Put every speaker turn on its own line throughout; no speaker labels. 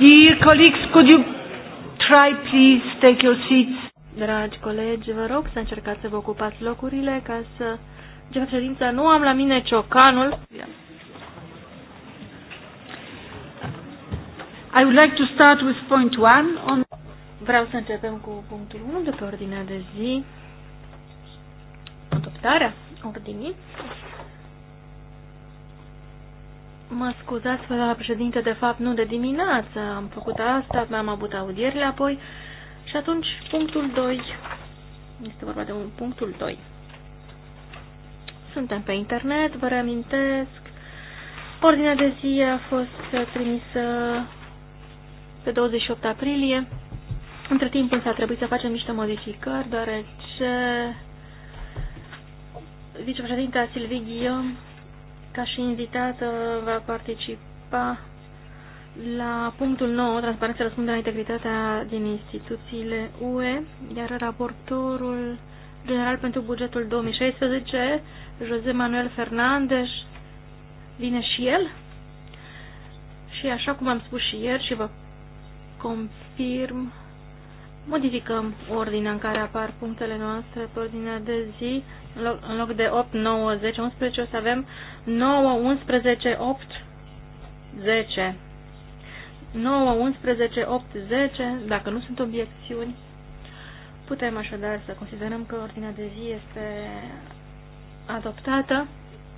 Dear colleagues, could you try please take your seats?
Dragi colegi, vă rog să încercați să vă ocupați locurile ca să începem ședința. Nu am la mine ciocanul. I would like to start with point one on... Vreau să începem cu punctul 1 de pe ordinea de zi. Adoptarea ordinii. Mă scuzați, doamna președinte, de fapt nu de dimineață am făcut asta, mi-am avut audierile apoi și atunci punctul 2, este vorba de un punctul 2. Suntem pe internet, vă reamintesc, ordinea de zi a fost trimisă pe 28 aprilie. Între timp însă a trebuit să facem niște modificări, deoarece vicepreședinta Silvii ca și invitată va participa la punctul 9, transparența răspunde la integritatea din instituțiile UE, iar raportorul general pentru bugetul 2016, José Manuel Fernández, vine și el. Și așa cum am spus și ieri și vă confirm, modificăm ordinea în care apar punctele noastre pe ordinea de zi. În loc de 8, 9, 10, 11 o să avem 9, 11, 8, 10. 9, 11, 8, 10. Dacă nu sunt obiecțiuni, putem așadar să considerăm că ordinea de zi este adoptată.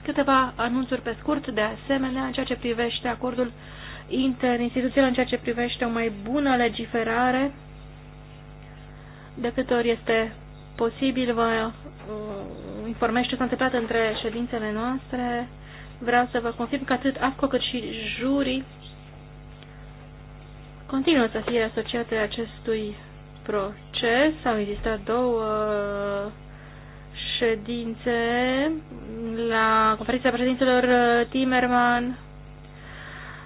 Câteva anunțuri pe scurt, de asemenea, în ceea ce privește acordul interinstituțional, în ceea ce privește o mai bună legiferare de câte ori este posibil, vă uh, informez ce s-a întâmplat între ședințele noastre. Vreau să vă confirm că atât AFCO cât și jurii continuă să fie asociate acestui proces. Au existat două ședințe la conferința președinților uh, Timerman.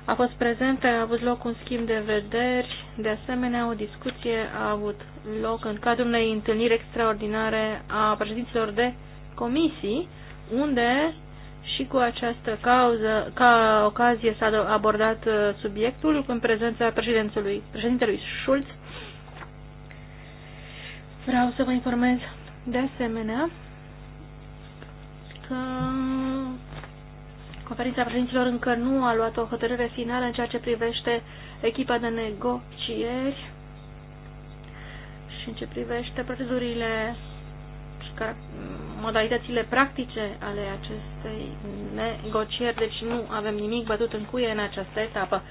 A fost prezent, a avut loc un schimb de vederi, de asemenea o discuție a avut loc în cadrul unei întâlniri extraordinare a președinților de comisii, unde și cu această cauză, ca ocazie s-a abordat uh, subiectul în prezența președintelui, președintelui Schulz. Vreau să vă informez de asemenea că conferința președinților încă nu a luat o hotărâre finală în ceea ce privește echipa de negocieri și în ce privește procedurile și modalitățile practice ale acestei negocieri, deci nu avem nimic bătut în cuie în această etapă.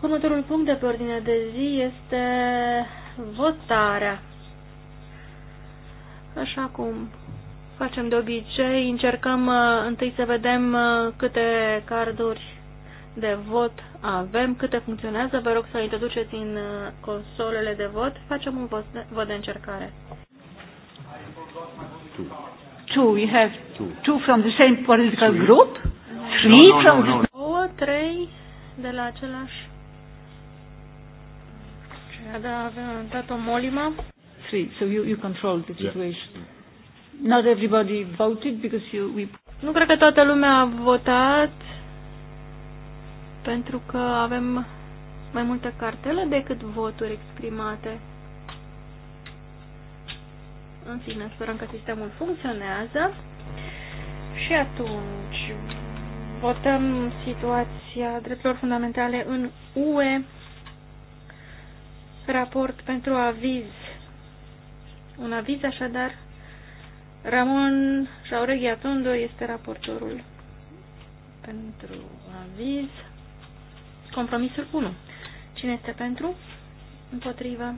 Următorul punct de pe ordine de zi este votarea. Așa cum facem de obicei, încercăm uh, întâi să vedem uh, câte carduri de vot avem, câte funcționează. Vă rog să introduceți în uh, consolele de vot. Facem un vot de încercare. Two. Two. You have
two, two from the same political three. group?
Three no, no, from no, no. Două, trei de la același. Da, avem dat o molimă.
Three. So you, you control the situation. Yeah. Not everybody voted
because you... We... Nu cred că toată lumea a votat pentru că avem mai multă cartelă decât voturi exprimate. În fine, sperăm că sistemul funcționează. Și atunci votăm situația drepturilor fundamentale în UE, raport pentru aviz. Un aviz așadar, Ramon Jauregui Atondo este raportorul pentru aviz. Compromisul 1. Cine este pentru? Împotrivă.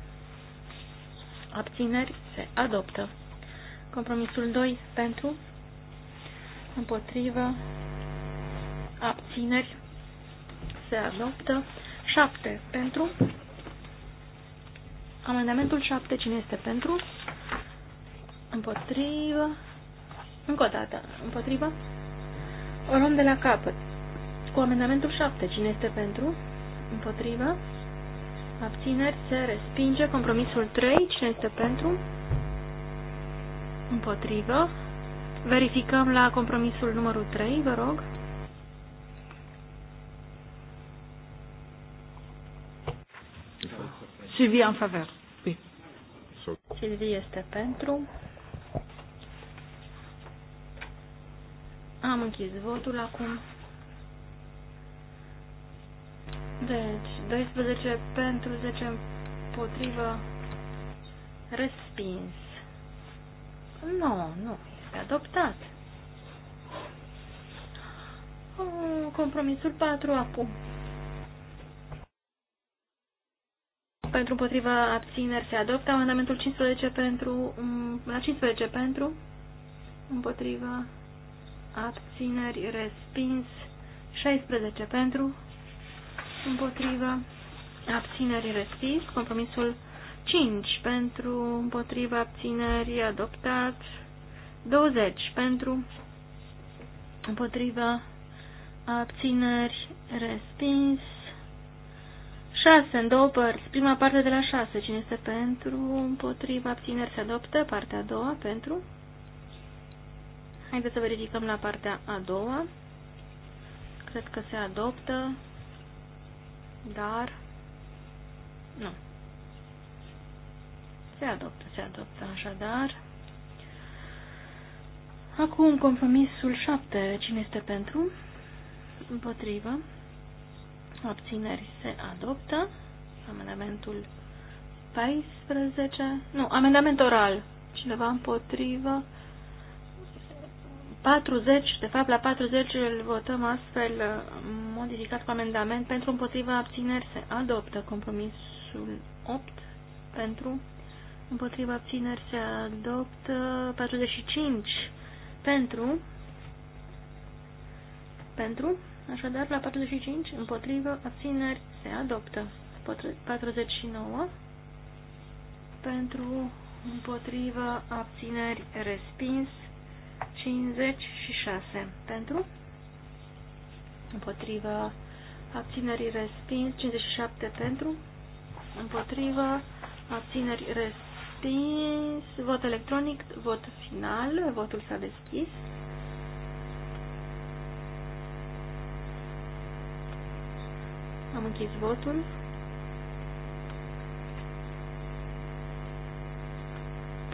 Abțineri se adoptă. Compromisul 2 pentru. Împotrivă. Abțineri se adoptă. 7 pentru. Amendamentul 7. Cine este pentru? Împotrivă. Încă o dată. Împotrivă. O luăm de la capăt cu amendamentul 7. Cine este pentru? Împotrivă. Abțineri se respinge. Compromisul 3. Cine este pentru? Împotrivă. Verificăm la compromisul numărul 3, vă rog. Silvia în favor. Silvia este pentru. Am închis votul acum. Deci, 12 pentru 10 împotrivă respins. Nu, nu, este adoptat. Compromisul 4 acum. Pentru împotriva abțineri se adoptă amendamentul 15 pentru, mm, la 15 pentru, împotriva abțineri respins, 16 pentru, împotriva abținerii respins, compromisul 5 pentru împotriva abținerii adoptat, 20 pentru împotriva abțineri respins, 6 în două părți, prima parte de la 6, cine este pentru împotriva abțineri se adoptă, partea a doua pentru. Haideți să verificăm la partea a doua. Cred că se adoptă dar nu. Se adoptă, se adoptă așadar. Acum compromisul 7. Cine este pentru? Împotrivă. Abțineri se adoptă. Amendamentul 14. Nu, amendament oral. Cineva împotrivă. 40, de fapt la 40 îl votăm astfel uh, modificat cu amendament pentru împotriva abțineri se adoptă compromisul 8 pentru împotriva abțineri se adoptă 45 pentru pentru așadar la 45 împotriva abțineri se adoptă 49 pentru împotriva abțineri respins 56 pentru, împotriva abținerii respins, 57 pentru, împotriva abținerii respins, vot electronic, vot final, votul s-a deschis. Am închis votul.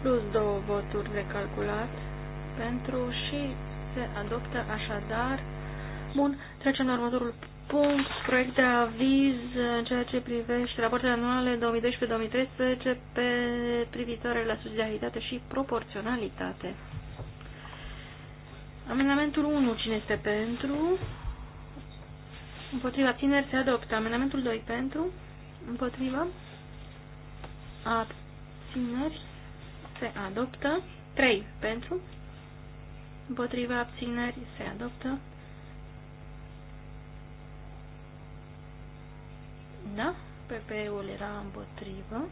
Plus două voturi de calculat pentru și se adoptă așadar. Bun, trecem la următorul punct, proiect de aviz în ceea ce privește rapoartele anuale 2012-2013 pe privitoare la subsidiaritate și proporționalitate. Amendamentul 1, cine este pentru? Împotriva tineri se adoptă. Amendamentul 2 pentru? Împotriva? Abțineri se adoptă. 3 pentru? împotriva abținerii se adoptă. Da, PP-ul era împotrivă.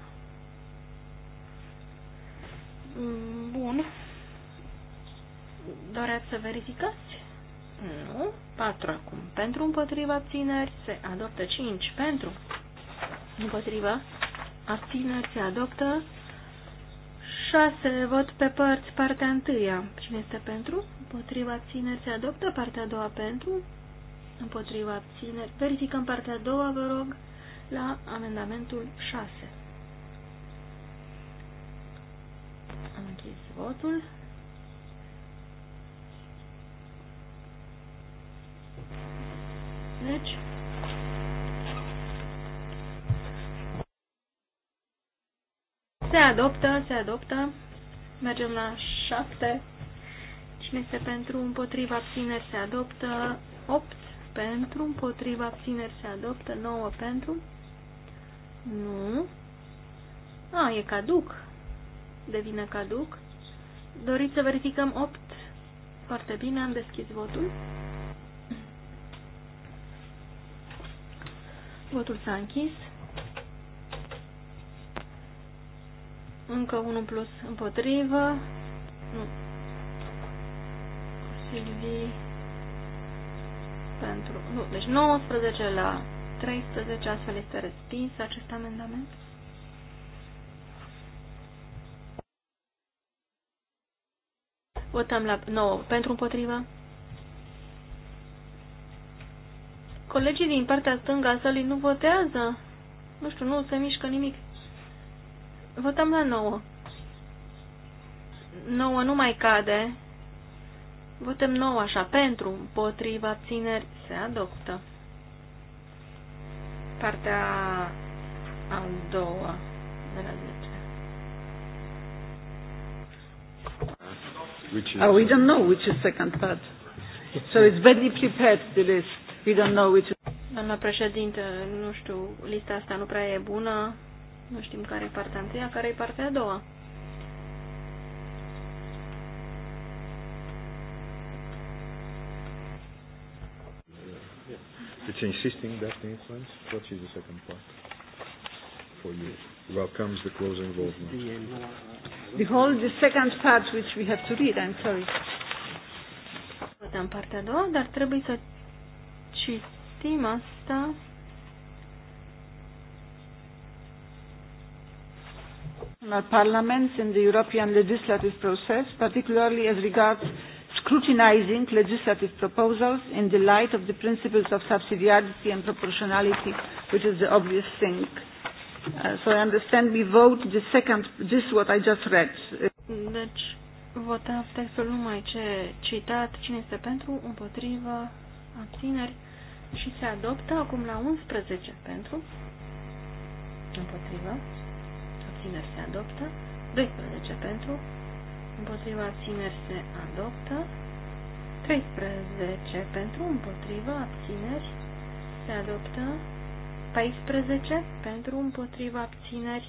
Bun. Doreați să verificați? Nu. 4 acum. Pentru împotriva abțineri se adoptă 5. Pentru împotriva abțineri se adoptă 6. Vot pe părți, partea întâia. Cine este pentru? Împotriva abțineri se adoptă. Partea a doua pentru? Împotriva abțineri. Verificăm partea a doua, vă rog, la amendamentul 6. Am închis votul. Deci, Se adoptă, se adoptă. Mergem la șapte. Cine este pentru împotriva abțineri se adoptă opt, pentru, împotriva abțineri se adoptă Nouă pentru. Nu. A, e caduc. Devine caduc. Doriți să verificăm 8? Foarte bine, am deschis votul. Votul s-a închis. Încă unul plus împotrivă. Nu. Silvi pentru... Nu, deci 19 la 13, astfel este respins acest amendament. Votăm la 9 pentru împotrivă. Colegii din partea stângă a sălii nu votează. Nu știu, nu se mișcă nimic. Votăm la 9. 9 nu mai cade. Votăm 9 așa. Pentru, împotriva, țineri, se adoptă. Partea a doua de la 10. Oh,
uh, we don't know which is second part. So it's badly prepared, the list. We don't know which is...
Doamna președinte, nu știu, lista asta nu prea e bună. Nu știm care e partea întâia, care e partea a doua.
It's deci, insisting that influence. What is the second part for you? Welcomes the close involvement. The whole, the second
part which we have to read, I'm sorry.
Am partea a doua, dar trebuie să citim asta national
parliaments in the European legislative process, particularly as regards scrutinizing legislative proposals in the light of the principles of subsidiarity and proportionality, which is the obvious thing. Uh, so I understand we vote the second, this what I just read.
Deci, votăm textul numai ce citat, cine este pentru, împotrivă, abțineri și se adoptă acum la 11 pentru, împotrivă, abțineri se adoptă, 12 pentru, împotriva abțineri se adoptă, 13 pentru, împotriva abțineri se adoptă, 14 pentru, împotriva abțineri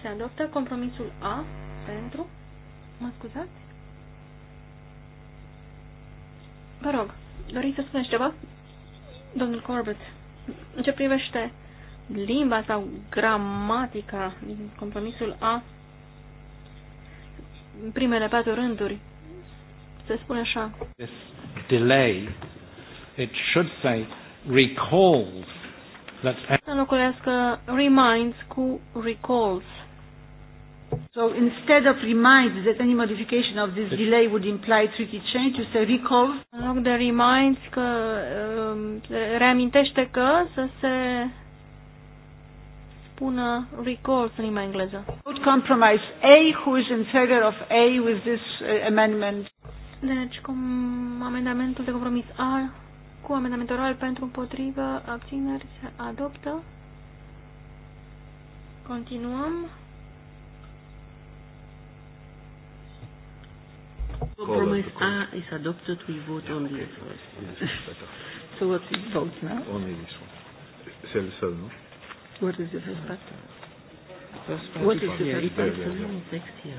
se adoptă, compromisul A pentru, mă scuzați? Vă rog, doriți să spuneți ceva? Domnul Corbett, în ce privește limba sau gramatica din compromisul A, în primele patru rânduri, se spune așa. This
delay, it should say, recalls. That...
Să înlocuiască reminds cu recalls.
So instead of reminds that any modification of this delay would imply tricky change, you say
recalls. În loc de reminds că um, reamintește că să se spună recourse în limba engleză. Good compromise
A, who is in favor of A with this uh, amendment.
Deci, cum amendamentul de compromis A cu amendamentul oral pentru împotrivă, abțineri, se adoptă. Continuăm. Compromise
A is adopted, we vote only the so what's the vote now?
Only this one. Celle seul, non?
What is the first part?
what is the first part? Yeah,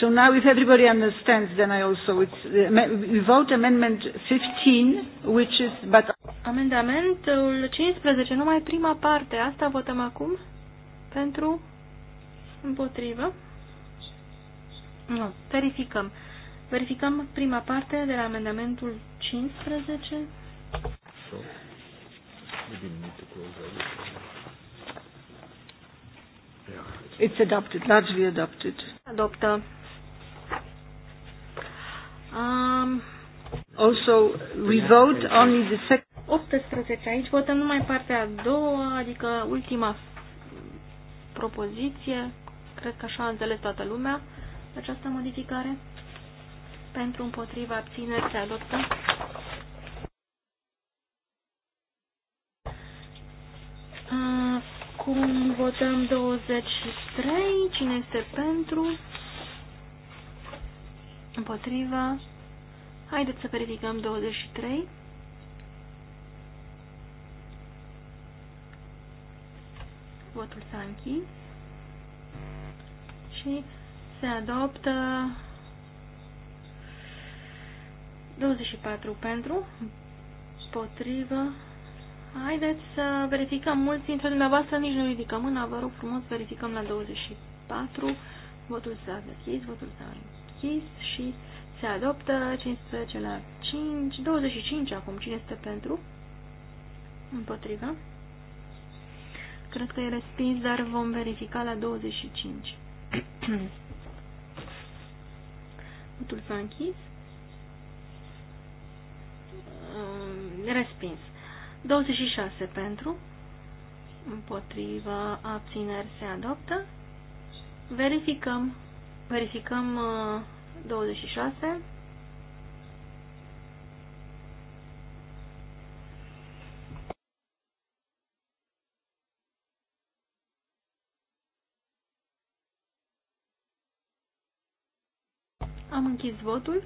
So now, if everybody understands, then I also it's, uh, we
vote amendment 15, which is but. Amendamentul 15, numai prima parte. Asta votăm acum pentru împotrivă. Nu, verificăm. Verificăm prima parte de la amendamentul 15. So,
we didn't need to close
It's adopted, largely adopted.
Adoptă. Um, also, we vote only the second. 18. Aici votăm numai partea a doua, adică ultima propoziție. Cred că așa a înțeles toată lumea această modificare. Pentru împotriva abțineri se adoptă. Uh, Acum votăm 23. Cine este pentru? Împotriva. Haideți să verificăm 23. Votul s-a închis. Și se adoptă 24 pentru, Împotriva. Haideți să verificăm. Mulți dintre dumneavoastră nici nu ridicăm mâna. Vă rog frumos, verificăm la 24. Votul s-a deschis, votul s-a închis și se adoptă 15 la 5, 25 acum. Cine este pentru? Împotrivă. Cred că e respins, dar vom verifica la 25. votul s-a închis. Ehm, respins. 26 pentru, împotriva abțineri se adoptă. Verificăm, verificăm 26. Uh, Am închis votul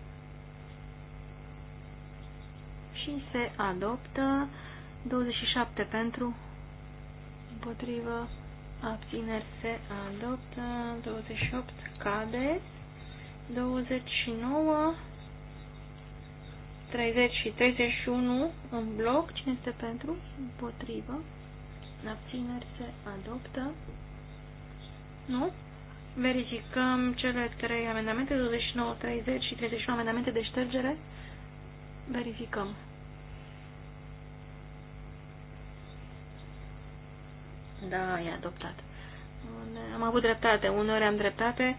și se adoptă 27 pentru, împotrivă, abțineri se adoptă, 28 cade, 29, 30 și 31 în bloc, cine este pentru, împotrivă, abțineri se adoptă, nu? Verificăm cele trei amendamente, 29, 30 și 31 amendamente de ștergere. Verificăm. Da, e adoptat. Am avut dreptate, uneori am dreptate.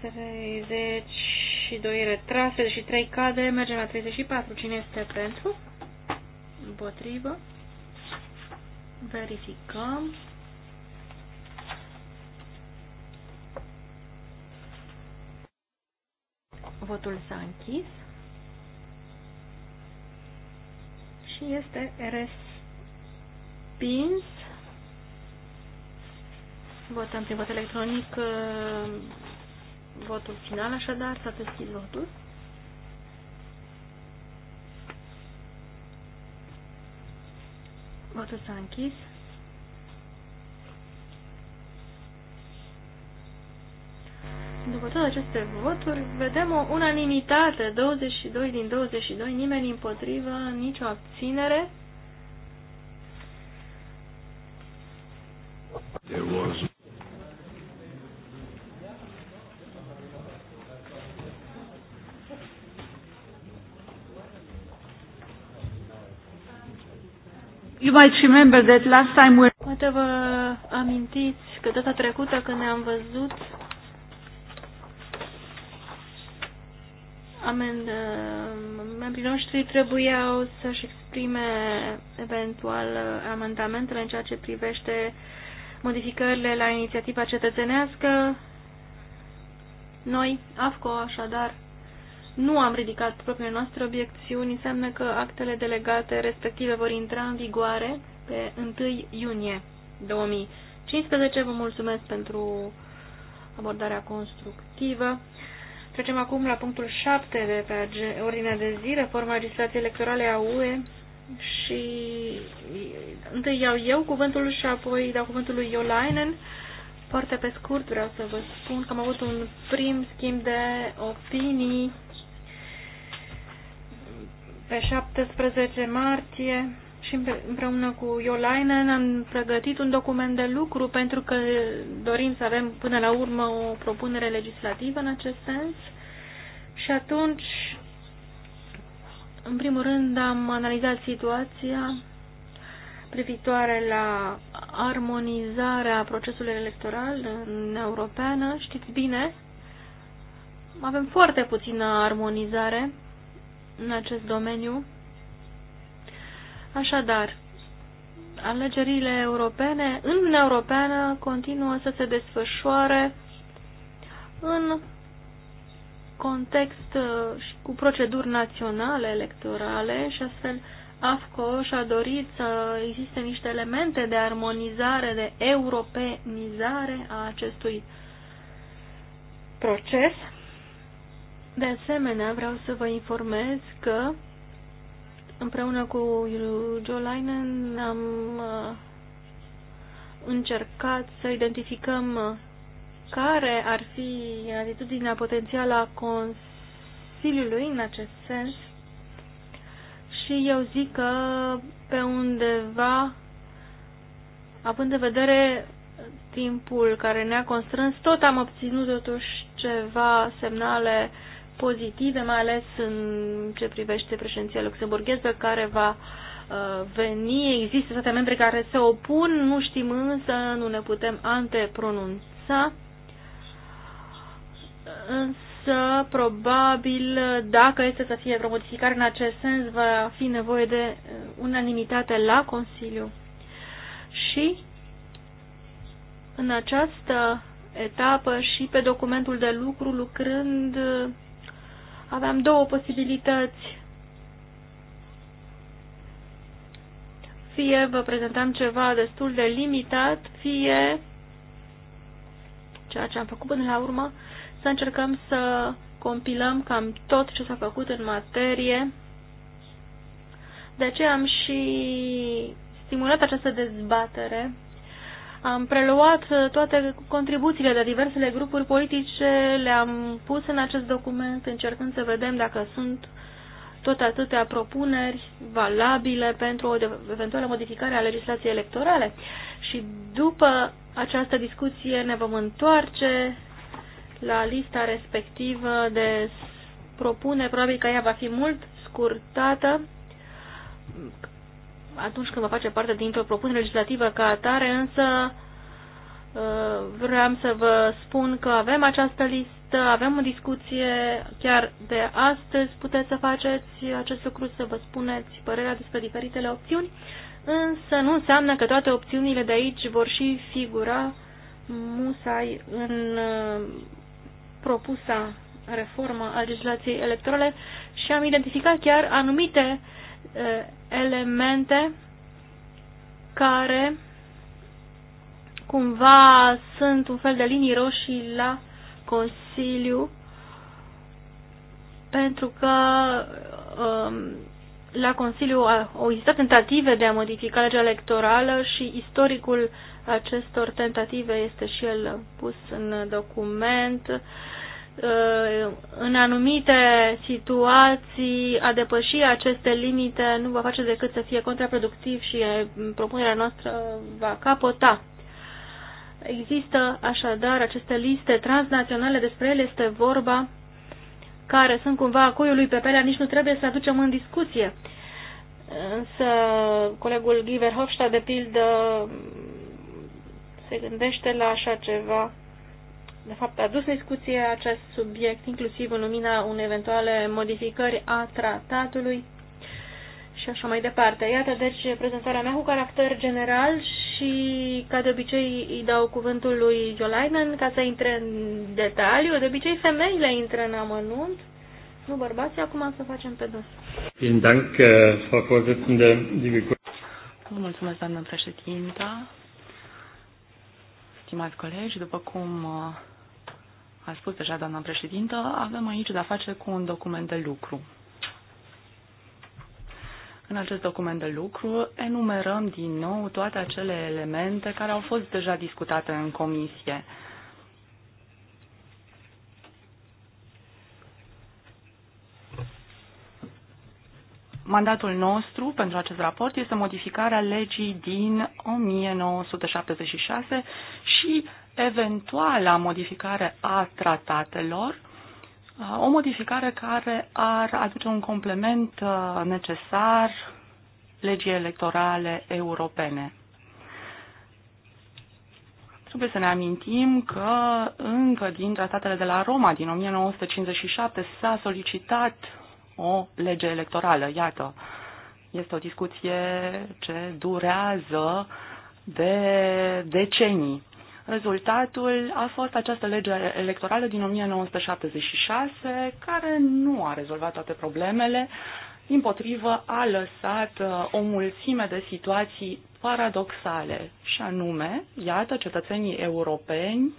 32 retrase și 3 cade, mergem la 34. Cine este pentru? Împotrivă. Verificăm. Votul s-a închis. Și este respins Votăm prin vot electronic uh, votul final, așadar s-a deschis votul. Votul s-a închis. După toate aceste voturi, vedem o unanimitate, 22 din 22, nimeni împotrivă, nicio abținere.
You might remember that last time we...
Poate vă amintiți că data trecută când ne-am văzut amend, membrii noștri trebuiau să-și exprime eventual amendamentele în ceea ce privește modificările la inițiativa cetățenească. Noi, AFCO, așadar, nu am ridicat propriile noastre obiecțiuni, înseamnă că actele delegate respective vor intra în vigoare pe 1 iunie 2015. Vă mulțumesc pentru abordarea constructivă. Trecem acum la punctul 7 de pe ordinea de zi, reforma legislației electorale a UE și întâi iau eu cuvântul și apoi dau cuvântul lui Iolainen. Foarte pe scurt vreau să vă spun că am avut un prim schimb de opinii pe 17 martie și împreună cu Iolainen am pregătit un document de lucru pentru că dorim să avem până la urmă o propunere legislativă în acest sens. Și atunci, în primul rând, am analizat situația privitoare la armonizarea procesului electoral în europeană. Știți bine, avem foarte puțină armonizare în acest domeniu. Așadar, alegerile europene în Uniunea Europeană continuă să se desfășoare în context uh, și cu proceduri naționale electorale și astfel AFCO și-a dorit să existe niște elemente de armonizare, de europenizare a acestui proces de asemenea, vreau să vă informez că împreună cu Joe Linen am uh, încercat să identificăm uh, care ar fi atitudinea potențială a Consiliului în acest sens și eu zic că pe undeva, având de vedere timpul care ne-a constrâns, tot am obținut totuși ceva semnale uh, pozitive, mai ales în ce privește președinția luxemburgheză care va uh, veni. Există state membre care se opun, nu știm însă, nu ne putem antepronunța. Însă, probabil, dacă este să fie vreo modificare în acest sens, va fi nevoie de uh, unanimitate la Consiliu. Și în această etapă și pe documentul de lucru lucrând uh, aveam două posibilități. Fie vă prezentam ceva destul de limitat, fie ceea ce am făcut până la urmă, să încercăm să compilăm cam tot ce s-a făcut în materie. De aceea am și stimulat această dezbatere am preluat uh, toate contribuțiile de diversele grupuri politice, le-am pus în acest document, încercând să vedem dacă sunt tot atâtea propuneri valabile pentru o eventuală modificare a legislației electorale. Și după această discuție ne vom întoarce la lista respectivă de propune, probabil că ea va fi mult scurtată atunci când va face parte dintr-o propunere legislativă ca atare, însă uh, vreau să vă spun că avem această listă, avem o discuție chiar de astăzi, puteți să faceți acest lucru, să vă spuneți părerea despre diferitele opțiuni, însă nu înseamnă că toate opțiunile de aici vor și figura musai în uh, propusa reformă a legislației electorale și am identificat chiar anumite uh, Uh, elemente care cumva sunt un fel de linii roșii la Consiliu pentru că um, la Consiliu au existat tentative de a modifica legea electorală și istoricul acestor tentative este și el pus în document. Uh, în anumite situații a depăși aceste limite nu va face decât să fie contraproductiv și eh, propunerea noastră va capota. Există așadar aceste liste transnaționale, despre ele este vorba, care sunt cumva a cuiului pe pelea, nici nu trebuie să aducem în discuție. Însă colegul Giver Hofstadt, de pildă, se gândește la așa ceva de fapt, adus în discuție acest subiect, inclusiv în lumina unei eventuale modificări a tratatului și așa mai departe. Iată, deci, prezentarea mea cu caracter general și, ca de obicei, îi dau cuvântul lui Jolainen ca să intre în detaliu. De obicei, femeile intră în amănunt, nu bărbații, acum să facem pe dos.
dank uh,
Vă mulțumesc, doamnă președintă. Stimați colegi, după cum uh, a spus deja doamna președintă, avem aici de-a face cu un document de lucru. În acest document de lucru enumerăm din nou toate acele elemente care au fost deja discutate în comisie. Mandatul nostru pentru acest raport este modificarea legii din 1976 și eventuala modificare a tratatelor, uh, o modificare care ar aduce un complement uh, necesar legii electorale europene. Trebuie să ne amintim că încă din tratatele de la Roma din 1957 s-a solicitat o lege electorală. Iată, este o discuție ce durează de decenii. Rezultatul a fost această lege electorală din 1976, care nu a rezolvat toate problemele, împotrivă a lăsat uh, o mulțime de situații paradoxale, și anume, iată, cetățenii europeni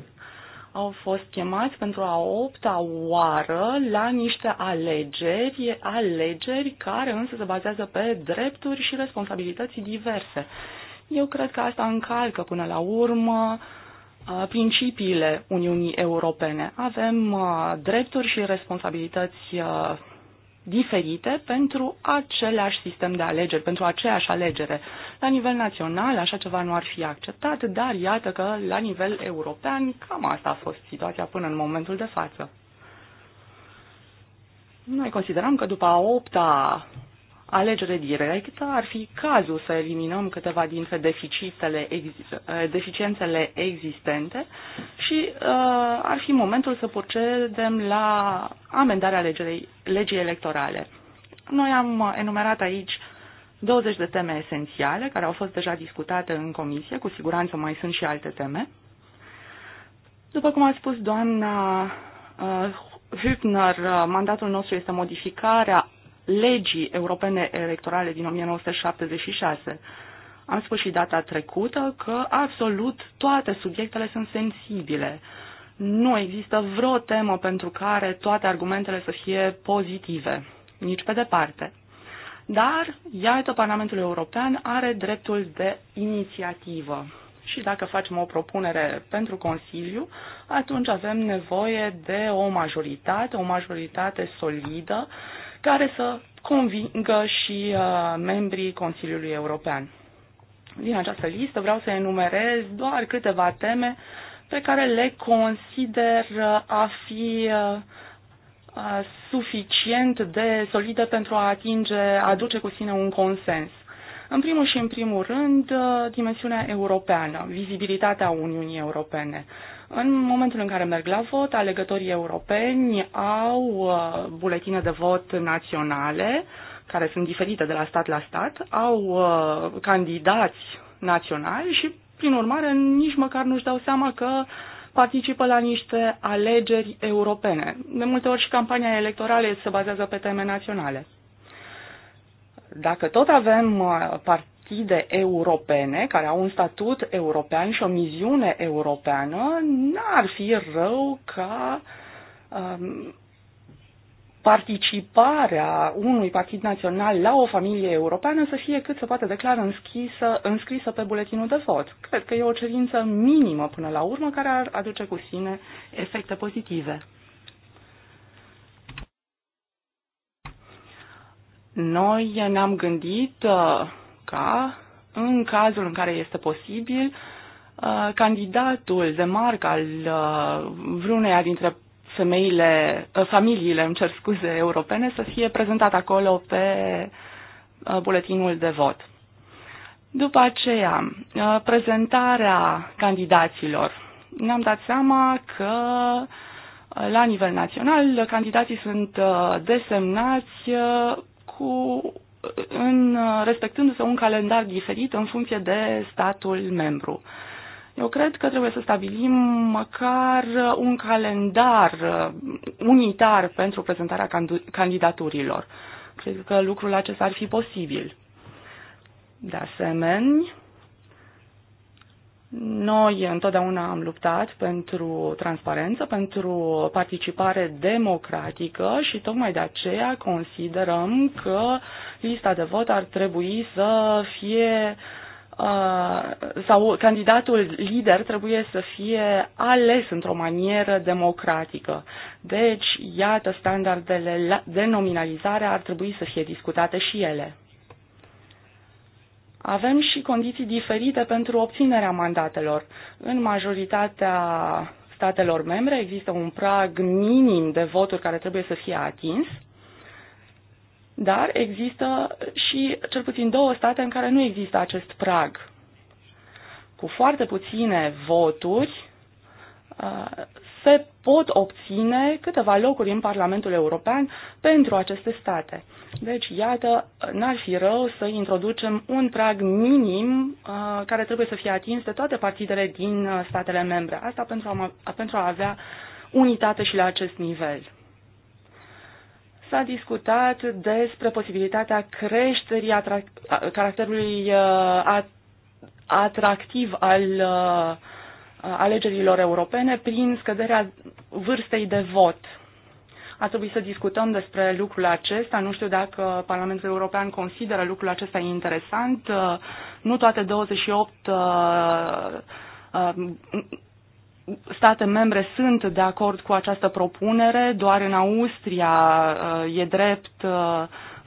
au fost chemați pentru a opta oară la niște alegeri, alegeri care însă se bazează pe drepturi și responsabilități diverse. Eu cred că asta încalcă până la urmă uh, Uh, principiile Uniunii Europene. Avem uh, drepturi și responsabilități uh, diferite pentru același sistem de alegeri, pentru aceeași alegere. La nivel național așa ceva nu ar fi acceptat, dar iată că la nivel european cam asta a fost situația până în momentul de față. Noi considerăm că după a opta alegere directă, ar fi cazul să eliminăm câteva dintre deficitele, deficiențele existente și uh, ar fi momentul să procedem la amendarea legerei, legii electorale. Noi am enumerat aici 20 de teme esențiale care au fost deja discutate în comisie, cu siguranță mai sunt și alte teme. După cum a spus doamna uh, Hübner, uh, mandatul nostru este modificarea legii europene electorale din 1976. Am spus și data trecută că absolut toate subiectele sunt sensibile. Nu există vreo temă pentru care toate argumentele să fie pozitive, nici pe departe. Dar, iată, Parlamentul European are dreptul de inițiativă. Și dacă facem o propunere pentru Consiliu, atunci avem nevoie de o majoritate, o majoritate solidă care să convingă și uh, membrii Consiliului European. Din această listă vreau să enumerez doar câteva teme pe care le consider uh, a fi uh, uh, suficient de solide pentru a atinge, a aduce cu sine un consens. În primul și în primul rând, dimensiunea europeană, vizibilitatea Uniunii Europene. În momentul în care merg la vot, alegătorii europeni au uh, buletine de vot naționale, care sunt diferite de la stat la stat, au uh, candidați naționali și, prin urmare, nici măcar nu-și dau seama că participă la niște alegeri europene. De multe ori și campania electorală se bazează pe teme naționale. Dacă tot avem uh, part partide europene care au un statut european și o miziune europeană, n-ar fi rău ca um, participarea unui partid național la o familie europeană să fie cât se poate clar înscrisă, înscrisă pe buletinul de vot. Cred că e o cerință minimă până la urmă care ar aduce cu sine efecte pozitive. Noi ne-am gândit uh, ca, în cazul în care este posibil, uh, candidatul de marcă al uh, vreuneia dintre femeile, uh, familiile, îmi cer scuze, europene, să fie prezentat acolo pe buletinul de vot. După aceea, prezentarea candidaților. Ne-am dat seama că la nivel național candidații sunt desemnați cu în, respectându-se un calendar diferit în funcție de statul membru. Eu cred că trebuie să stabilim măcar un calendar uh, unitar pentru prezentarea candidaturilor. Cred că lucrul acesta ar fi posibil. De asemenea, noi întotdeauna am luptat pentru transparență, pentru participare democratică și tocmai de aceea considerăm că lista de vot ar trebui să fie uh, sau candidatul lider trebuie să fie ales într-o manieră democratică. Deci, iată, standardele de nominalizare ar trebui să fie discutate și ele. Avem și condiții diferite pentru obținerea mandatelor. În majoritatea statelor membre există un prag minim de voturi care trebuie să fie atins, dar există și cel puțin două state în care nu există acest prag. Cu foarte puține voturi uh, se pot obține câteva locuri în Parlamentul European pentru aceste state. Deci, iată, n-ar fi rău să introducem un prag minim uh, care trebuie să fie atins de toate partidele din uh, statele membre. Asta pentru a, pentru a avea unitate și la acest nivel. S-a discutat despre posibilitatea creșterii atrac- caracterului uh, atractiv al uh, alegerilor europene prin scăderea vârstei de vot. A trebuit să discutăm despre lucrul acesta. Nu știu dacă Parlamentul European consideră lucrul acesta interesant. Nu toate 28 uh, uh, state membre sunt de acord cu această propunere. Doar în Austria uh, e drept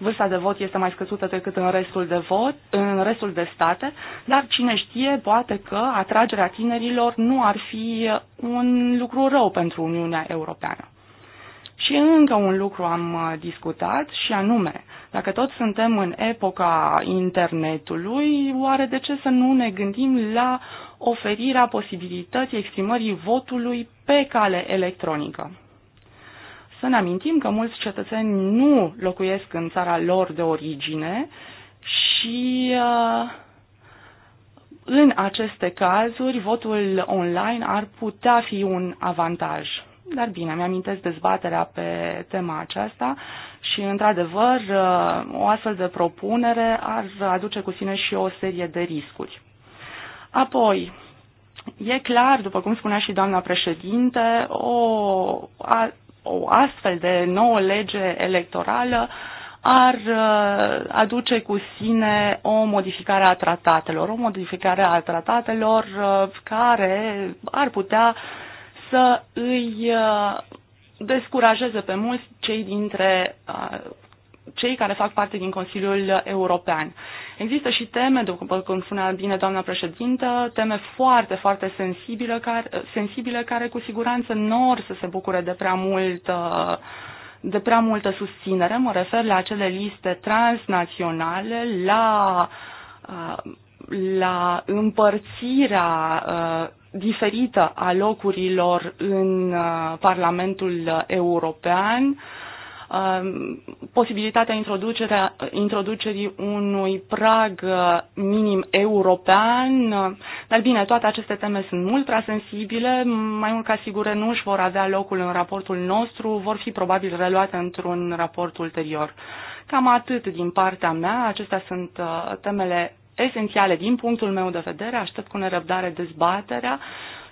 vârsta de vot este mai scăzută decât în restul de vot, în restul de state, dar cine știe, poate că atragerea tinerilor nu ar fi un lucru rău pentru Uniunea Europeană. Și încă un lucru am uh, discutat și anume, dacă tot suntem în epoca internetului, oare de ce să nu ne gândim la oferirea posibilității exprimării votului pe cale electronică? Să ne amintim că mulți cetățeni nu locuiesc în țara lor de origine și uh, în aceste cazuri votul online ar putea fi un avantaj. Dar bine, mi-amintesc dezbaterea pe tema aceasta și, într-adevăr, uh, o astfel de propunere ar aduce cu sine și o serie de riscuri. Apoi, e clar, după cum spunea și doamna președinte, o, o astfel de nouă lege electorală ar uh, aduce cu sine o modificare a tratatelor, o modificare a tratatelor uh, care ar putea să îi uh, descurajeze pe mulți cei dintre cei care fac parte din Consiliul European. Există și teme, după cum spunea bine doamna președintă, teme foarte, foarte sensibile care, sensibile care cu siguranță nu or să se bucure de prea mult de prea multă susținere. Mă refer la acele liste transnaționale, la, la împărțirea diferită a locurilor în Parlamentul European, Um, posibilitatea introducerii unui prag uh, minim european. Dar bine, toate aceste teme sunt mult prea sensibile, mai mult ca sigur, nu își vor avea locul în raportul nostru, vor fi probabil reluate într-un raport ulterior. Cam atât din partea mea, acestea sunt uh, temele esențiale din punctul meu de vedere, aștept cu nerăbdare dezbaterea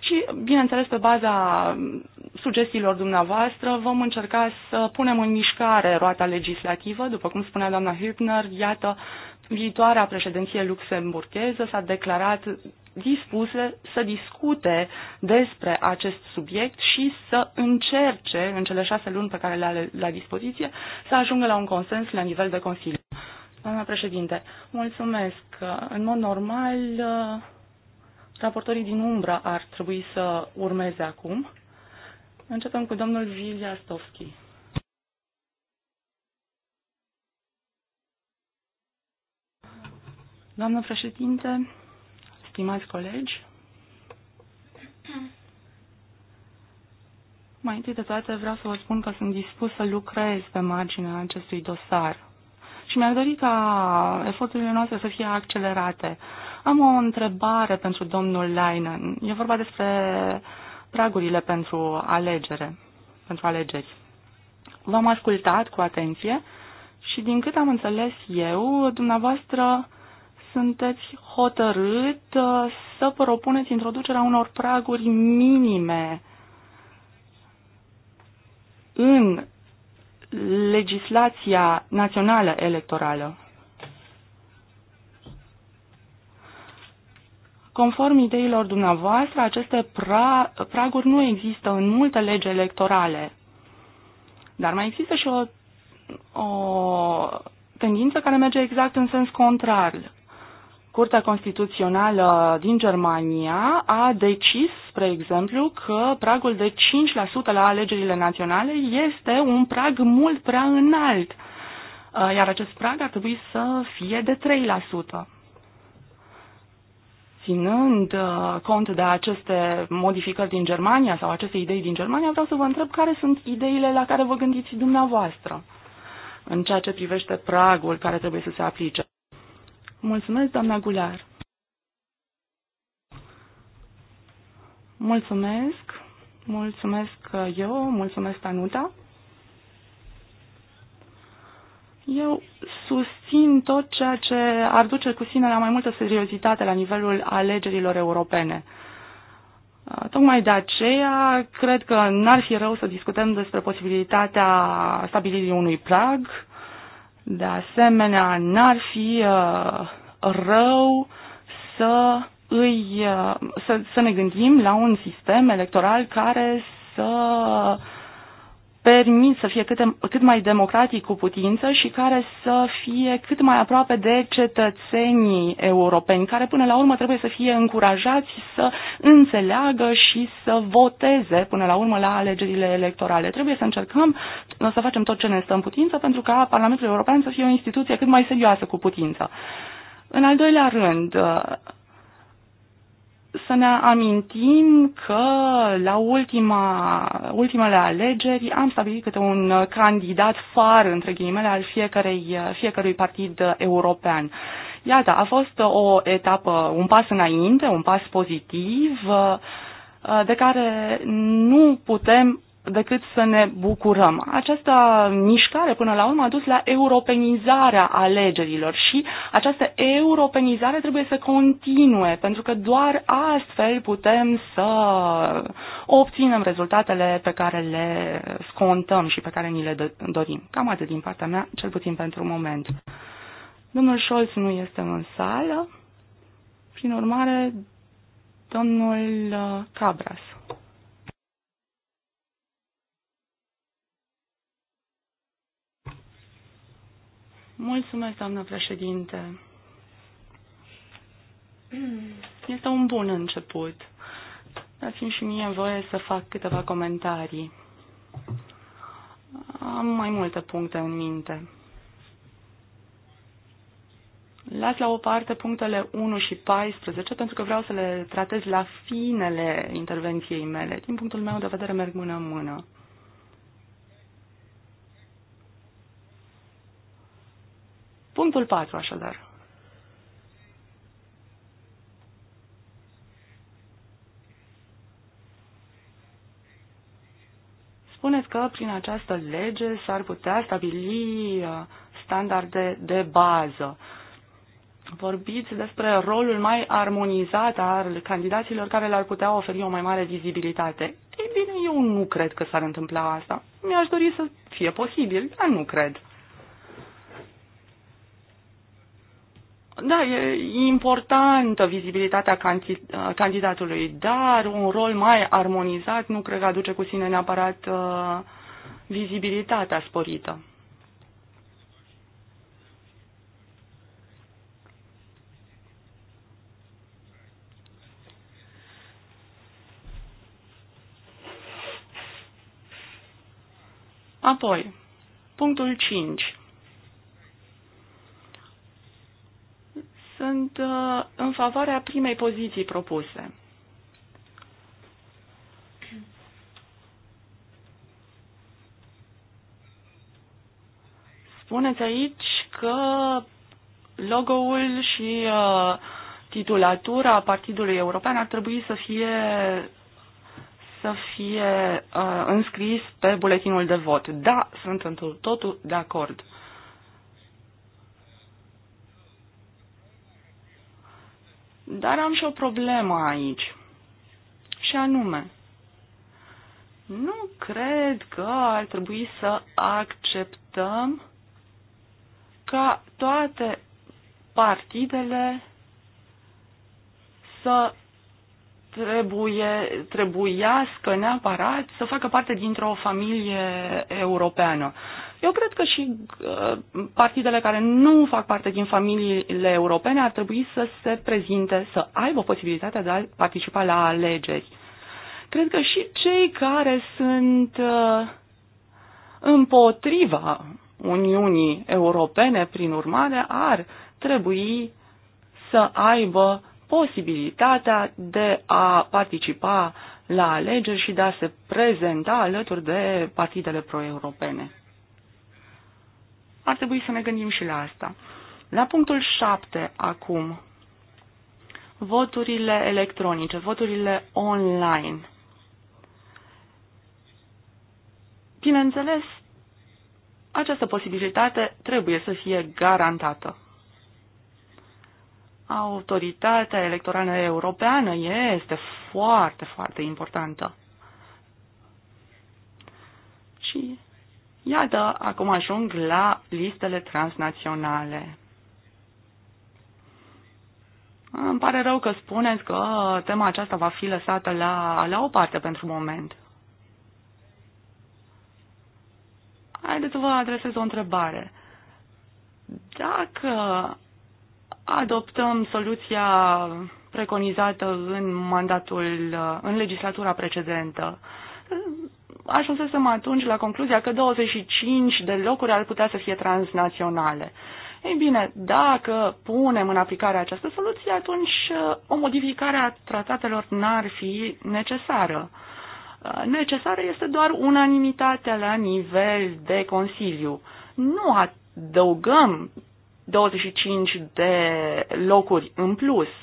și, bineînțeles, pe baza sugestiilor dumneavoastră vom încerca să punem în mișcare roata legislativă. După cum spunea doamna Hübner, iată, viitoarea președinție luxemburgheză s-a declarat dispuse să discute despre acest subiect și să încerce, în cele șase luni pe care le are la dispoziție, să ajungă la un consens la nivel de Consiliu. Doamna președinte, mulțumesc. În mod normal, raportorii din umbra ar trebui să urmeze acum. Începem cu domnul Vilja Stovski. Doamnă președinte, stimați colegi, mai întâi de toate vreau să vă spun că sunt dispus să lucrez pe marginea acestui dosar și mi-ar dori ca eforturile noastre să fie accelerate. Uh, am o întrebare pentru domnul Leinen. E vorba despre pragurile pentru alegere, pentru alegeri. V-am ascultat cu atenție și din cât am înțeles eu, dumneavoastră sunteți hotărât uh, să propuneți introducerea unor praguri minime în legislația națională electorală. Conform ideilor dumneavoastră, aceste pra- praguri nu există în multe legi electorale. Dar mai există și o, o tendință care merge exact în sens contrar. Curtea Constituțională din Germania a decis, spre exemplu, că pragul de 5% la alegerile naționale este un prag mult prea înalt, uh, iar acest prag ar trebui să fie de 3% ținând uh, cont de aceste modificări din Germania sau aceste idei din Germania, vreau să vă întreb care sunt ideile la care vă gândiți dumneavoastră în ceea ce privește pragul care trebuie să se aplice. Mulțumesc, doamna Gular. Mulțumesc. Mulțumesc uh, eu, mulțumesc Anuta. Eu susțin tot ceea ce ar duce cu sine la mai multă seriozitate la nivelul alegerilor europene. Uh, tocmai de aceea, cred că n-ar fi rău să discutăm despre posibilitatea stabilirii unui prag. De asemenea, n-ar fi uh, rău să, îi, uh, să, să ne gândim la un sistem electoral care să permis să fie cât, cât mai democratic cu putință și care să fie cât mai aproape de cetățenii europeni, care până la urmă trebuie să fie încurajați să înțeleagă și să voteze până la urmă la alegerile electorale. Trebuie să încercăm să facem tot ce ne stă în putință pentru ca Parlamentul European să fie o instituție cât mai serioasă cu putință. În al doilea rând, să ne amintim că la ultima, ultimele alegeri am stabilit câte un candidat far, între ghilimele, al fiecarei, fiecărui partid european. Iată, a fost o etapă, un pas înainte, un pas pozitiv, de care nu putem decât să ne bucurăm. Această mișcare, până la urmă, a dus la europenizarea alegerilor și această europenizare trebuie să continue, pentru că doar astfel putem să obținem rezultatele pe care le scontăm și pe care ni le dorim. Cam atât din partea mea, cel puțin pentru moment. Domnul Scholz nu este în sală, prin urmare, domnul Cabras. Mulțumesc, doamnă președinte. Este un bun început. Dați-mi și mie voie să fac câteva comentarii. Am mai multe puncte în minte. Las la o parte punctele 1 și 14 pentru că vreau să le tratez la finele intervenției mele. Din punctul meu de vedere merg mână în mână. Punctul 4, așadar. Spuneți că prin această lege s-ar putea stabili uh, standarde de bază. Vorbiți despre rolul mai armonizat al candidaților care le-ar putea oferi o mai mare vizibilitate. Ei bine, eu nu cred că s-ar întâmpla asta. Mi-aș dori să fie posibil, dar nu cred. Da, e importantă vizibilitatea candidatului, dar un rol mai armonizat nu cred că aduce cu sine neapărat uh, vizibilitatea sporită. Apoi, punctul 5. sunt uh, în favoarea primei poziții propuse. Spuneți aici că logo-ul și uh, titulatura Partidului European ar trebui să fie să fie uh, înscris pe buletinul de vot. Da, sunt într totul de acord. Uh, Dar am și o problemă aici. Și anume, nu cred că ar trebui să acceptăm ca toate partidele să trebuie, trebuiască neapărat să facă parte dintr-o familie europeană. Eu cred că și uh, partidele care nu fac parte din familiile europene ar trebui să se prezinte, să aibă posibilitatea de a participa la alegeri. Cred că și cei care sunt uh, împotriva Uniunii Europene, prin urmare, ar trebui să aibă posibilitatea de a participa la alegeri și de a se prezenta alături de partidele pro-europene ar trebui să ne gândim și la asta. La punctul 7 acum, voturile electronice, voturile online. Bineînțeles, această posibilitate trebuie să fie garantată. Autoritatea electorală europeană este foarte, foarte importantă. Și Iată, acum ajung la listele transnaționale. Îmi pare rău că spuneți că tema aceasta va fi lăsată la, la o parte pentru moment. Haideți să vă adresez o întrebare. Dacă adoptăm soluția preconizată în mandatul, în legislatura precedentă, ajunsesem atunci la concluzia că 25 de locuri ar putea să fie transnaționale. Ei bine, dacă punem în aplicare această soluție, atunci uh, o modificare a tratatelor n-ar fi necesară. Uh, necesară este doar unanimitatea la nivel de Consiliu. Nu adăugăm 25 de locuri în plus –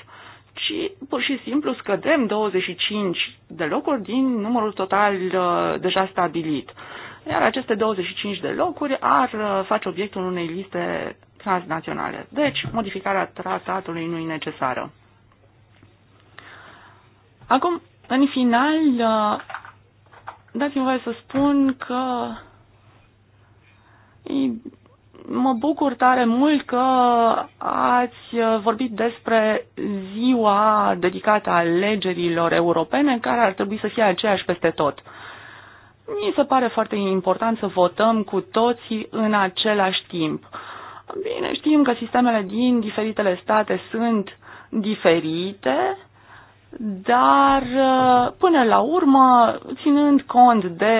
ci pur și simplu scădem 25 de locuri din numărul total uh, deja stabilit. Iar aceste 25 de locuri ar uh, face obiectul unei liste transnaționale. Deci, modificarea tratatului nu e necesară. Acum, în final, uh, dați-mi voie să spun că mă bucur tare mult că ați vorbit despre ziua dedicată alegerilor europene, care ar trebui să fie aceeași peste tot. Mi se pare foarte important să votăm cu toții în același timp. Bine, știm că sistemele din diferitele state sunt diferite, dar uh, până la urmă, ținând cont de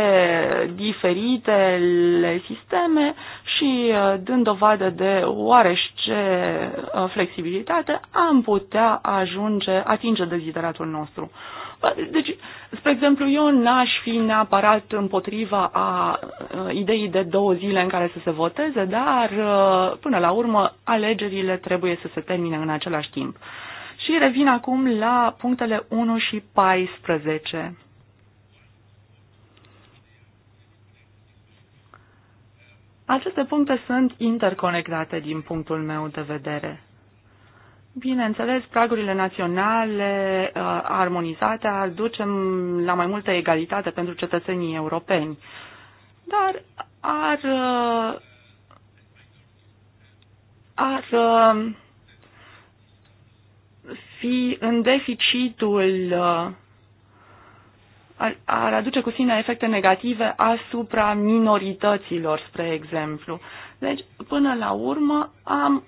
diferitele sisteme și uh, dând dovadă de ce uh, flexibilitate, am putea ajunge, atinge dezideratul nostru. Deci, spre exemplu, eu n-aș fi neapărat împotriva a ideii de două zile în care să se voteze, dar până la urmă alegerile trebuie să se termine în același timp. Și revin acum la punctele 1 și 14. Aceste puncte sunt interconectate din punctul meu de vedere. Bineînțeles, pragurile naționale uh, armonizate ar duce la mai multă egalitate pentru cetățenii europeni, dar ar, uh, ar uh, fi în deficitul uh, ar, aduce cu sine efecte negative asupra minorităților, spre exemplu. Deci, până la urmă, am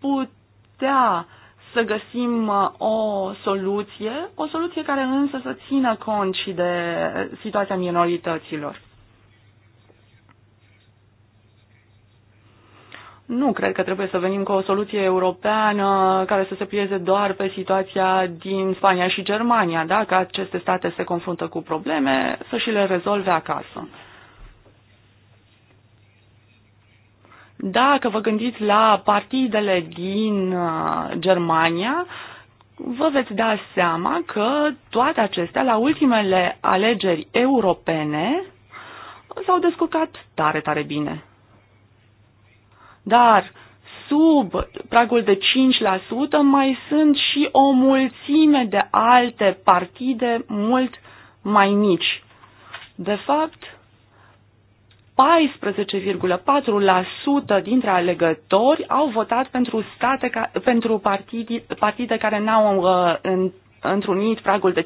putea să găsim uh, o soluție, o soluție care însă să țină cont și de situația minorităților. Nu cred că trebuie să venim cu o soluție europeană care să se plieze doar pe situația din Spania și Germania. Dacă aceste state se confruntă cu probleme, să și le rezolve acasă. Dacă vă gândiți la partidele din uh, Germania, vă veți da seama că toate acestea, la ultimele alegeri europene, s-au descurcat tare, tare bine. Dar sub pragul de 5% mai sunt și o mulțime de alte partide mult mai mici. De fapt, 14,4% dintre alegători au votat pentru, state ca, pentru partide, partide care n-au uh, în, întrunit pragul de 5%.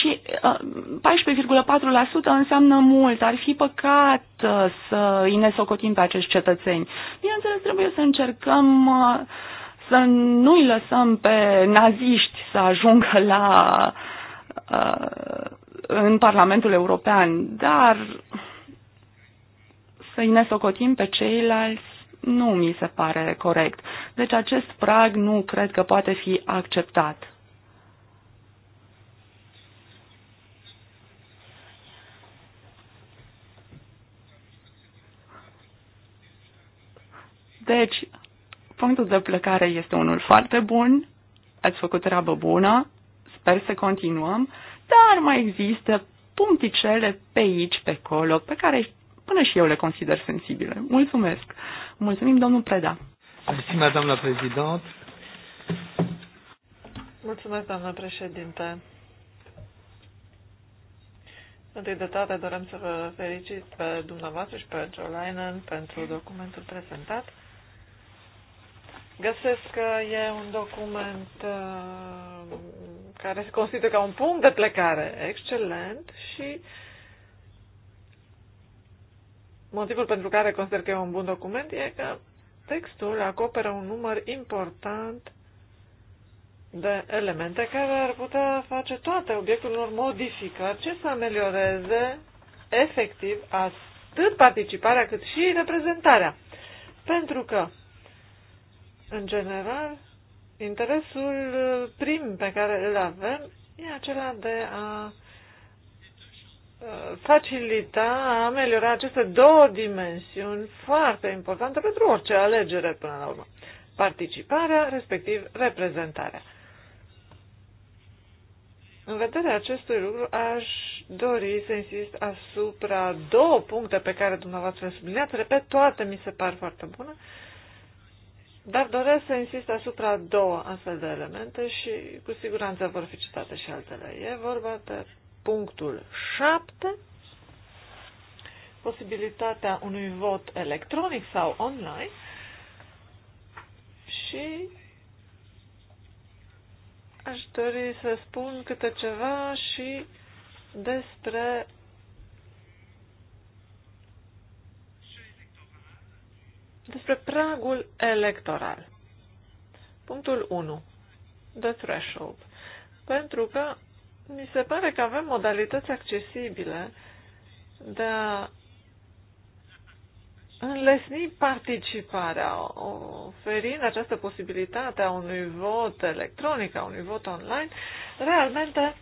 Și 14,4% uh, înseamnă mult. Ar fi păcat uh, să îi nesocotim pe acești cetățeni. Bineînțeles, trebuie să încercăm uh, să nu îi lăsăm pe naziști să ajungă la în Parlamentul European, dar să-i nesocotim pe ceilalți nu mi se pare corect. Deci acest prag nu cred că poate fi acceptat. Deci, punctul de plecare este unul foarte bun, ați făcut treabă bună, sper să continuăm, dar mai există puncticele pe aici, pe acolo, pe care până și eu le consider sensibile. Mulțumesc! Mulțumim, domnul Preda!
Mulțumesc, doamna prezident!
Mulțumesc, doamna președinte! Întâi de toate dorem să vă felicit pe dumneavoastră și pe Jolainen pentru documentul prezentat. Găsesc că e un document uh, care se constituie ca un punct de plecare excelent și motivul pentru care consider că e un bun document e că textul acoperă un număr important de elemente care ar putea face toate obiectul unor modificări ce să amelioreze efectiv atât participarea cât și reprezentarea. Pentru că în general, interesul uh, prim pe care îl avem e acela de a uh, facilita, a ameliora aceste două dimensiuni foarte importante pentru orice alegere până la urmă. Participarea, respectiv reprezentarea. În vederea acestui lucru, aș dori să insist asupra două puncte pe care dumneavoastră le subliniați. Repet, toate mi se par foarte bune. Uh, dar doresc să insist asupra două astfel de elemente și cu siguranță vor fi citate și altele. E vorba de punctul 7, posibilitatea unui vot electronic sau online și aș dori să spun câte ceva și despre despre pragul electoral. Punctul 1. The threshold. Pentru că mi se pare că avem modalități accesibile de a înlesni participarea, oferind această posibilitate a unui vot electronic, a unui vot online, realmente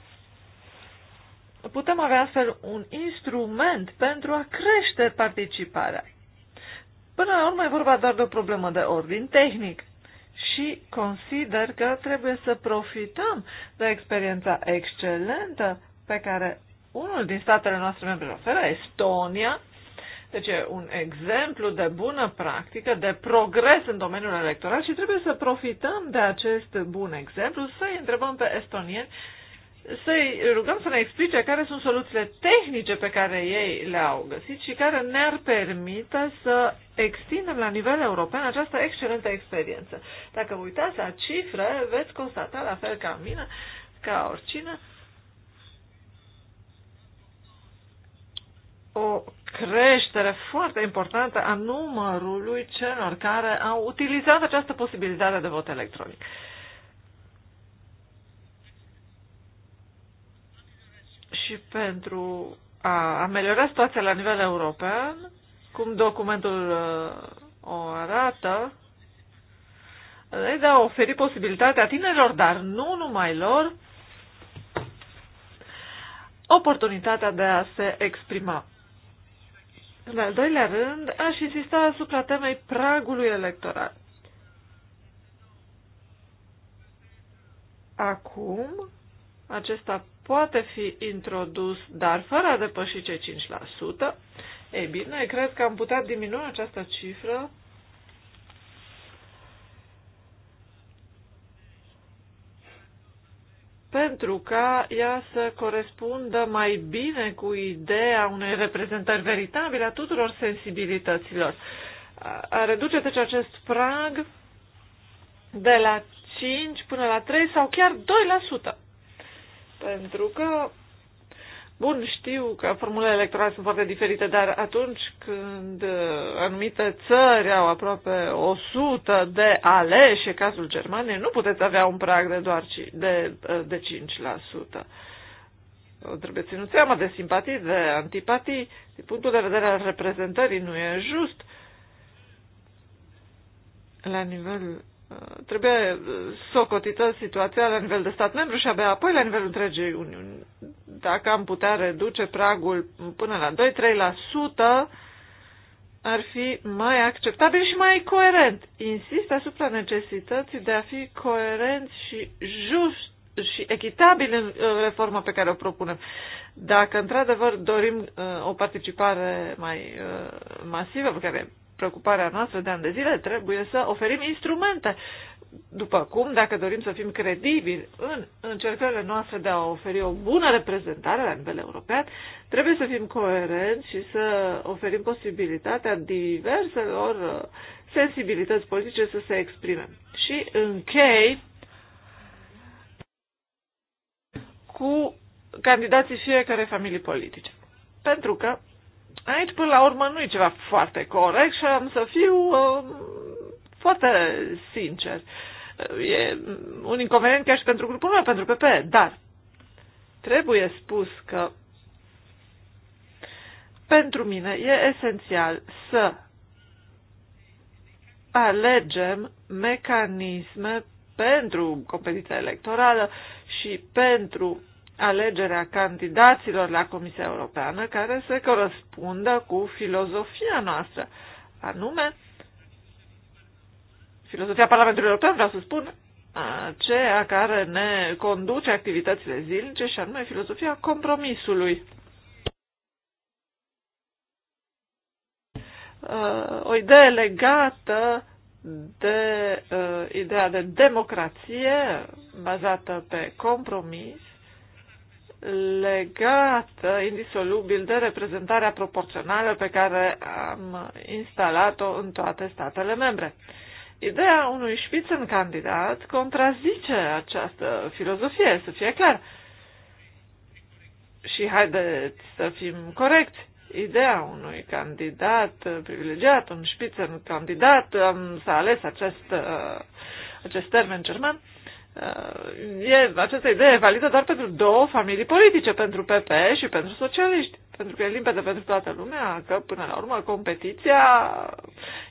putem avea astfel un instrument pentru a crește participarea. Până la urmă e vorba doar de o problemă de ordin tehnic și consider că trebuie să profităm de experiența excelentă pe care unul din statele noastre membre oferă, Estonia, deci e un exemplu de bună practică, de progres în domeniul electoral și trebuie să profităm de acest bun exemplu, să-i întrebăm pe estonieni să-i rugăm să ne explice care sunt soluțiile tehnice pe care ei le-au găsit și care ne-ar permite să extindem la nivel european această excelentă experiență. Dacă vă uitați la cifre, veți constata, la fel ca mine, ca oricine, o creștere foarte importantă a numărului celor care au utilizat această posibilitate de vot electronic. Uh, și pentru a ameliora situația la nivel european, cum documentul uh, o arată, de a oferi posibilitatea tinerilor, dar nu numai lor, oportunitatea de a se exprima. În al doilea rând, aș insista asupra temei pragului electoral. Acum, acesta poate fi introdus, dar fără a depăși cei 5%, ei bine, cred că am putea diminua această cifră pentru ca ea să corespundă mai bine cu ideea unei reprezentări veritabile a tuturor sensibilităților. A reduce deci acest prag de la 5 până la 3 sau chiar pentru că, bun, știu că formulele electorale sunt foarte diferite, dar atunci când uh, anumite țări au aproape 100 de aleși, e cazul Germaniei, nu puteți avea un prag de doar de, uh, de 5% trebuie ținut seama de simpatii, de antipatii, din punctul de vedere al reprezentării nu e just. La nivel Uh, trebuie uh, socotită situația la nivel de stat membru și abia apoi la nivelul întregii Uniuni. Dacă am putea reduce pragul până la 2-3%, ar fi mai acceptabil și mai coerent. Insist asupra necesității de a fi coerent și just și echitabil în reforma pe care o propunem. Dacă într-adevăr dorim uh, o participare mai masivă, pe care preocuparea noastră de ani de zile, trebuie să oferim instrumente. După cum, dacă dorim să fim credibili în încercările noastre de a oferi o bună reprezentare la nivel european, trebuie să fim coerenți și să oferim posibilitatea diverselor uh, sensibilități politice să se exprime. Și închei cu candidații fiecare familii politice. Pentru că aici, până la urmă, nu e ceva foarte corect și am să fiu uh, foarte sincer. Uh, e un inconvenient chiar și pentru grupul meu, pentru PP, dar trebuie spus că pentru mine e esențial să alegem mecanisme pentru competiția electorală și pentru alegerea candidaților la Comisia Europeană care să corespundă cu filozofia noastră, anume filozofia Parlamentului European, vreau să spun, aceea care ne conduce activitățile zilnice și anume filozofia compromisului. Uh, o idee legată de uh, ideea de democrație bazată pe compromis legată indisolubil de reprezentarea proporțională pe care am instalat-o în toate statele membre. Ideea unui șpițen candidat contrazice această filozofie, să fie clar. Și haideți să fim corecți. Ideea unui candidat privilegiat, un șpițen candidat, am să ales acest, acest termen german, Uh, e această idee e validă doar pentru două familii politice, pentru PP și pentru socialiști. Pentru că e limpede pentru toată lumea că, până la urmă, competiția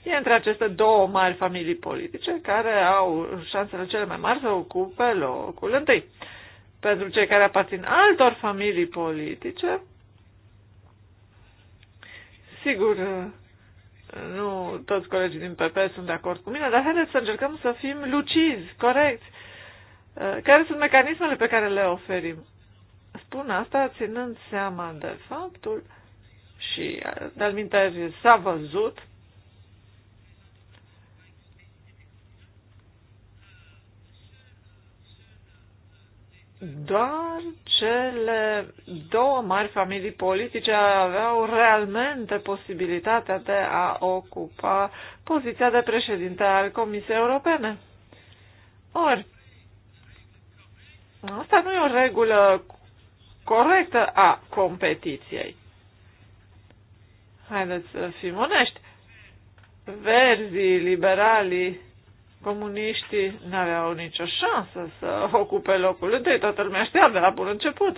e între aceste două mari familii politice care au șansele cele mai mari să ocupe locul întâi. Pentru cei care aparțin altor familii politice, sigur, nu toți colegii din PP sunt de acord cu mine, dar haideți să încercăm să fim lucizi, corecți Uh, care sunt mecanismele pe care le oferim? Spun asta ținând seama de faptul și uh, de-al s-a văzut doar cele două mari familii politice aveau realmente posibilitatea de a ocupa poziția de președinte al Comisiei Europene. Ori, Asta nu e o regulă corectă a competiției. Haideți să fim onești. Verzii, liberalii, comuniștii n-aveau nicio șansă să ocupe locul întâi. Toată lumea știa de la bun început.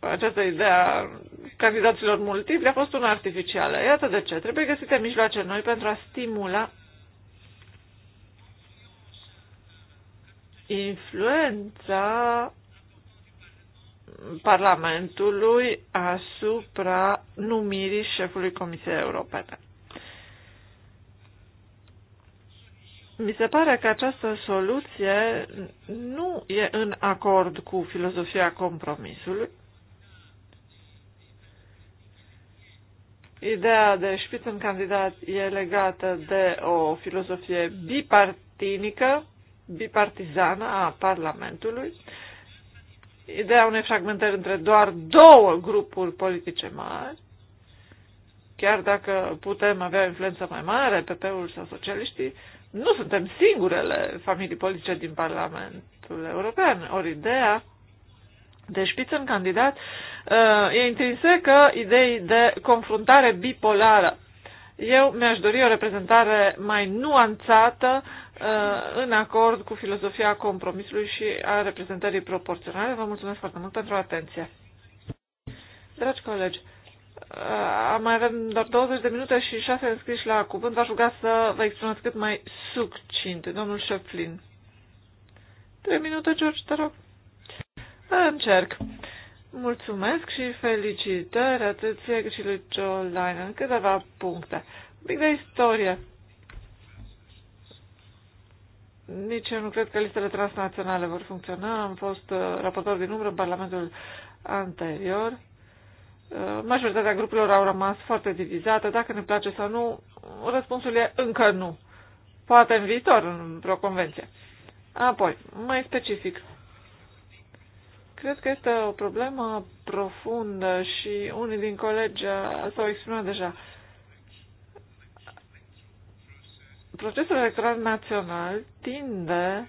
Această idee a candidaților multipli a fost una artificială. Iată de ce. Trebuie găsite mijloace noi pentru a stimula influența Parlamentului asupra numirii șefului Comisiei Europene. Mi se pare că această soluție nu e în acord cu filozofia compromisului. Ideea de șpiț în candidat e legată de o filozofie bipartinică, bipartizană a Parlamentului, ideea unei fragmentări între doar două grupuri politice mari, chiar dacă putem avea influență mai mare, PP-ul sau socialiștii, nu suntem singurele familii politice din Parlamentul European. Ori ideea de spiță în candidat uh, e intrinsecă idei de confruntare bipolară. Eu mi-aș dori o reprezentare mai nuanțată Uh, în acord cu filozofia compromisului și a reprezentării proporționale. Vă mulțumesc foarte mult pentru atenție. Dragi colegi, uh, mai avem doar 20 de minute și 6 înscriși la cuvânt. V-aș ruga să vă exprimați cât mai succint, domnul Șeflin. 3 minute, George, te rog. Încerc. Mulțumesc și felicitări atât ție cât și lui Joe Linen. Câteva puncte. Un pic de istorie nici eu nu cred că listele transnaționale vor funcționa. Am fost uh, raportor din umbră în Parlamentul anterior. Uh, majoritatea grupurilor au rămas foarte divizate. Dacă ne place sau nu, răspunsul e încă nu. Poate în viitor, în vreo convenție. Apoi, mai specific, cred că este o problemă profundă și unii din colegi uh, s-au exprimat deja. Uh, Procesul electoral național tinde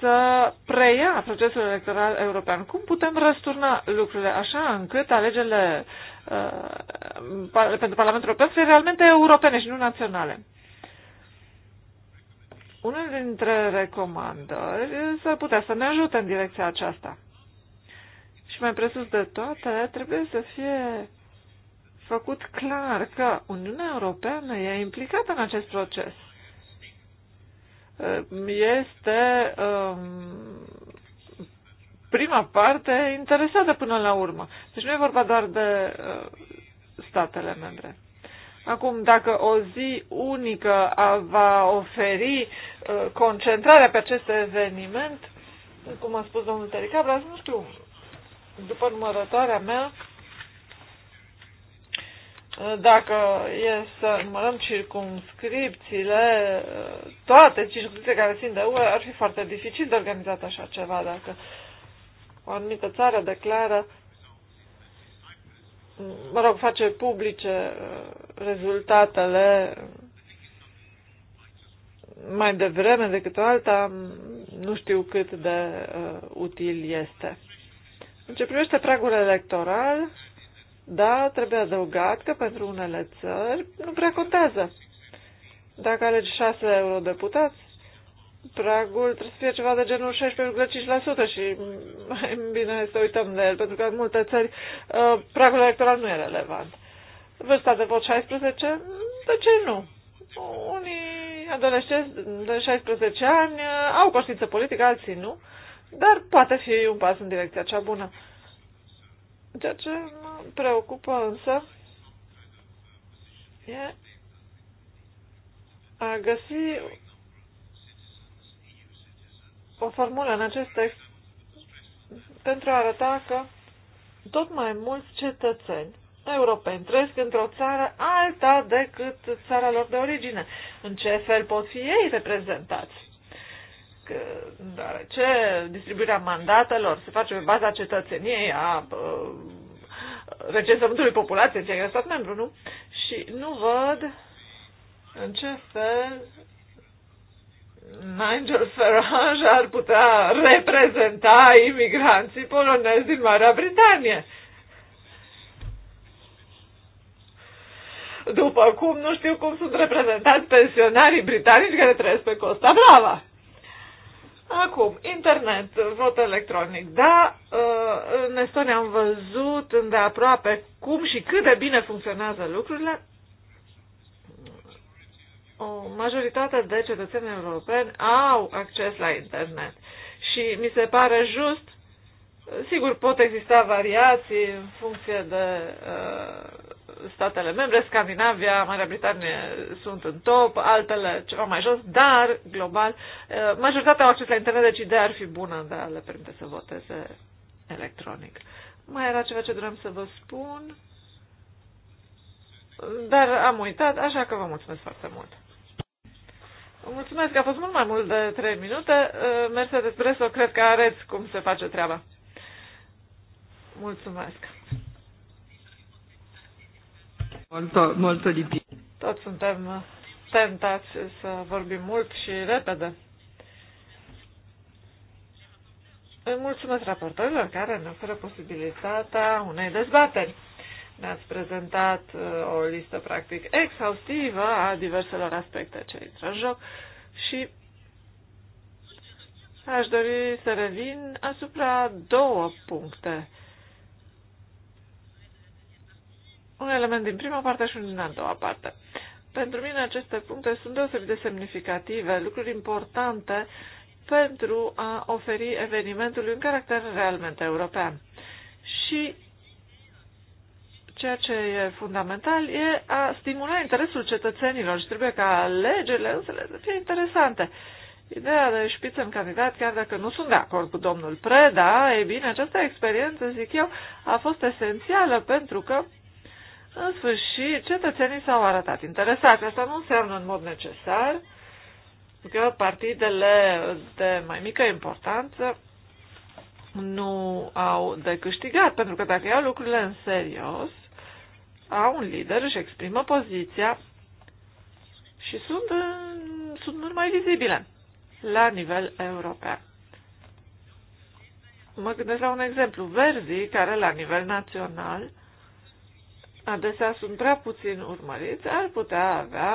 să preia procesul electoral european. Cum putem răsturna lucrurile așa încât alegerile uh, pentru Parlamentul European să fie realmente europene și nu naționale? Unul dintre recomandări s-ar putea să ne ajute în direcția aceasta. Și mai presus de toate, trebuie să fie făcut clar că Uniunea Europeană e implicată în acest proces. Este um, prima parte interesată până la urmă. Deci nu e vorba doar de uh, statele membre. Acum, dacă o zi unică va oferi uh, concentrarea pe acest eveniment, cum a spus domnul Tericabras, nu știu, după numărătoarea mea, dacă e să numărăm circumscripțiile, toate circumscripțiile care țin de UE, ar fi foarte dificil de organizat așa ceva dacă o anumită țară declară, mă rog, face publice uh, rezultatele mai devreme decât o alta, nu știu cât de uh, util este. În ce privește pragul electoral, da, trebuie adăugat că pentru unele țări nu prea contează. Dacă alegi 6 eurodeputați, pragul trebuie să fie ceva de genul 16,5% și mai bine să uităm de el, pentru că în multe țări uh, pragul electoral nu e relevant. Vârsta de vot 16? De ce nu? Unii adolescenți de 16 ani uh, au conștiință politică, alții nu, dar poate fi un pas în direcția cea bună. Ceea ce preocupă însă e a găsi o formulă în acest text pentru a arăta că tot mai mulți cetățeni europeni trăiesc într-o țară alta decât țara lor de origine. În ce fel pot fi ei reprezentați? Că, ce distribuirea mandatelor se face pe baza cetățeniei a uh, recensământului populației ce care stat membru, nu? Și nu văd în ce fel Nigel Farage ar putea reprezenta imigranții polonezi din Marea Britanie. După cum nu știu cum sunt reprezentați pensionarii britanici care trăiesc pe Costa Brava. Acum, internet, vot electronic. Da, uh, în Estonia am văzut îndeaproape cum și cât de bine funcționează lucrurile. O majoritate de cetățeni europeni au acces la internet și mi se pare just. Sigur, pot exista variații în funcție de uh, statele membre, Scandinavia, Marea Britanie sunt în top, altele ceva mai jos, dar, global, eh, majoritatea au acces la internet, deci ideea ar fi bună de a le permite să voteze electronic. Mai era ceva ce doream să vă spun, dar am uitat, așa că vă mulțumesc foarte mult. Mulțumesc, că a fost mult mai mult de 3 minute. Eh, Mercedes Breso, cred că areți cum se face treaba. Mulțumesc. Molto, molto di più. Toți suntem tentați să vorbim mult și repede. Îi mulțumesc raportorilor care ne oferă posibilitatea unei dezbateri. Ne-ați prezentat uh, o listă practic exhaustivă a diverselor aspecte ce intră în joc și aș dori să revin asupra două puncte un element din prima parte și unul din a doua parte. Pentru mine aceste puncte sunt deosebit de semnificative, lucruri importante pentru a oferi evenimentului un caracter realmente european. Și ceea ce e fundamental e a stimula interesul cetățenilor și trebuie ca legile însele să fie interesante. Ideea de șpiță în candidat, chiar dacă nu sunt de acord cu domnul Preda, e bine, această experiență, zic eu, a fost esențială pentru că în sfârșit, cetățenii s-au arătat interesați. Asta nu înseamnă în mod necesar că partidele de mai mică importanță nu au de câștigat, pentru că dacă iau lucrurile în serios, au un lider, își exprimă poziția și sunt, sunt mult mai vizibile la nivel european. Mă gândesc la un exemplu, Verzi, care la nivel național adesea sunt prea puțin urmăriți, ar putea avea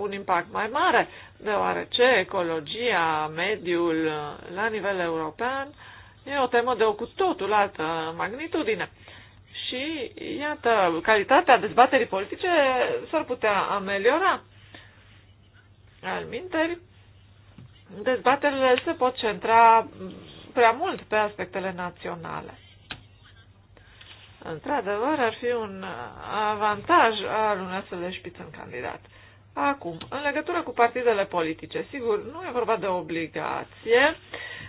un impact mai mare, deoarece ecologia, mediul la nivel european e o temă de o cu totul altă magnitudine. Și, iată, calitatea dezbaterii politice s-ar putea ameliora. Al minteri, dezbaterile se pot centra prea mult pe aspectele naționale. Într-adevăr, ar fi un avantaj al unui astfel de șpiță în candidat. Acum, în legătură cu partidele politice, sigur, nu e vorba de obligație,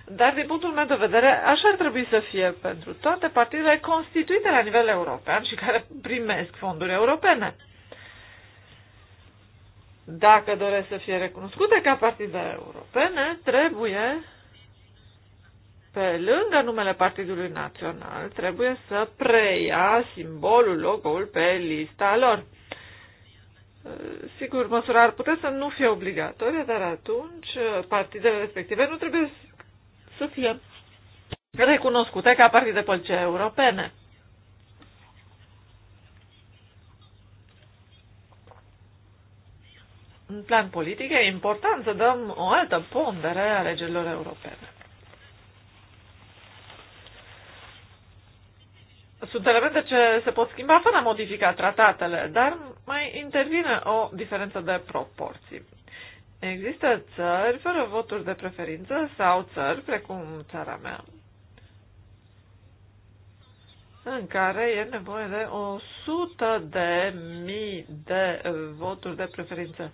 dar din punctul meu de vedere, așa ar trebui să fie pentru toate partidele constituite la nivel european și care primesc fonduri europene. Dacă doresc să fie recunoscute ca partide europene, trebuie pe lângă numele Partidului Național, trebuie să preia simbolul, logo-ul pe lista lor. Sigur, măsura ar putea să nu fie obligatorie, dar atunci uh, partidele respective nu trebuie să fie recunoscute ca partide politice europene. În plan politic e important să dăm o altă pondere alegerilor europene. sunt elemente ce se pot schimba fără a modifica tratatele, dar mai intervine o diferență de proporții. Există țări fără voturi de preferință sau țări, precum țara mea, în care e nevoie de 100 de mii de voturi de preferință.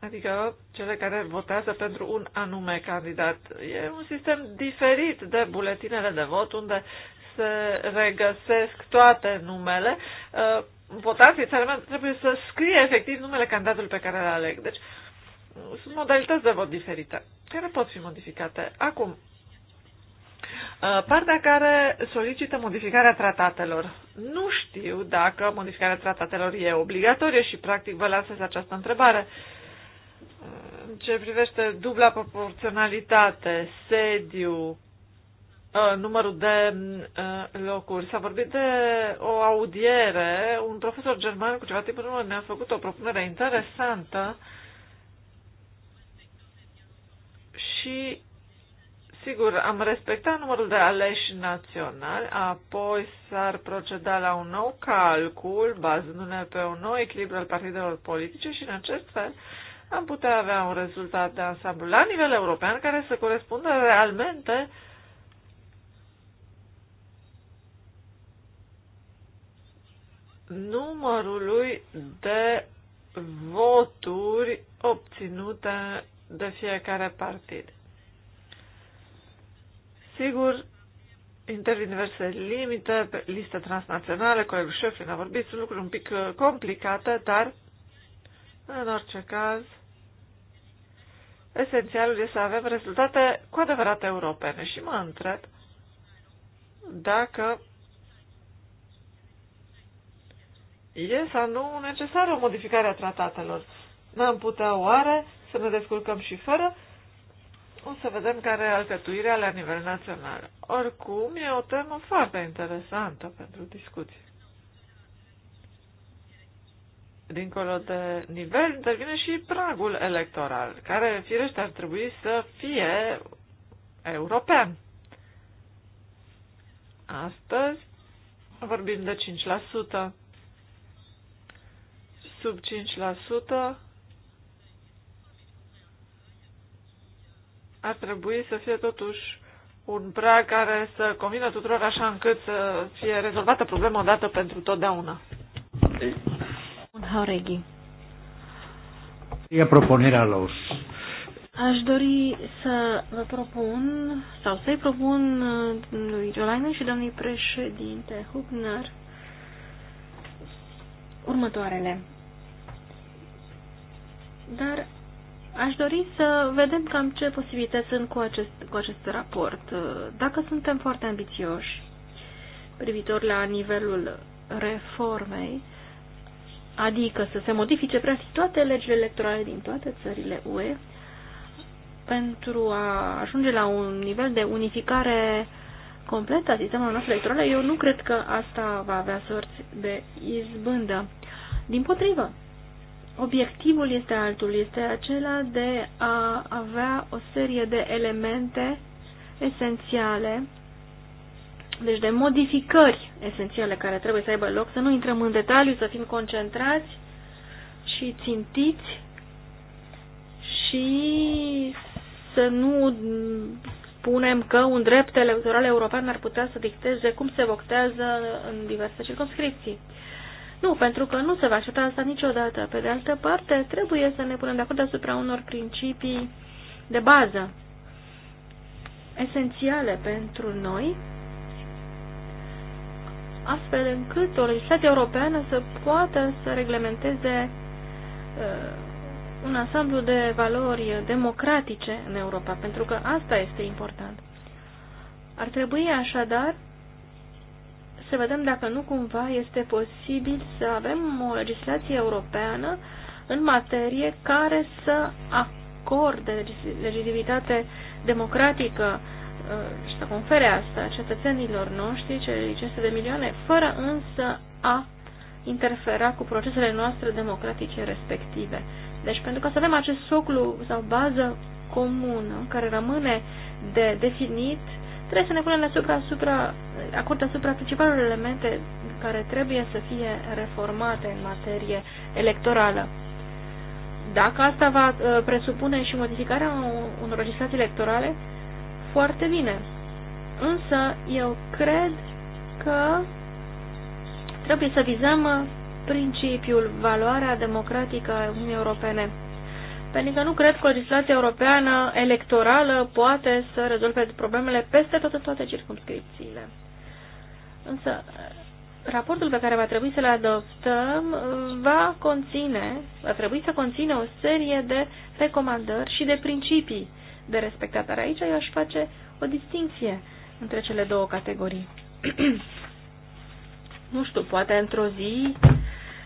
Adică cele care votează pentru un anume candidat. E un sistem diferit de buletinele de vot, unde să regăsesc toate numele, uh, votații, țara mea trebuie să scrie efectiv numele candidatului pe care îl aleg. Deci sunt modalități de vot diferite care pot fi modificate. Acum, uh, partea care solicită modificarea tratatelor. Nu știu dacă modificarea tratatelor e obligatorie și practic vă lasez această întrebare. În ce privește dubla proporționalitate, sediu, Uh, numărul de uh, locuri. S-a vorbit de o audiere. Un profesor german cu ceva timp în urmă ne-a făcut o propunere interesantă și, sigur, am respectat numărul de aleși naționali, apoi s-ar proceda la un nou calcul, bazându-ne pe un nou echilibru al partidelor politice și, în acest fel, am putea avea un rezultat de ansamblu la nivel european care să corespundă realmente uh, numărului de voturi obținute de fiecare partid. Sigur, intervin diverse limite pe liste transnaționale, colegul Șeflin a vorbit, sunt lucruri un pic uh, complicate, dar în orice caz, esențialul este să avem rezultate cu adevărat europene și mă întreb dacă e sau nu necesară o modificare a tratatelor. N-am putea oare să ne descurcăm și fără? O să vedem care e alcătuirea la nivel național. Oricum, e o temă foarte interesantă pentru discuții. Dincolo de nivel, intervine și pragul electoral, care, firește, ar trebui să fie european. Astăzi vorbim de 5% sub 5%, ar trebui să fie totuși un prag care să convină tuturor așa încât să fie rezolvată problema odată pentru totdeauna.
Un haureghi.
propunerea lor.
Aș dori să vă propun, sau să-i propun lui Jolaine și domnului președinte Hubner următoarele. Dar aș dori să vedem cam ce posibilități sunt cu acest, cu acest raport. Dacă suntem foarte ambițioși privitor la nivelul reformei, adică să se modifice practic toate legile electorale din toate țările UE, pentru a ajunge la un nivel de unificare completă a sistemului nostru electoral, eu nu cred că asta va avea sorți de izbândă. Din potrivă, obiectivul este altul, este acela de a avea o serie de elemente esențiale, deci de modificări esențiale care trebuie să aibă loc, să nu intrăm în detaliu, să fim concentrați și țintiți și să nu spunem că un drept electoral european ar putea să dicteze cum se votează în diverse circunscripții. Uh, nu, pentru că nu se va aștepta asta niciodată. Pe de altă parte, trebuie să ne punem de acord asupra unor principii de bază, esențiale pentru noi, astfel încât o legislație europeană să poată să reglementeze uh, un ansamblu de valori democratice în Europa, pentru că asta este important. Ar trebui așadar să vedem dacă nu cumva este posibil să avem o legislație europeană în materie care să acorde legitimitate democratică uh, și să confere asta cetățenilor noștri, cei 500 de milioane, fără însă a interfera cu procesele noastre democratice respective. Deci pentru că să avem acest soclu sau bază comună care rămâne de definit trebuie să ne punem asupra, asupra, acord asupra principalelor elemente care trebuie să fie reformate în materie electorală. Dacă asta va uh, presupune și modificarea unor legislații electorale, foarte bine. Însă eu cred că trebuie să vizăm uh, principiul, valoarea democratică a Uniunii Europene pentru că nu cred că legislația europeană electorală poate să rezolve problemele peste tot în toate circumscripțiile. Însă, raportul pe care va trebui să-l adoptăm uh, va conține, va trebui să conține o serie de recomandări și de principii de respectat. Dar aici eu aș face o distinție între cele două categorii. nu știu, poate într-o zi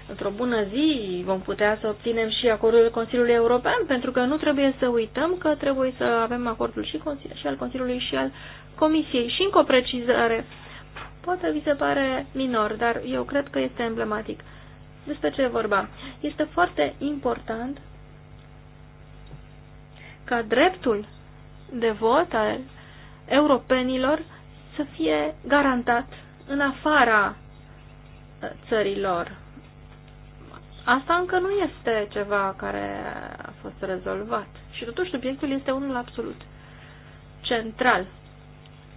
într-o bună zi vom putea să obținem și acordul Consiliului European, pentru că nu trebuie să uităm că trebuie să avem acordul și, și al Consiliului și al Comisiei. Și încă o precizare, poate vi se pare minor, dar eu cred că este emblematic. Despre ce vorba? Este foarte important ca dreptul de vot al europenilor să fie garantat în afara țărilor Asta încă nu este ceva care a fost rezolvat. Și totuși subiectul este unul absolut central.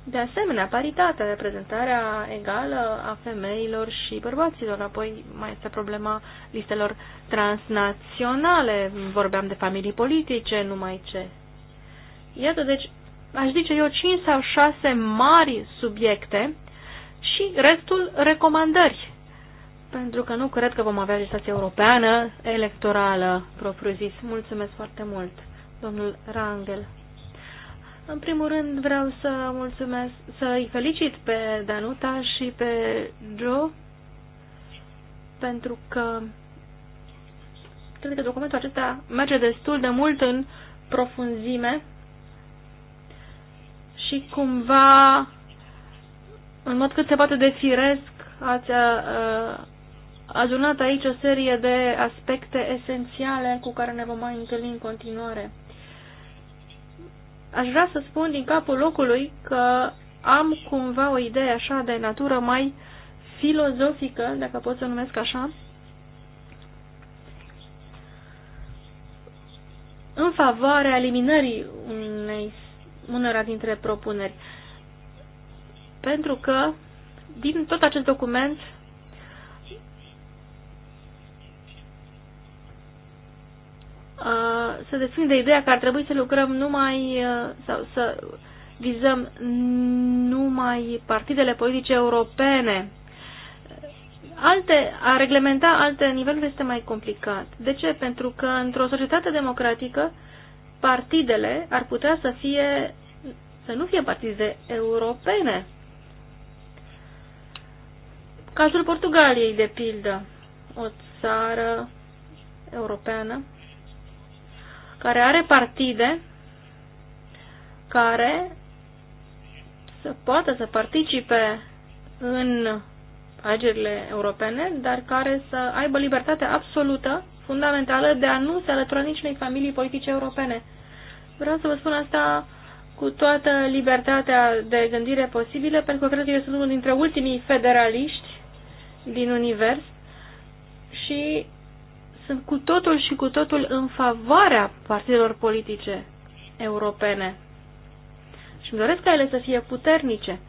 De asemenea, paritatea, reprezentarea egală a femeilor și bărbaților. Apoi mai este problema listelor transnaționale. Vorbeam de familii politice, numai ce. Iată, deci, aș zice eu, 5 sau 6 mari subiecte și restul recomandări pentru că nu cred că vom avea legislație europeană electorală propriu-zis. Mulțumesc foarte mult, domnul Rangel. În primul rând vreau să mulțumesc, să-i felicit pe Danuta și pe Joe, pentru că cred că documentul acesta merge destul de mult în profunzime și cumva, în mod cât se poate de firesc, ați uh, adunat aici o serie de aspecte esențiale cu care ne vom mai întâlni în continuare. Aș vrea să spun din capul locului că am cumva o idee așa de natură mai filozofică, dacă pot să o numesc așa, în favoarea eliminării unei, unora dintre propuneri. Pentru că din tot acest document să se de ideea că ar trebui să lucrăm numai sau să vizăm numai partidele politice europene. Alte, a reglementa alte niveluri este mai complicat. De ce? Pentru că într-o societate democratică partidele ar putea să fie să nu fie partide europene. Cazul Portugaliei, de pildă, o țară europeană care are partide care să poată să participe în agerile europene, dar care să aibă libertatea absolută, fundamentală, de a nu se alătura niciunei familii politice europene. Vreau să vă spun asta cu toată libertatea de gândire posibilă, pentru că cred că eu sunt unul dintre ultimii federaliști din univers și sunt cu totul și cu totul în favoarea partidelor politice europene. Și îmi doresc ca ele să fie puternice.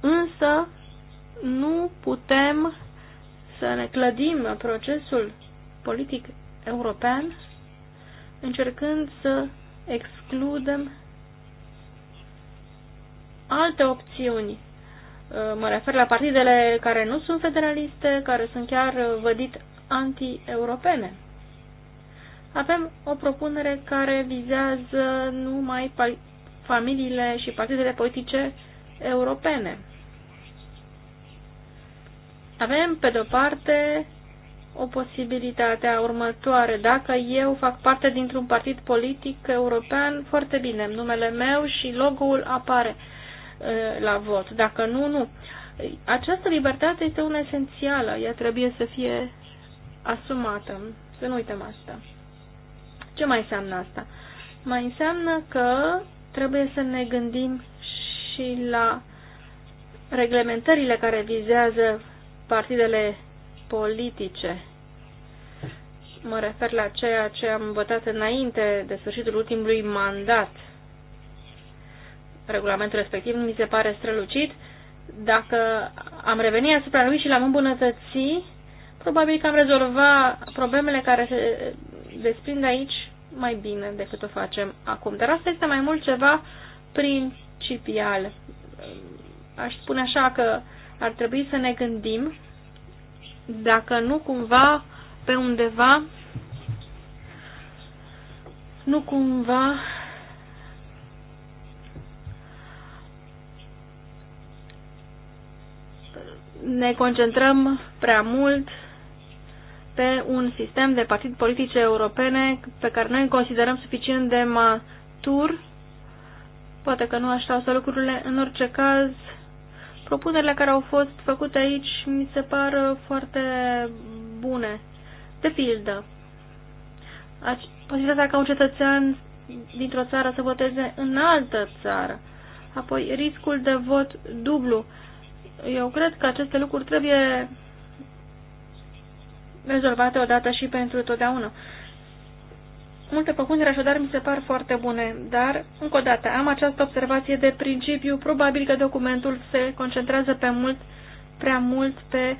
Însă nu putem să ne clădim procesul politic european încercând să excludem alte opțiuni. Mă refer la partidele care nu sunt federaliste, care sunt chiar vădit anti-europene avem o propunere care vizează numai familiile și partidele politice europene. Avem, pe de-o parte, o posibilitate a următoare. Dacă eu fac parte dintr-un partid politic european, foarte bine, numele meu și logo-ul apare la vot. Dacă nu, nu. Această libertate este una esențială, ea trebuie să fie asumată. Să nu uităm asta. Ce mai înseamnă asta? Mai înseamnă că trebuie să ne gândim și la reglementările care vizează partidele politice. Mă refer la ceea ce am votat înainte de sfârșitul ultimului mandat. Regulamentul respectiv mi se pare strălucit. Dacă am revenit asupra lui și l-am îmbunătățit, probabil că am rezolvat problemele care se desprind aici mai bine decât o facem acum. Dar asta este mai mult ceva principial. Aș spune așa că ar trebui să ne gândim dacă nu cumva pe undeva nu cumva ne concentrăm prea mult este un sistem de partid politice europene pe care noi îl considerăm suficient de matur. Poate că nu așa să lucrurile. În orice caz, propunerile care au fost făcute aici mi se par foarte bune. De pildă, posibilitatea ca un cetățean dintr-o țară să voteze în altă țară. Apoi, riscul de vot dublu. Eu cred că aceste lucruri trebuie rezolvate odată și pentru totdeauna. Multe propuneri așadar mi se par foarte bune, dar, încă o dată, am această observație de principiu, probabil că documentul se concentrează pe mult, prea mult pe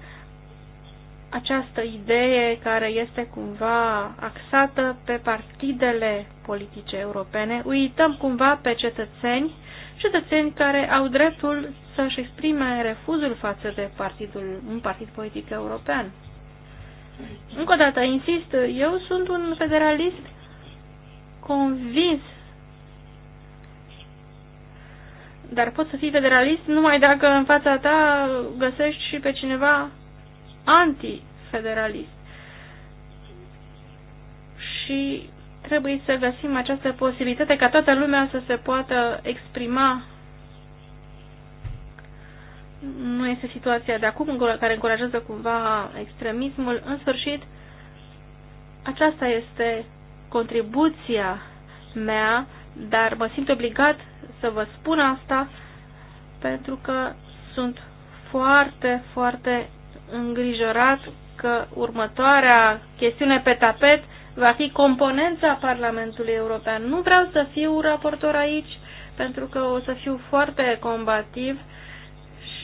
această idee care este cumva axată pe partidele politice europene. Uităm cumva pe cetățeni, cetățeni care au dreptul să-și exprime refuzul față de partidul, un partid politic european. Încă o dată, insist, eu sunt un federalist convins. Dar poți să fii federalist numai dacă în fața ta găsești și pe cineva antifederalist. Și trebuie să găsim această posibilitate ca toată lumea să se poată exprima nu este situația de acum care încurajează cumva extremismul. În sfârșit, aceasta este contribuția mea, dar mă simt obligat să vă spun asta pentru că sunt foarte, foarte îngrijorat că următoarea chestiune pe tapet va fi componența Parlamentului European. Nu vreau să fiu raportor aici pentru că o să fiu foarte combativ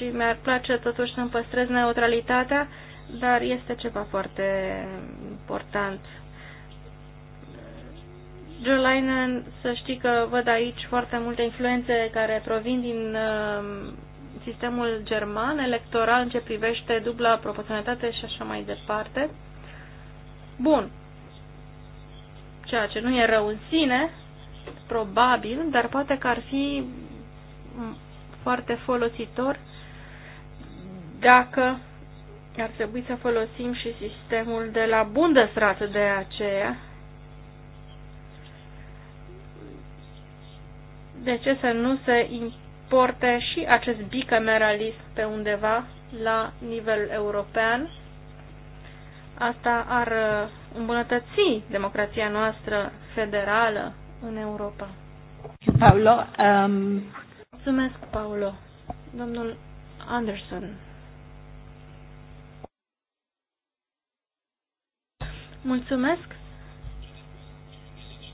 și mi-ar place totuși să-mi păstrez neutralitatea, dar este ceva foarte important. Joe Linen, să știi că văd aici foarte multe influențe care provin din um, sistemul german electoral în ce privește dubla proporționalitate și așa mai departe. Bun. Ceea ce nu e rău în sine, probabil, dar poate că ar fi foarte folositor dacă ar trebui să folosim și sistemul de la Bundesrat de aceea. De ce să nu se importe și acest bicameralism pe undeva la nivel european? Asta ar uh, îmbunătăți democrația noastră federală în Europa. Paulo, um... Mulțumesc, Paulo. Domnul Anderson. Mulțumesc.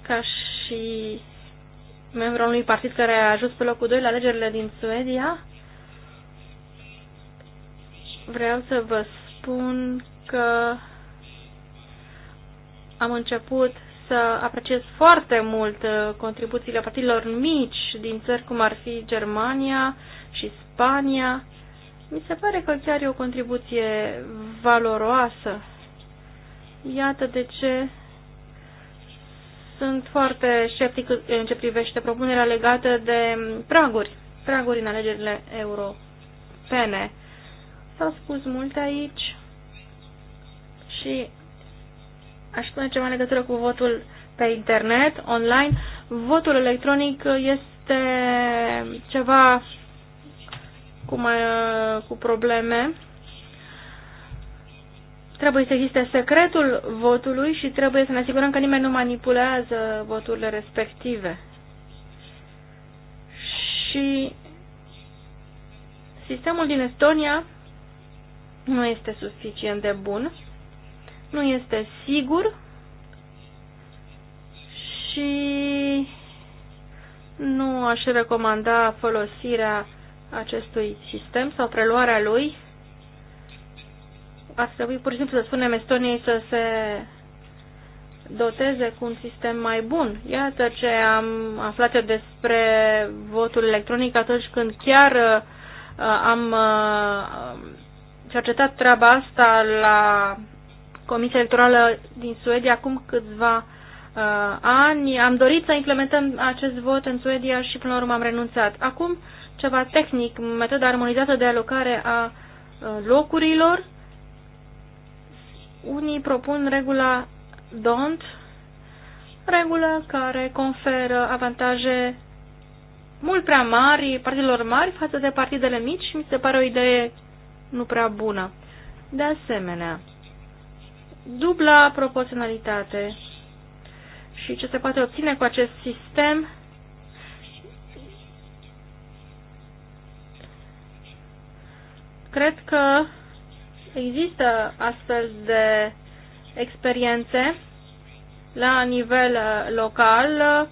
Ca și membru al unui partid care a ajuns pe locul 2 la alegerile din Suedia, vreau să vă spun că am început să apreciez foarte mult uh, contribuțiile partidelor mici din țări cum ar fi Germania și Spania. Mi se pare că chiar e o contribuție valoroasă Iată de ce sunt foarte sceptic în ce privește propunerea legată de praguri, praguri în alegerile europene. S-au spus multe aici și aș spune ceva în legătură cu votul pe internet, online. Votul electronic este ceva cu, mai, cu probleme Trebuie să existe secretul votului și trebuie să ne asigurăm că nimeni nu manipulează voturile respective. Și sistemul din Estonia nu este suficient de bun, nu este sigur și nu aș recomanda folosirea acestui sistem sau preluarea lui ar trebui pur și simplu să spunem Estoniei să se doteze cu un sistem mai bun. Iată ce am aflat eu despre votul electronic atunci când chiar uh, am uh, cercetat treaba asta la Comisia Electorală din Suedia acum câțiva uh, ani. Am dorit să implementăm acest vot în Suedia și până la urmă am renunțat. Acum, ceva tehnic, metoda armonizată de alocare a uh, locurilor unii propun regula DONT, regulă care conferă avantaje mult prea mari partidelor mari față de partidele mici mi se pare o idee nu prea bună. De asemenea, dubla proporționalitate și ce se poate obține cu acest sistem cred că Există astfel de experiențe la nivel uh, local, uh,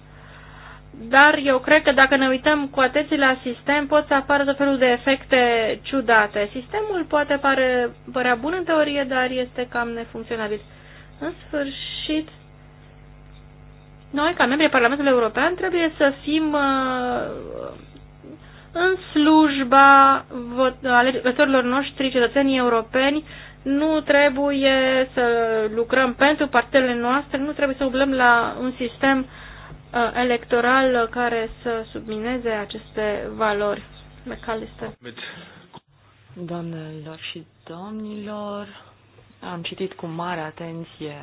dar eu cred că dacă ne uităm cu atenție la sistem, pot să apară tot felul de efecte ciudate. Sistemul poate pare, părea bun în teorie, dar este cam nefuncționabil. În sfârșit, noi, ca membrii Parlamentului European, trebuie să fim uh, în slujba alegătorilor noștri, cetățenii europeni, nu trebuie să lucrăm pentru partele noastre, nu trebuie să umblăm la un sistem uh, electoral care să submineze aceste valori. McAllister.
Doamnelor și domnilor, am citit cu mare atenție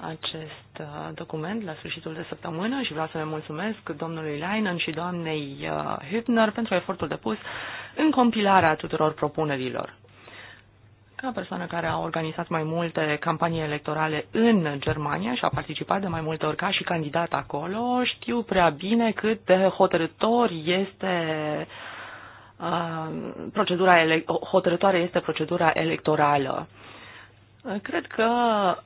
acest uh, document la sfârșitul de săptămână și vreau să le mulțumesc domnului Leinen și doamnei uh, Hübner pentru efortul depus în compilarea tuturor propunerilor. Ca persoană care a organizat mai multe campanii electorale în Germania și a participat de mai multe ori ca și candidat acolo, știu prea bine cât de hotărător este uh, procedura ele- hotărătoare este procedura electorală. Cred că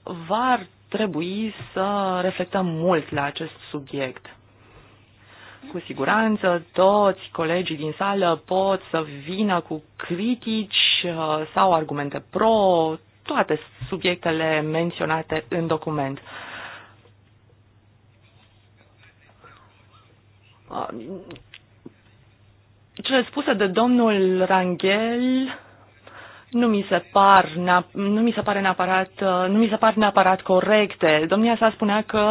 var trebui să reflectăm mult la acest subiect. Cu siguranță toți colegii din sală pot să vină cu critici uh, sau argumente pro toate subiectele menționate în document. Uh, cele spuse de domnul Rangel nu mi se par, nu mi se pare neapărat, nu mi se par neapărat corecte. Domnia sa spunea că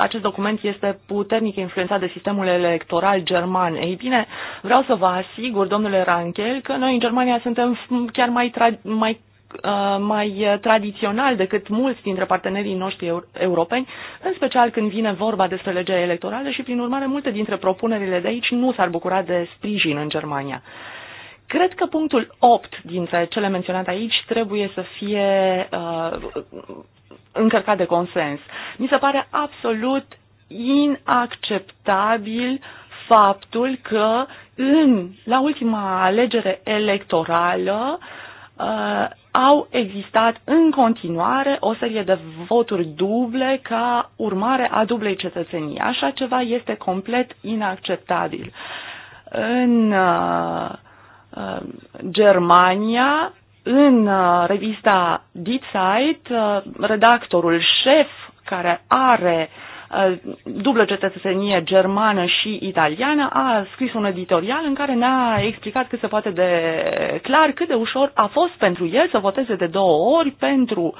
acest document este puternic influențat de sistemul electoral german. Ei bine, vreau să vă asigur, domnule Rankel, că noi în Germania suntem chiar mai, tra- mai uh, mai tradițional decât mulți dintre partenerii noștri europeni, în special când vine vorba despre legea electorală și, prin urmare, multe dintre propunerile de aici nu s-ar bucura de sprijin în Germania. Cred că punctul 8 dintre cele menționate aici trebuie să fie uh, încărcat de consens. Mi se pare absolut inacceptabil faptul că în, la ultima alegere electorală uh, au existat în continuare o serie de voturi duble ca urmare a dublei cetățenii. Așa ceva este complet inacceptabil. În uh, Uh, Germania, în uh, revista Die Zeit, uh, redactorul șef care are dublă cetățenie germană și italiană, a scris un editorial în care ne-a explicat cât se poate de clar cât de ușor a fost pentru el să voteze de două ori pentru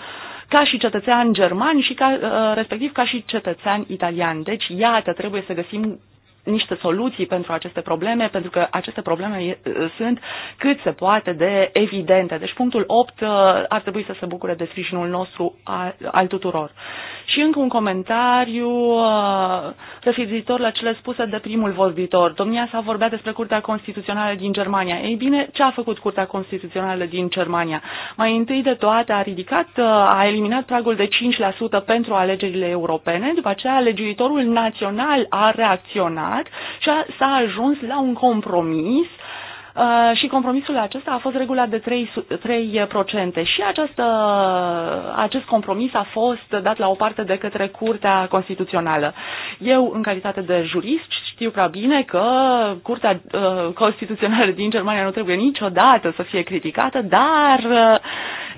ca și cetățean german și ca, respectiv ca și cetățean italian. Deci, iată, trebuie să găsim niște soluții pentru aceste probleme, pentru că aceste probleme sunt cât se poate de evidente. Deci punctul 8 uh, ar trebui să se bucure de sprijinul nostru al, tuturor. Și încă un comentariu uh, referitor la cele spuse de primul vorbitor. Domnia s-a vorbea despre Curtea Constituțională din Germania. Ei bine, ce a făcut Curtea Constituțională din Germania? Mai întâi de toate a ridicat, uh, a eliminat pragul de 5% pentru alegerile europene, după aceea legiuitorul național a reacționat negociat și s-a ajuns la un compromis uh, și compromisul acesta a fost regulat de 3, 3% uh, și această, acest compromis a fost dat la o parte de către Curtea Constituțională. Eu, în calitate de jurist, știu prea bine că Curtea uh, Constituțională din Germania nu trebuie niciodată să fie criticată, dar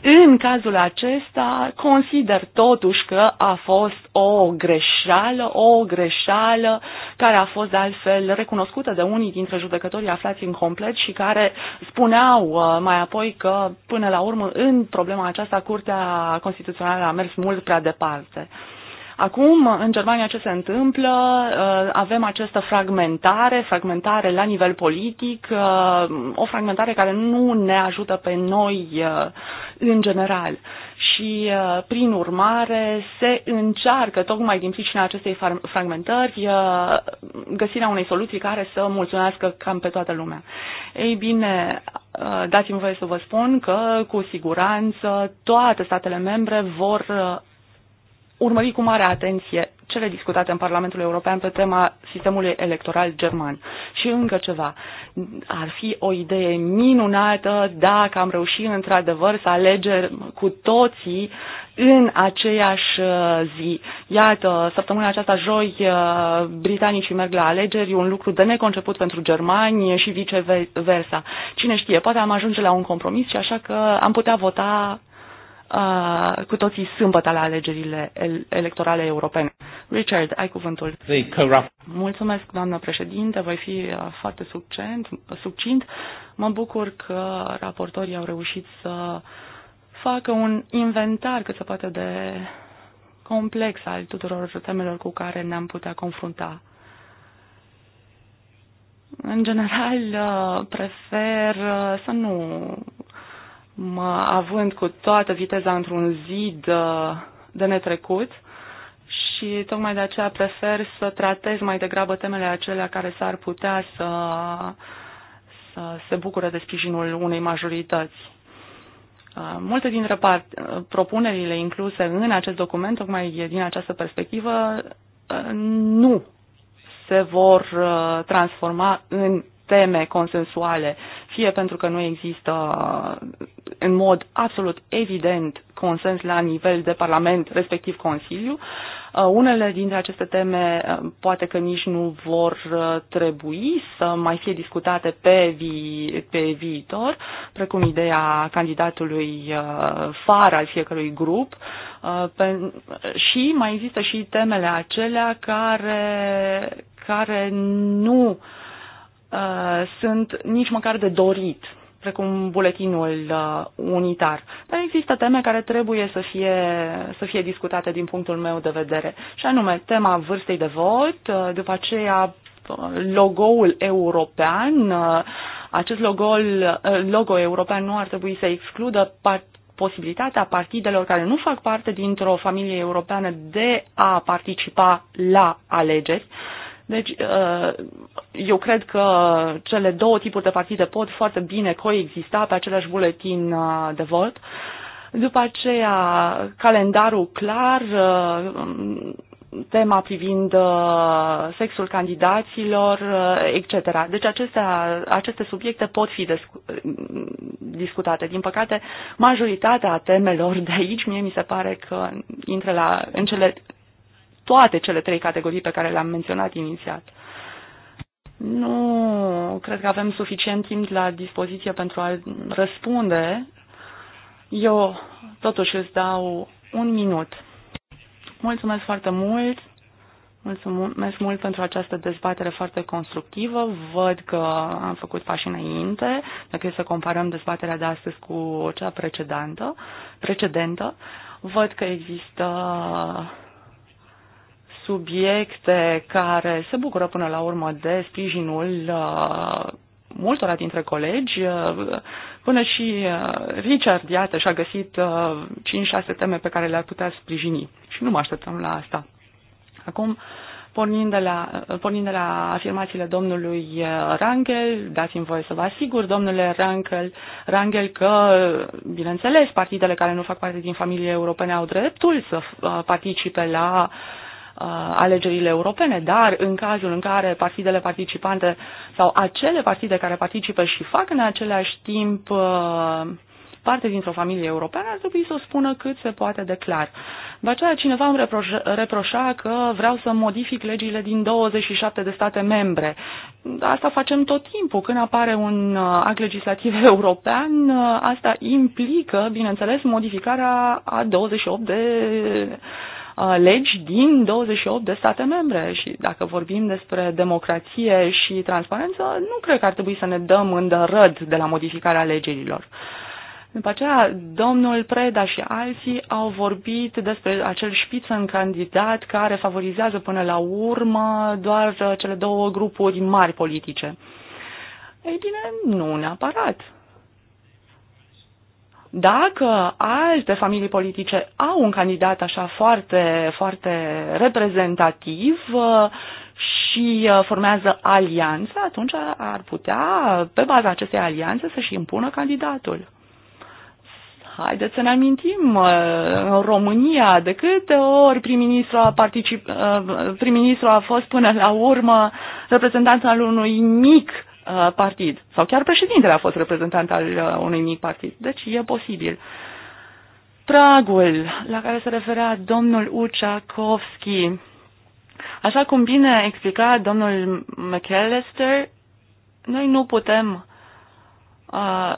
în cazul acesta, consider totuși că a fost o greșeală, o greșeală care a fost de altfel recunoscută de unii dintre judecătorii aflați în complet și care spuneau uh, mai apoi că, până la urmă, în problema aceasta, Curtea Constituțională a mers mult prea departe. Acum, în Germania, ce se întâmplă? Uh, avem această fragmentare, fragmentare la nivel politic, uh, o fragmentare care nu ne ajută pe noi uh, în general. Și, prin urmare, se încearcă, tocmai din pricina acestei fragmentări, găsirea unei soluții care să mulțumească cam pe toată lumea. Ei bine, dați-mi voie să vă spun că, cu siguranță, toate statele membre vor urmări cu mare atenție cele discutate în Parlamentul European pe tema sistemului electoral german. Și încă ceva. Ar fi o idee minunată dacă am reușit într-adevăr să alegem cu toții în aceeași uh, zi. Iată, săptămâna aceasta, joi, uh, britanicii merg la alegeri, un lucru de neconceput pentru germani și viceversa. Cine știe, poate am ajunge la un compromis și așa că am putea vota cu toții sâmbătă la alegerile electorale europene. Richard, ai cuvântul. Mulțumesc, doamnă președinte, voi fi foarte succint, succint. Mă bucur că raportorii au reușit să facă un inventar cât se poate de complex al tuturor temelor cu care ne-am putea confrunta. În general, prefer să nu având cu toată viteza într-un zid uh, de netrecut și tocmai de aceea prefer să tratez mai degrabă temele acelea care s-ar putea să, să se bucure de sprijinul unei majorități. Uh, multe dintre uh, propunerile incluse în acest document, tocmai din această perspectivă, nu se vor transforma în teme consensuale, fie pentru că nu există în mod absolut evident consens la nivel de Parlament, respectiv Consiliu. Uh, unele dintre aceste teme uh, poate că nici nu vor uh, trebui să mai fie discutate pe, vi- pe viitor, precum ideea candidatului far al fiecărui grup. Și mai există și temele acelea care, care nu uh, Uh, sunt nici măcar de dorit precum buletinul uh, unitar. Dar există teme care trebuie să fie, să fie discutate din punctul meu de vedere, și anume tema vârstei de vot, uh, după aceea uh, logo-ul european. Uh, acest logo, uh, logo european nu ar trebui să excludă part- posibilitatea partidelor care nu fac parte dintr-o familie europeană de a participa la alegeri. Uh, deci, uh, eu cred că cele două tipuri de partide pot foarte bine coexista pe același buletin uh, de vot. După aceea, calendarul clar, uh, tema privind sexul candidaților, etc. Deci acestea, aceste subiecte pot fi mm, discutate. Din păcate, majoritatea temelor de aici, mie mi se pare că intră la, în cele toate cele trei categorii pe care le-am menționat inițial. Nu cred că avem suficient timp la dispoziție pentru a răspunde. Eu totuși îți dau un minut. Mulțumesc foarte mult. Mulțumesc mult pentru această dezbatere foarte constructivă. Văd că am făcut pași înainte, dacă e să comparăm dezbaterea de astăzi cu cea precedentă, precedentă văd că există subiecte care se bucură până la urmă de sprijinul uh, multora dintre colegi. Uh, până și uh, Richard, iată, și-a găsit 5-6 teme pe care le-ar putea sprijini. Și nu mă așteptam la asta. Acum, pornind de la, pornind de la afirmațiile domnului Rangel, dați-mi voie să vă asigur, domnule Rangel, Rangel, că, bineînțeles, partidele care nu fac parte din familie europene au dreptul să participe la uh, Uh, alegerile europene, dar în cazul în care partidele participante sau acele partide care participă și fac în același timp uh, parte dintr-o familie europeană, ar trebui să o spună cât se poate de clar. De aceea cineva îmi reproșa că vreau să modific legile din 27 de state membre. Asta facem tot timpul. Când apare un uh, act legislativ european, asta implică, bineînțeles, modificarea a 28 de Uh, legi din 28 de state membre și dacă vorbim despre democrație și transparență, nu cred că ar trebui să ne dăm îndărăd de la modificarea legilor. După aceea, domnul Preda și alții au vorbit despre acel în candidat care favorizează până la urmă doar cele două grupuri mari politice. Ei bine, nu neapărat. Dacă alte familii politice au un candidat așa foarte, foarte reprezentativ uh, și uh, formează alianță, atunci ar putea, pe baza acestei alianțe, să-și impună candidatul haideți să ne amintim, uh, în România, de câte ori prim-ministru a, particip, prim a fost până la urmă reprezentant al unui mic Uh, partid. Sau chiar președintele a fost reprezentant al uh, unui mic partid. Deci e posibil. Pragul la care se referea domnul Uciakovski. Așa cum bine explica domnul McAllister, noi nu putem uh,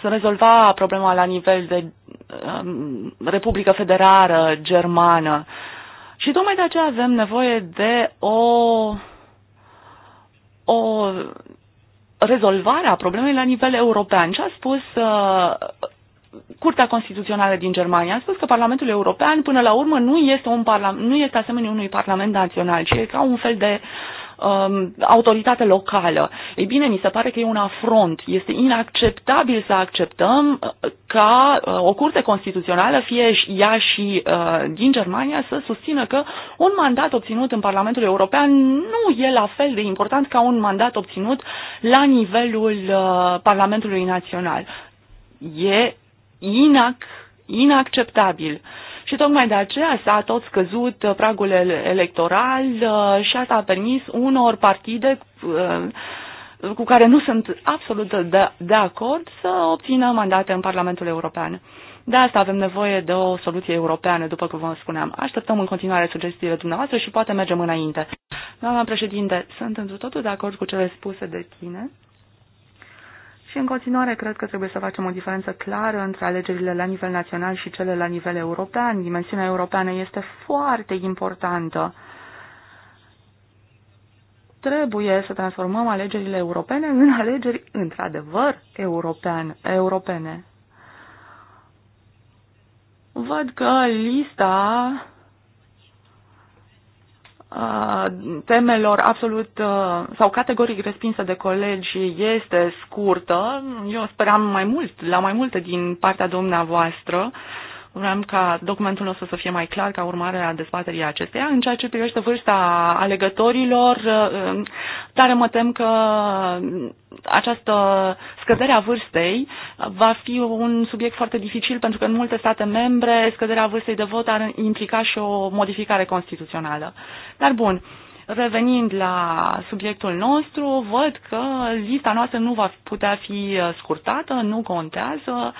să rezolva problema la nivel de um, Republică Federară Germană. Și tocmai de aceea avem nevoie de o o rezolvare a problemei la nivel european. Ce a spus uh, Curtea Constituțională din Germania a spus că Parlamentul European, până la urmă, nu este, un parla- nu este asemenea unui Parlament național, ci e ca un fel de um, autoritate locală. Ei bine, mi se pare că e un afront. Este inacceptabil să acceptăm uh, ca uh, o curte constituțională, fie ea și uh, din Germania, să susțină că un mandat obținut în Parlamentul European nu e la fel de important ca un mandat obținut la nivelul uh, Parlamentului Național. E inac inacceptabil. Uh, și tocmai de aceea s-a tot scăzut pragul electoral uh, și asta a permis unor partide uh, cu care nu sunt absolut de, de acord să obțină mandate în Parlamentul European. De asta avem nevoie de o soluție europeană, după cum vă spuneam. Așteptăm în continuare sugestiile dumneavoastră și poate mergem înainte. Doamna președinte, sunt într totul de acord cu cele spuse de tine. Și în continuare cred că trebuie să facem o diferență clară între alegerile la nivel național și cele la nivel european. Dimensiunea europeană este foarte importantă. Trebuie să transformăm alegerile europene în alegeri într-adevăr european, europene. Văd că lista Uh, temelor absolut uh, sau categoric respinsă de colegi este scurtă. Eu speram mai mult, la mai multe din partea dumneavoastră. Vreau ca documentul nostru să fie mai clar ca urmare a dezbaterii acesteia. În ceea ce privește vârsta alegătorilor, tare uh, mă tem că această scădere a vârstei va fi un subiect foarte dificil pentru că în multe state membre scăderea vârstei de vot ar implica și o modificare constituțională. Dar bun, Revenind la subiectul nostru, văd că lista noastră nu va putea fi scurtată, nu contează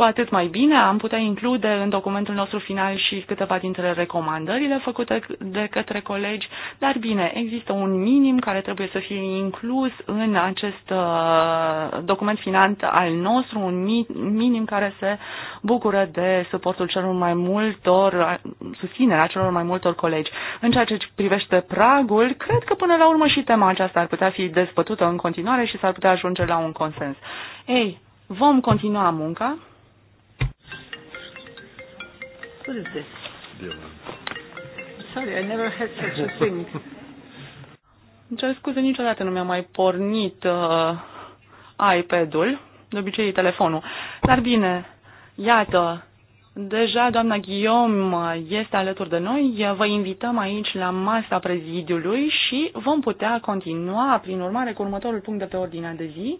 cu atât mai bine. Am putea include în documentul nostru final și câteva dintre recomandările făcute de către colegi, dar bine, există un minim care trebuie să fie inclus în acest uh, document final al nostru, un minim care se bucură de suportul celor mai multor, susținerea celor mai multor colegi. În ceea ce privește pragul, cred că până la urmă și tema aceasta ar putea fi dezbătută în continuare și s-ar putea ajunge la un consens. Ei, vom continua munca, What is this? Dylan. Sorry, I never had such a thing. Îmi cer scuze, niciodată nu mi-a mai pornit uh, iPad-ul, de obicei telefonul. Dar bine, iată, deja doamna Guillaume este alături de noi. Vă invităm aici la masa prezidiului și vom putea continua, prin urmare, cu următorul punct de pe ordinea de zi.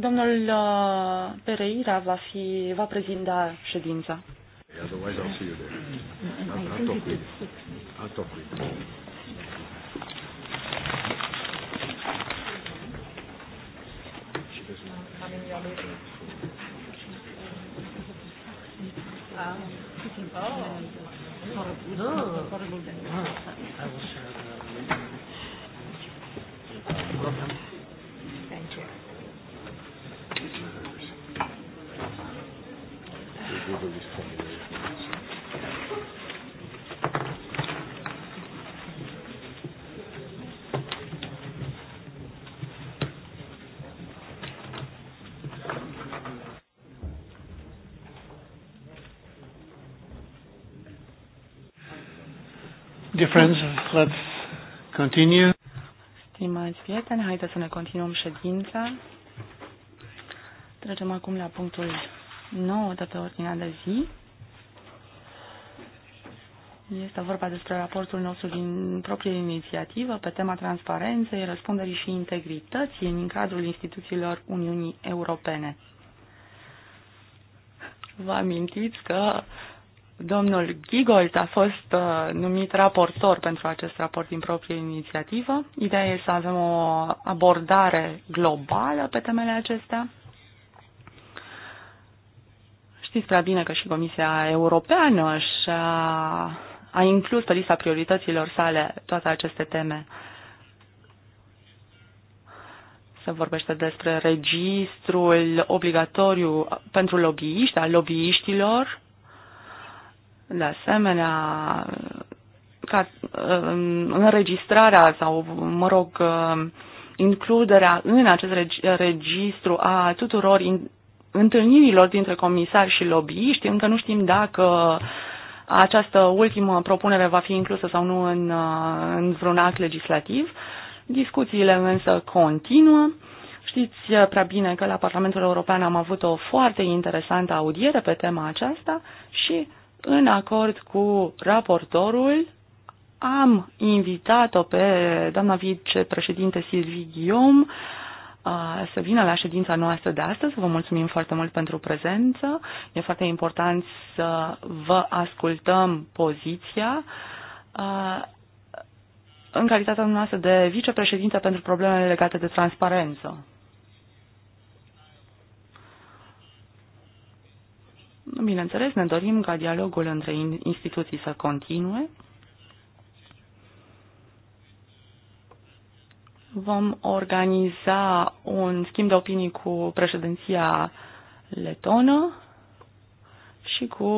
Domnul uh, Pereira va, fi, va prezinta ședința.
Otherwise I'll see you there.
Mm-hmm. I'll, talk with you. No.
Oh. I will share the... natürlich formuliert. Dear friends, let's continue.
Stimați prieteni, haideți să ne continuăm ședința. Trecem acum la punctul nouă de pe ordinea de zi. Este vorba despre raportul nostru din proprie inițiativă pe tema transparenței, răspunderii și integrității în cadrul instituțiilor Uniunii Europene. Vă amintiți că domnul Gigolt a fost uh, numit raportor pentru acest raport din proprie inițiativă. Ideea este să avem o abordare globală pe temele acestea. Știți prea bine că și Comisia Europeană și-a a inclus pe lista priorităților sale toate aceste teme. Se vorbește despre registrul obligatoriu pentru lobbyiști, al lobbyiștilor. De asemenea, ca, înregistrarea sau, mă rog, includerea în acest registru a tuturor in, întâlnirilor dintre comisari și lobbyiști, încă nu știm dacă această ultimă propunere va fi inclusă sau nu în, uh, în vreun act legislativ. Discuțiile însă continuă. Știți uh, prea bine că la Parlamentul European am avut o foarte interesantă audiere pe tema aceasta și în acord cu raportorul am invitat-o pe doamna vicepreședinte Silvii Guillaume să vină la ședința noastră de astăzi. Vă mulțumim foarte mult pentru prezență. E foarte important să vă ascultăm poziția. În calitatea noastră de vicepreședinte pentru problemele legate de transparență. Bineînțeles, ne dorim ca dialogul între instituții să continue. vom organiza un schimb de opinii cu președinția letonă și cu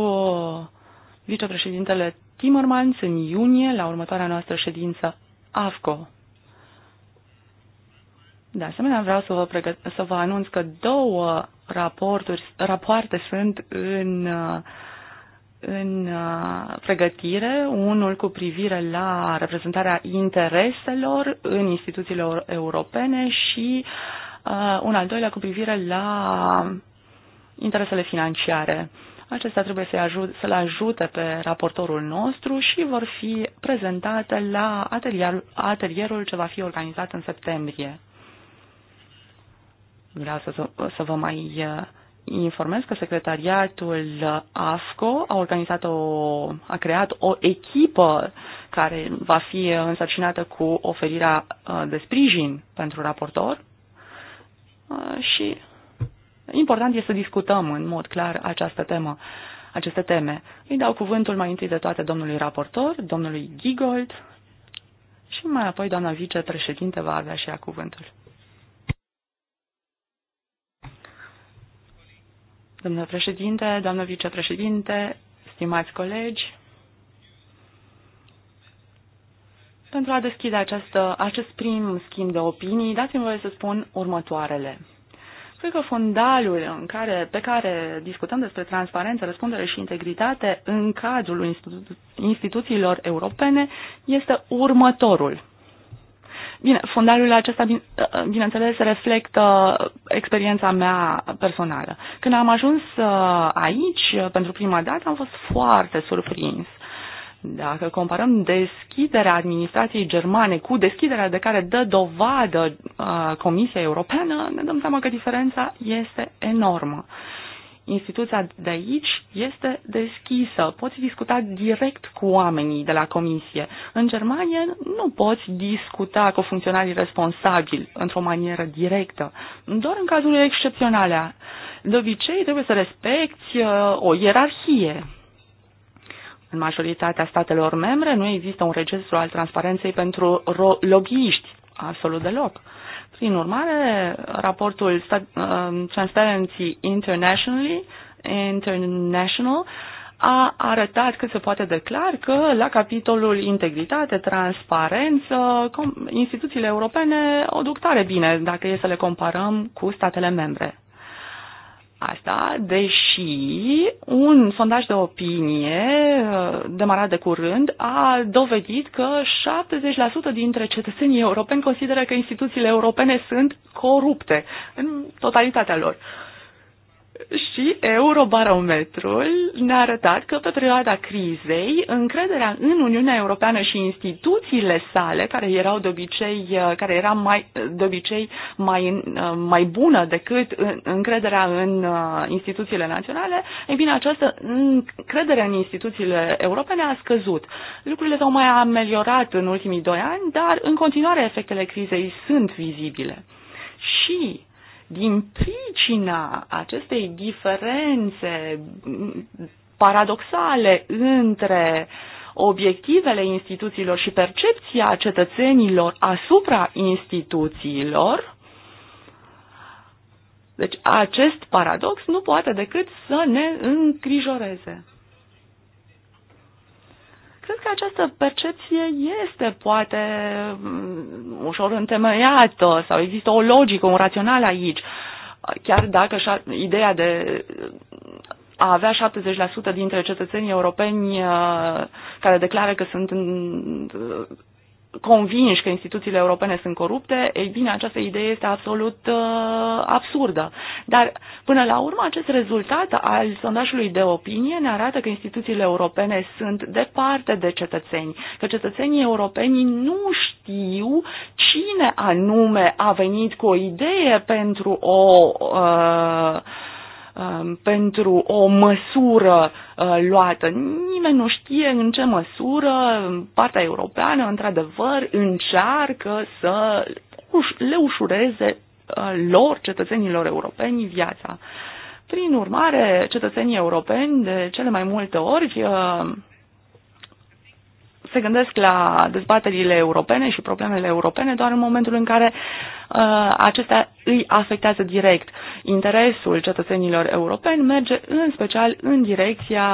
vicepreședintele Timmermans în iunie la următoarea noastră ședință AFCO. De asemenea, vreau să vă, pregă- să vă anunț că două raporturi, rapoarte sunt în uh, în uh, pregătire, unul cu privire la reprezentarea intereselor în instituțiile europene și uh, un al doilea cu privire la interesele financiare. Acestea trebuie să-l ajute, să ajute pe raportorul nostru și vor fi prezentate la atelier, atelierul ce va fi organizat în septembrie. Vreau să, să vă mai uh, informez că secretariatul AFCO a organizat o, a creat o echipă care va fi însărcinată cu oferirea uh, de sprijin pentru raportor uh, și important este să discutăm în mod clar această temă, aceste teme. Îi dau cuvântul mai întâi de toate domnului raportor, domnului Gigold și mai apoi doamna vicepreședinte va avea și ea cuvântul. Domnule președinte, doamnă vicepreședinte, stimați colegi, pentru a deschide această, acest prim schimb de opinii, dați-mi voie să spun următoarele. Cred că fundalul în care, pe care discutăm despre transparență, răspundere și integritate în cadrul institu- instituțiilor europene este următorul. Bine, fundalul acesta, uh, bineînțeles, reflectă experiența mea personală. Când am ajuns uh, aici, pentru prima dată, am fost foarte surprins. Dacă comparăm deschiderea administrației germane cu deschiderea de care dă dovadă uh, Comisia Europeană, ne dăm seama că diferența este enormă. Instituția de aici este deschisă. Poți discuta direct cu oamenii de la comisie. În Germania nu poți discuta cu funcționarii responsabili într-o manieră directă, doar în cazul excepționale. De obicei trebuie să respecti uh, o ierarhie. În majoritatea statelor membre nu există un registru al transparenței pentru lobbyiști, absolut deloc. Uh, prin urmare, raportul uh, Transparency International, International a arătat cât se poate de clar că la capitolul integritate, transparență, instituțiile europene o duc tare bine dacă e să le comparăm cu statele membre. Asta, deși un sondaj de opinie uh, demarat de curând a dovedit că 70% dintre cetățenii europeni consideră că instituțiile europene sunt corupte în totalitatea lor. Uh, și Eurobarometrul ne-a arătat că pe perioada crizei, încrederea în Uniunea Europeană și instituțiile sale, care erau de obicei, uh, care era mai, uh, de obicei mai, uh, mai bună decât încrederea în instituțiile naționale, e bine, această încredere în instituțiile europene a scăzut. Lucrurile s-au mai ameliorat în ultimii doi ani, dar în continuare efectele crizei sunt vizibile. Și din pricina acestei diferențe paradoxale între obiectivele instituțiilor și percepția cetățenilor asupra instituțiilor, deci acest paradox nu poate decât să ne îngrijoreze. Cred că această percepție este poate mm, ușor întemeiată sau există o logică, un rațional aici. Chiar dacă ideea de a avea 70% dintre cetățenii europeni uh, care declară că sunt convinși că instituțiile europene sunt corupte, ei bine, această idee este absolut uh, absurdă. Dar, până la urmă, acest rezultat al sondajului de opinie ne arată că instituțiile europene sunt departe de cetățeni, că cetățenii europeni nu știu cine anume a venit cu o idee pentru o uh, Um, pentru o măsură uh, luată. Nimeni nu știe în ce măsură partea europeană, într-adevăr, încearcă să le ușureze uh, lor, cetățenilor europeni, viața. Prin urmare, cetățenii europeni, de cele mai multe ori, uh, se gândesc la dezbaterile europene și problemele europene doar în momentul în care uh, acestea îi afectează direct. Interesul cetățenilor europeni merge în special în direcția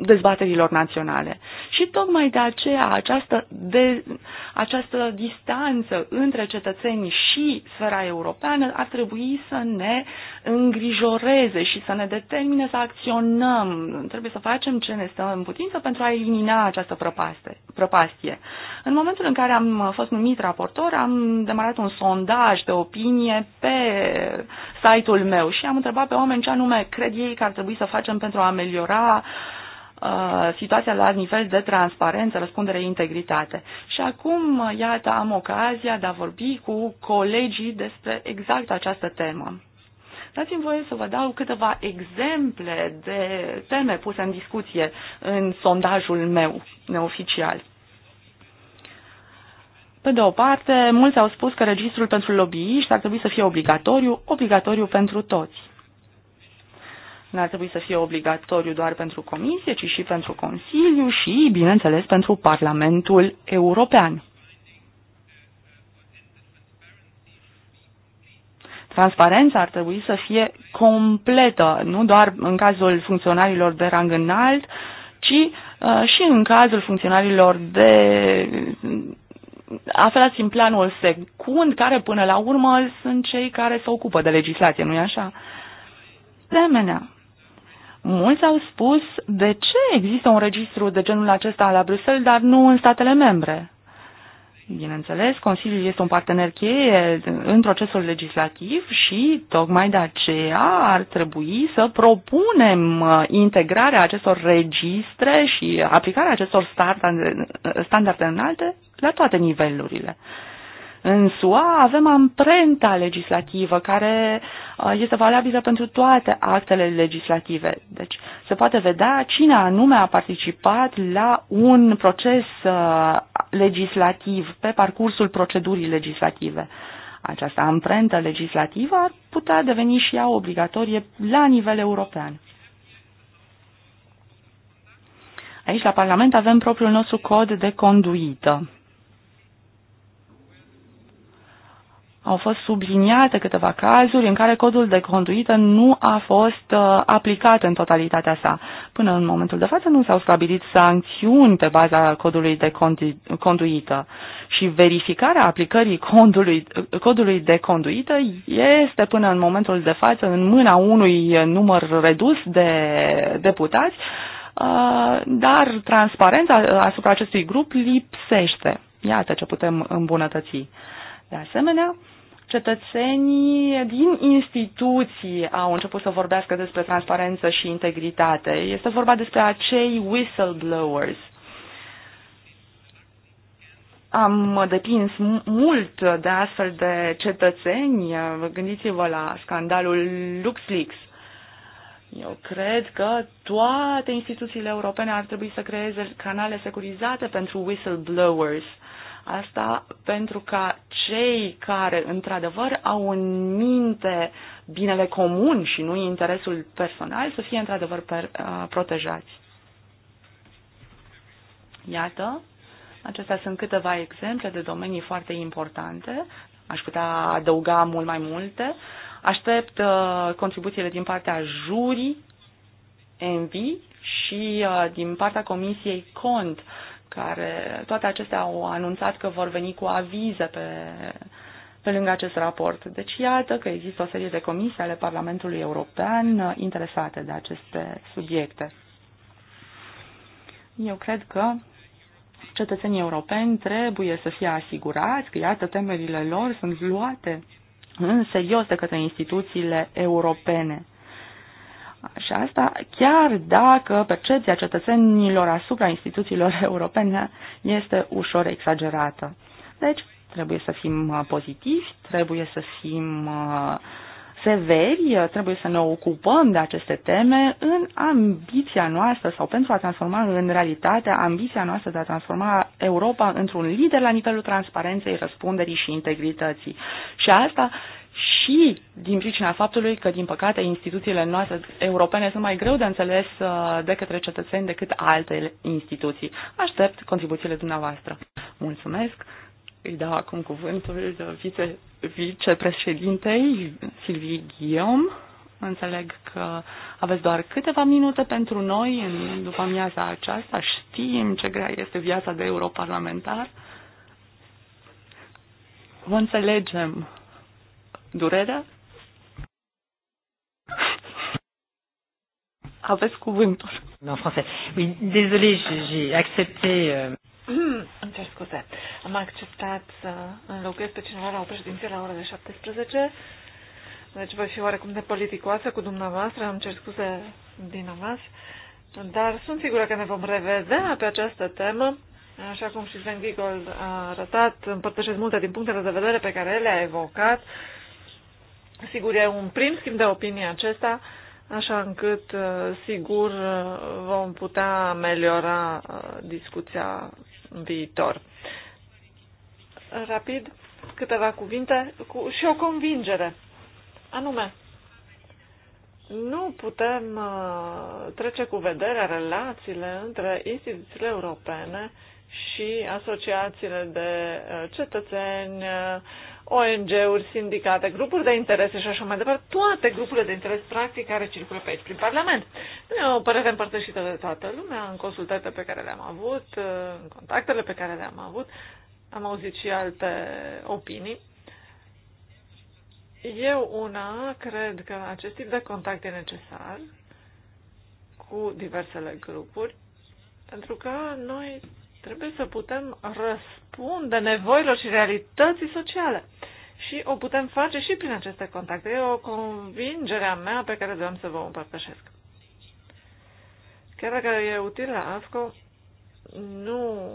dezbaterilor naționale. Și tocmai de aceea această, de, această distanță între cetățenii și sfera europeană ar trebui să ne îngrijoreze și să ne determine să acționăm. Trebuie să facem ce ne stăm în putință pentru a elimina această prăpaste, prăpastie. În momentul în care am fost numit raportor, am demarat un sondaj de opinie pe site-ul meu și am întrebat pe oameni ce anume cred ei că ar trebui să facem pentru a ameliora uh, Uh, situația la nivel de transparență, răspundere, integritate. Și acum, uh, iată, am ocazia de a vorbi cu colegii despre exact această temă. Dați-mi voie să vă dau câteva exemple de teme puse în discuție în sondajul meu neoficial. Pe de o parte, mulți au spus că registrul pentru lobbyiști ar trebui să fie obligatoriu, obligatoriu pentru toți nu ar trebui să fie obligatoriu doar pentru Comisie, ci și pentru Consiliu și, bineînțeles, pentru Parlamentul European. Transparența ar trebui să fie completă, nu doar în cazul funcționarilor de rang înalt, ci uh, și în cazul funcționarilor de aflați în planul secund, care până la urmă sunt cei care se ocupă de legislație, nu-i așa? De asemenea, Mulți au spus de ce există un registru de genul acesta la Bruxelles, dar nu în statele membre. Bineînțeles, Consiliul este un partener cheie în procesul legislativ și tocmai de aceea ar trebui să propunem uh, integrarea acestor registre și aplicarea acestor standarde înalte la toate nivelurile. În SUA avem amprenta legislativă care uh, este valabilă pentru toate actele legislative. Deci se poate vedea cine anume a participat la un proces uh, legislativ pe parcursul procedurii legislative. Această amprentă legislativă ar putea deveni și ea obligatorie la nivel european. Aici, la Parlament, avem propriul nostru cod de conduită. au fost subliniate câteva cazuri în care codul de conduită nu a fost uh, aplicat în totalitatea sa. Până în momentul de față nu s-au stabilit sancțiuni pe baza codului de conduită și verificarea aplicării condului, codului de conduită este până în momentul de față în mâna unui număr redus de deputați, uh, dar transparența asupra acestui grup lipsește. Iată ce putem îmbunătăți. De asemenea, cetățenii din instituții au început să vorbească despre transparență și integritate. Este vorba despre acei whistleblowers. Am depins mult de astfel de cetățeni. Gândiți-vă la scandalul LuxLeaks. Eu cred că toate instituțiile europene ar trebui să creeze canale securizate pentru whistleblowers. Uh, Asta pentru ca cei care, într-adevăr, au în minte binele comun și nu interesul personal să fie, într-adevăr, uh, protejați. Iată, acestea sunt câteva exemple de domenii foarte importante. Aș putea adăuga mult mai multe. Aștept uh, contribuțiile din partea jurii, ENVI și uh, din partea Comisiei CONT. Uh, care toate acestea au anunțat că vor veni cu avize pe, pe lângă acest raport. Deci iată că există o serie de comisii ale Parlamentului European uh, interesate de aceste subiecte. Eu cred că cetățenii europeni trebuie să fie asigurați că, iată, temerile lor sunt luate în serios de către instituțiile europene. Și asta chiar dacă percepția cetățenilor asupra instituțiilor europene este ușor exagerată. Deci trebuie să fim uh, pozitivi, trebuie să fim uh, severi, uh, trebuie să ne ocupăm de aceste teme în ambiția noastră sau pentru a transforma în realitate ambiția noastră de a transforma Europa într-un lider la nivelul transparenței, răspunderii și integrității. Și asta și din pricina faptului că, din păcate, instituțiile noastre europene sunt mai greu de înțeles uh, de către cetățeni decât alte instituții. Aștept contribuțiile dumneavoastră. Mulțumesc. Îi dau acum cuvântul vice, vicepreședintei Silvii Ghiom. Înțeleg că aveți doar câteva minute pentru noi în după amiaza aceasta. Știm ce grea este viața de europarlamentar. Vă înțelegem Durerea? Aveți cuvântul. Nu,
francez. Oui, désolé, j'ai accepté... Euh, îmi cer scuze. Am
acceptat să înlocuiesc pe cineva la o președinție la ora de 17. Deci voi fi oarecum de politicoasă cu dumneavoastră. am cer scuze din avans. Dar sunt sigură că ne vom revedea pe această temă. Așa cum și Sven Giegold a arătat, împărtășesc multe din punctele de vedere pe care le-a evocat. Uh, Sigur, e un prim schimb de opinie acesta, așa încât, uh, sigur, uh, vom putea ameliora uh, discuția în viitor. Rapid, câteva cuvinte cu, și o convingere. Anume, nu putem trece cu vederea relațiile între instituțiile europene și asociațiile de uh, cetățeni, uh, ONG-uri, sindicate, grupuri de interese și așa mai departe, toate grupurile de interes practic care circulă pe aici prin Parlament. E o părere împărtășită de toată lumea, în consultările pe care le-am avut, uh, în contactele pe care le-am avut, am auzit și alte opinii. Eu una cred că acest tip de contact e necesar cu diversele grupuri, pentru că noi Trebuie să putem răspunde nevoilor și realității sociale. Și o putem face și prin aceste contacte. E o convingere a mea pe care doam să vă împărtășesc. Chiar dacă e util la ASCO, nu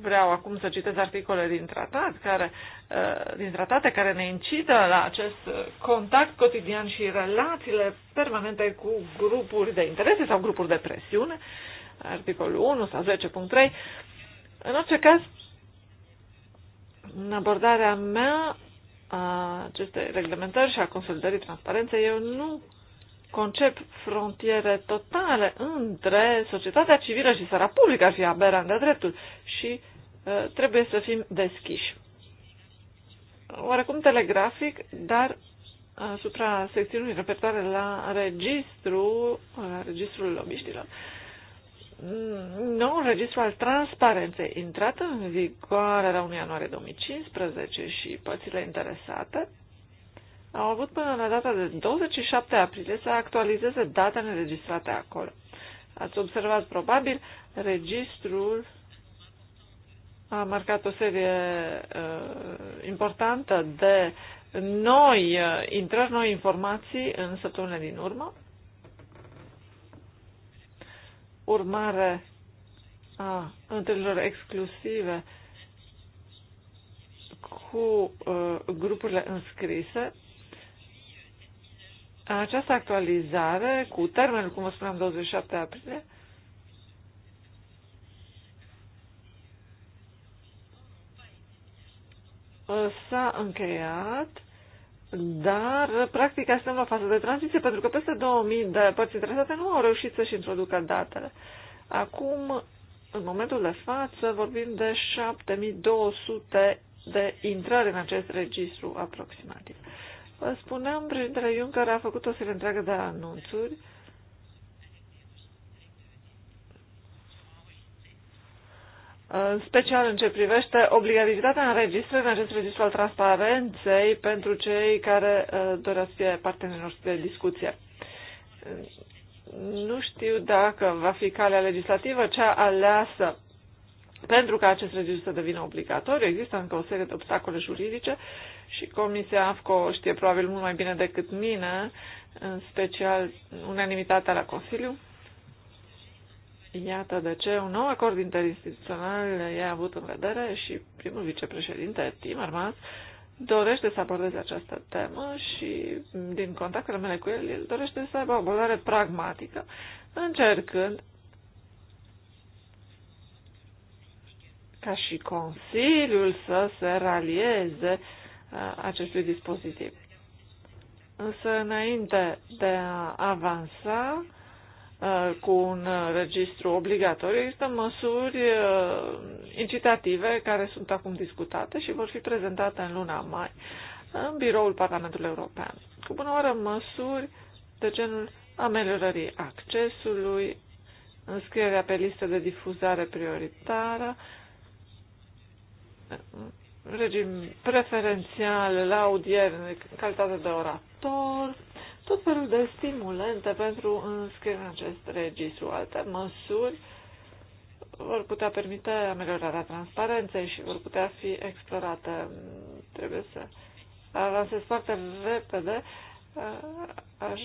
vreau acum să citez articole din tratat care, uh, din tratate care ne incită la acest contact cotidian și relațiile permanente cu grupuri de interese sau grupuri de presiune, articolul 1 sau 10.3. În orice caz, în abordarea mea a acestei reglementări și a consolidării transparenței, eu nu concep frontiere totale între societatea civilă și sara publică, ar fi aberant de dreptul, și uh, trebuie să fim deschiși. Oarecum telegrafic, dar uh, asupra secțiunii repertoare la registru, la uh, registrul lobiștilor. Uh, noul registru al transparenței intrat în vigoare la 1 ianuarie 2015 și părțile interesate au avut până la data de 27 aprilie să actualizeze datele înregistrate acolo. Ați observat probabil, registrul a marcat o serie uh, importantă de noi uh, intrări, noi informații în săptămâna din urmă urmare a întâlnirilor exclusive cu uh, grupurile înscrise, această actualizare cu termenul, cum vă spuneam, 27 aprilie, uh, s-a încheiat dar, practic, suntem la fază de tranziție, pentru că peste 2000 de părți interesate nu au reușit să-și introducă datele. Acum, în momentul de față, vorbim de 7200 de intrări în acest registru aproximativ. Vă spuneam, președintele Juncker a făcut o serie întreagă de anunțuri în special în ce privește obligativitatea înregistrării în acest registru al transparenței pentru cei care uh, doresc să fie partenerii noștri de discuție. Nu știu dacă va fi calea legislativă cea aleasă pentru ca acest registru să devină obligatoriu. Există încă o serie de obstacole juridice și Comisia AFCO știe probabil mult mai bine decât mine, în special unanimitatea la Consiliu Iată de ce un nou acord interinstituțional e avut în vedere și primul vicepreședinte Timmermans dorește să abordeze această temă și din contactele mele cu el, el dorește să aibă o abordare pragmatică, încercând ca și Consiliul să se ralieze acestui dispozitiv. Însă, înainte de a avansa, Uh, cu un uh, registru obligatoriu. Există măsuri uh, incitative care sunt acum discutate și vor fi prezentate în luna mai în biroul Parlamentului European. Cu bună oară măsuri de genul ameliorării accesului, înscrierea pe listă de difuzare prioritară, regim preferențial la audiere în calitate de orator, tot felul de stimulente pentru înscrierea în acest registru. Alte măsuri vor putea permite ameliorarea transparenței și vor putea fi explorate. Trebuie să avansez foarte repede. Aș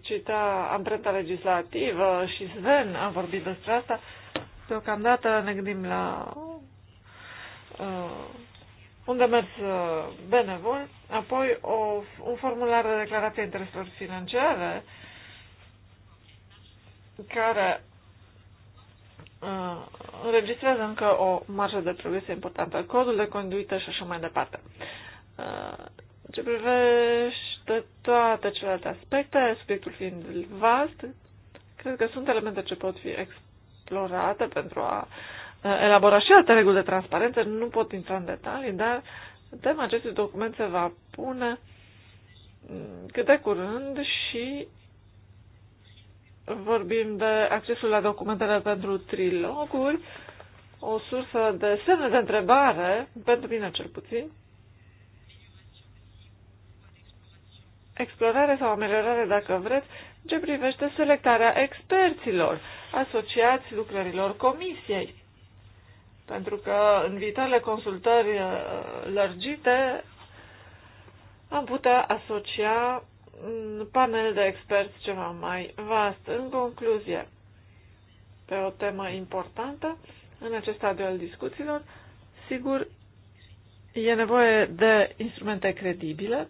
cita amprenta legislativă și Sven a vorbit despre asta. Deocamdată ne gândim la uh, unde demers uh, benevol, apoi o, un formular de declarație intereselor financiare care uh, înregistrează încă o marjă de progresie importantă, codul de conduită și așa mai departe. Uh, ce privește toate celelalte aspecte, subiectul fiind vast, cred că sunt elemente ce pot fi explorate pentru a uh, Uh, elabora și alte reguli de transparență, nu pot intra în detalii, dar tema acestui document se va pune mm, cât de curând și vorbim de accesul la documentele pentru triloguri, o sursă de semne de întrebare, pentru mine cel puțin, explorare sau ameliorare, dacă vreți, ce privește selectarea experților asociați lucrărilor comisiei. Pentru că în viitoarele consultări uh, lărgite am putea asocia un mm, panel de experți ceva mai vast. În concluzie, pe o temă importantă, în acest stadiu al discuțiilor, sigur, e nevoie de instrumente credibile.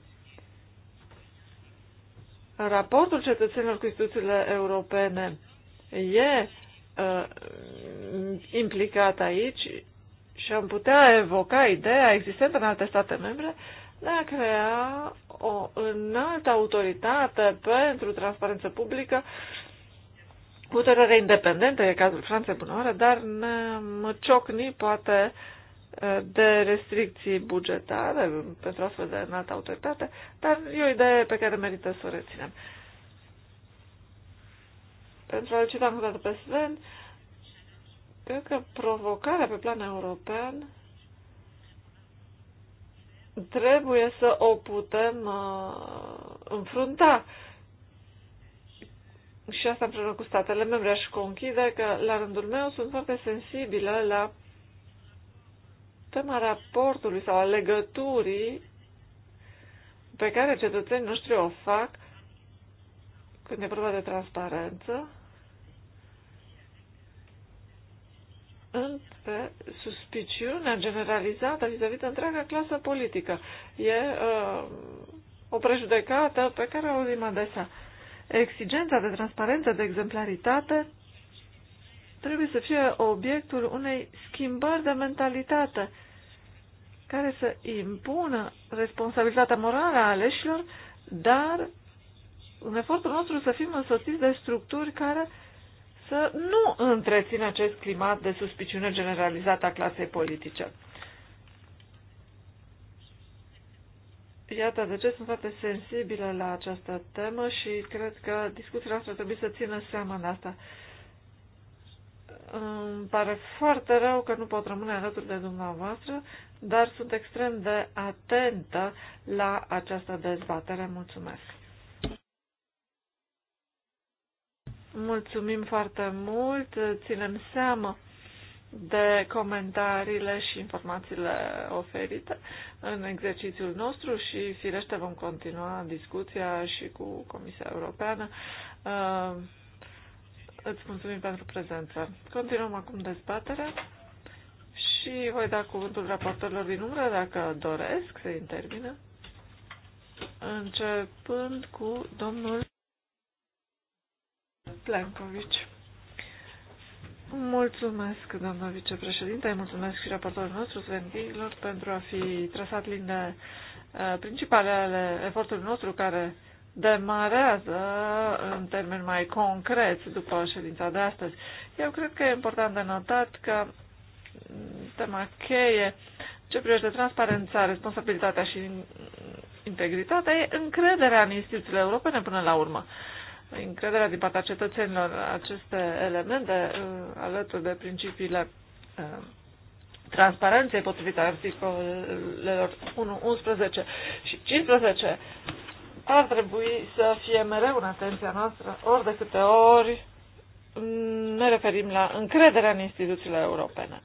Raportul cetățenilor cu instituțiile europene e uh, implicat aici și am putea evoca ideea existentă în alte state membre de a crea o înaltă autoritate pentru transparență publică cu independentă, e cazul Franței bună oară, dar ne ciocni poate de restricții bugetare pentru astfel de înaltă autoritate, dar e o idee pe care merită să o reținem. Pentru a-l cita încă pe Sven, uh, Cred că provocarea pe plan european trebuie să o putem uh, înfrunta. Și asta împreună cu statele membre. Aș conchide că, la rândul meu, sunt foarte sensibilă la tema raportului sau a legăturii pe care cetățenii noștri o fac când e vorba de transparență între suspiciunea generalizată vis-a-vis de întreaga clasă politică. E uh, o prejudecată pe care o auzim adesea. Exigența de transparență, de exemplaritate, trebuie să fie obiectul unei schimbări de mentalitate care să impună responsabilitatea morală a aleșilor, dar în efortul nostru să fim însoțiți de structuri care să nu întrețină acest climat de suspiciune generalizată a clasei politice. Iată de ce sunt foarte sensibilă la această temă și cred că discuția noastră trebuie să țină seama de asta. Îmi pare foarte rău că nu pot rămâne alături de dumneavoastră, dar sunt extrem de atentă la această dezbatere. Mulțumesc! Mulțumim foarte mult, ținem seama de comentariile și informațiile oferite în exercițiul nostru și firește vom continua discuția și cu Comisia Europeană. Uh, îți mulțumim pentru prezență. Continuăm acum dezbaterea și voi da cuvântul raportorilor din umbră dacă doresc să intervină, începând cu domnul Plenkovici. Mulțumesc, doamna vicepreședinte, mulțumesc și raportorul nostru, Sven Dinglor, pentru a fi trasat uh, principale ale efortului nostru care demarează în termeni mai concreți după ședința de astăzi. Eu cred că e important de notat că tema cheie ce privește transparența, responsabilitatea și integritatea e încrederea în instituțiile europene până la urmă. Uh, încrederea din partea cetățenilor aceste elemente uh, alături de principiile uh, transparenței potrivit articolelor 1, 11 și 15 ar trebui să fie mereu în atenția noastră, ori de câte ori ne referim la încrederea în instituțiile europene.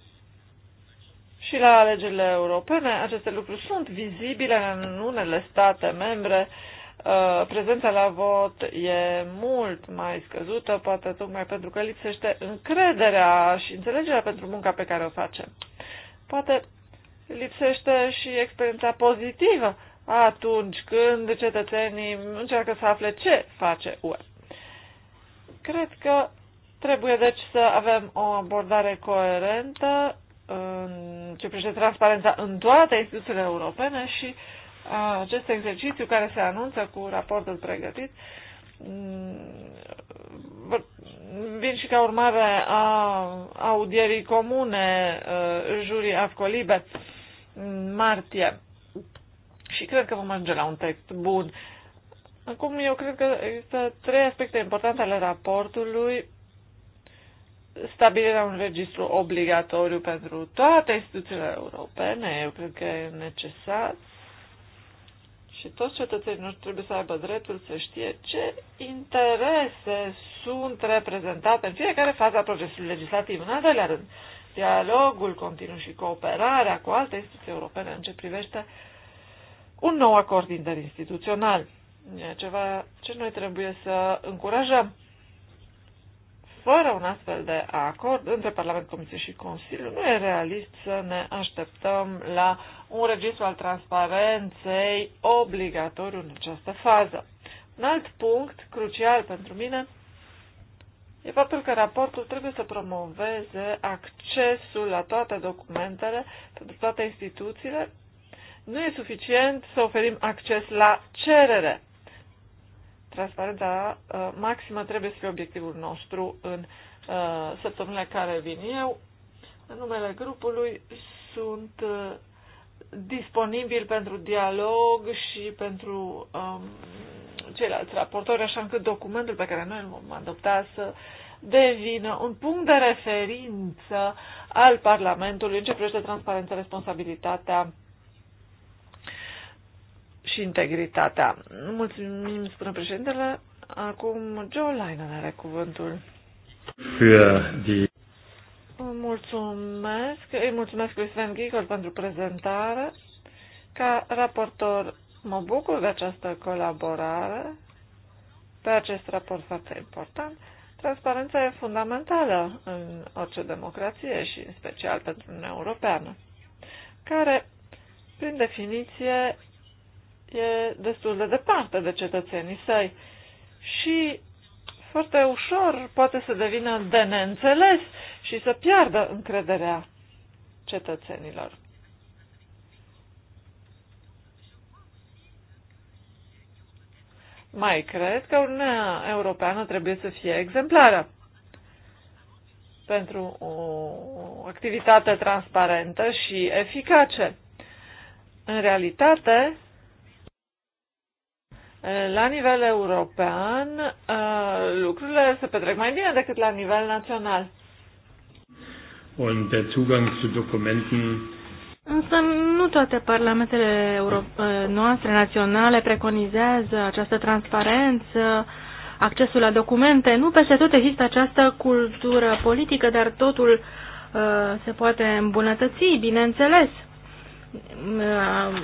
Și la alegerile europene, aceste lucruri sunt vizibile în unele state membre uh, Uh, prezența la vot e mult mai scăzută, poate tocmai pentru că lipsește încrederea și înțelegerea pentru munca pe care o facem. Poate lipsește și experiența pozitivă atunci când cetățenii încearcă să afle ce face UE. Cred că trebuie deci să avem o abordare coerentă în ce privește transparența în toate instituțiile europene și uh, acest exercițiu care se anunță cu raportul pregătit mm, vin și ca urmare a audierii comune jurii Afcolibe martie și cred că vom ajunge la un text bun. Acum eu cred că există trei aspecte importante ale raportului stabilirea un registru obligatoriu pentru toate instituțiile europene, eu cred că e necesar și toți cetățenii noștri trebuie să aibă dreptul să știe ce interese sunt reprezentate în fiecare fază a procesului legislativ. În al doilea rând, dialogul continuu și cooperarea cu alte instituții europene în ce privește un nou acord interinstituțional. E ceva ce noi trebuie să încurajăm fără un astfel de acord între Parlament, Comisie și Consiliu, nu e realist să ne așteptăm la un registru al transparenței obligatoriu în această fază. Un alt punct crucial pentru mine e faptul că raportul trebuie să promoveze accesul la toate documentele pentru toate instituțiile. Nu e suficient să oferim acces la cerere uh, maximă trebuie să fie obiectivul nostru în uh, săptămânile care vin eu. În numele grupului sunt uh, disponibil pentru dialog și pentru um, ceilalți raportori, așa încât documentul pe care noi îl vom adopta să devină un punct de referință al Parlamentului în ce privește transparența, responsabilitatea și integritatea. Mulțumim, spune președintele. Acum Joe Linen are cuvântul. Mulțumesc. Îi mulțumesc lui Sven Gigol pentru prezentare. Ca raportor mă bucur de această colaborare pe acest raport foarte important. Transparența e fundamentală în orice democrație și în special pentru Uniunea Europeană, care, prin definiție, e destul de departe de cetățenii săi și foarte ușor poate să devină de neînțeles și să piardă încrederea cetățenilor. Mai cred că Uniunea Europeană trebuie să fie exemplară pentru o activitate transparentă și eficace. În realitate, Eh, la nivel european, eh, lucrurile se petrec mai bine decât la nivel național.
Und der Zugang zu Dokumenten
Însă nu toate parlamentele euro eh, noastre naționale preconizează această transparență, accesul la documente. Nu peste tot există această cultură politică, dar totul uh, se poate îmbunătăți, bineînțeles. Uh,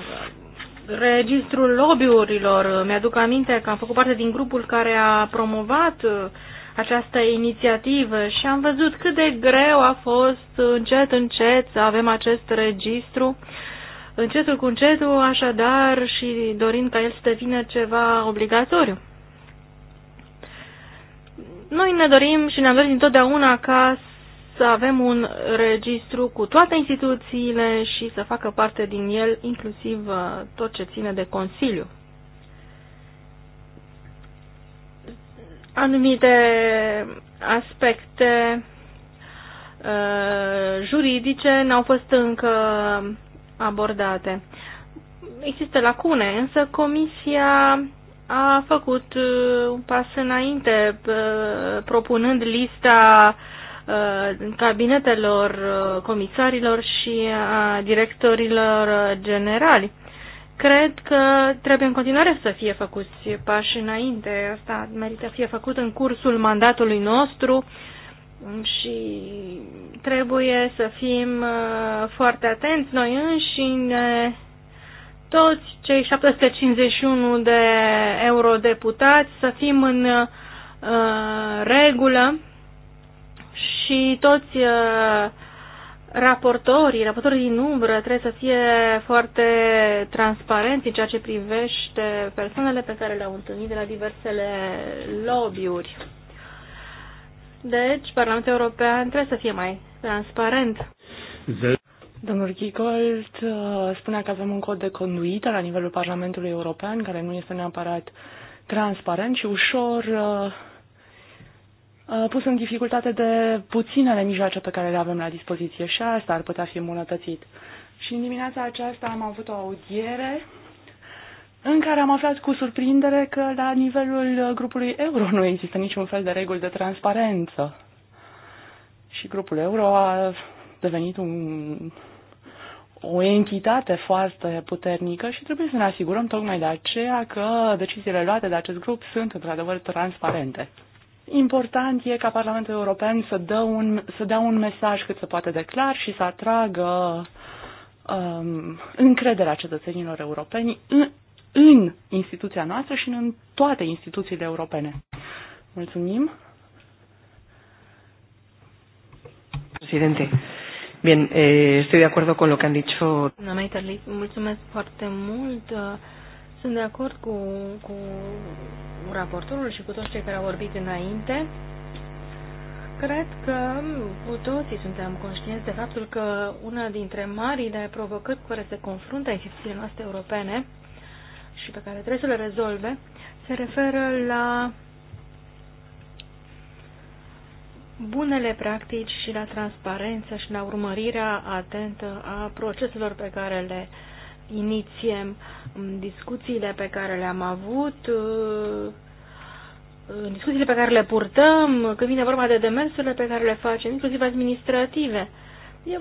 registrul lobbyurilor. Mi-aduc aminte că am făcut parte din grupul care a promovat uh, această inițiativă și am văzut cât de greu a fost încet, încet să avem acest registru. Încetul cu încetul, așadar, și dorind ca el să devină ceva obligatoriu. Noi ne dorim și ne-am dorit întotdeauna ca să avem un registru cu toate instituțiile și să facă parte din el inclusiv uh, tot ce ține de Consiliu. Anumite aspecte uh, juridice n-au fost încă abordate. Există lacune, însă Comisia a făcut uh, un pas înainte, uh, propunând lista Uh, cabinetelor uh, comisarilor și a directorilor uh, generali. Cred că trebuie în continuare să fie făcuți pași înainte. Asta merită să fie făcut în cursul mandatului nostru și trebuie să fim foarte atenți noi înșine, toți cei 751 de eurodeputați, să fim în regulă și toți uh, raportorii, raportorii din umbră trebuie să fie foarte transparenți în ceea ce privește persoanele pe care le-au întâlnit de la diversele lobby-uri. Deci, Parlamentul European trebuie să fie mai transparent. Domnul Gigold uh,
spunea că avem un cod de conduită la nivelul Parlamentului European, care nu este neapărat transparent și ușor uh, Uh, pus în dificultate de puținele mijloace pe care le avem la dispoziție și asta ar putea fi îmbunătățit. Și în dimineața aceasta am avut o audiere în care am aflat cu surprindere că la nivelul grupului euro nu există niciun fel de reguli de transparență. Și grupul euro a devenit un, o entitate foarte puternică și trebuie să ne asigurăm tocmai de aceea că deciziile luate de acest grup sunt într-adevăr transparente. Important e ca Parlamentul European să, dă un, să dea un mesaj cât se poate de clar și să atragă um, încrederea cetățenilor europeni în, în instituția noastră și în toate instituțiile europene. Mulțumim.
Presidente, Bine, eh, estoy de acuerdo con lo que han dicho.
Mulțumesc foarte mult. Sunt de acord cu, cu raportorul și cu toți cei care au vorbit înainte. Cred că cu toții suntem conștienți de faptul că una dintre marile provocări cu care se confruntă instituțiile noastre europene și pe care trebuie să le rezolve se referă la bunele practici și la transparență și la urmărirea atentă a proceselor pe care le uh, inițiem mm, discuțiile pe care le-am avut, uh, discuțiile pe care le purtăm, când vine vorba de demersurile pe care le facem, inclusiv administrative. E,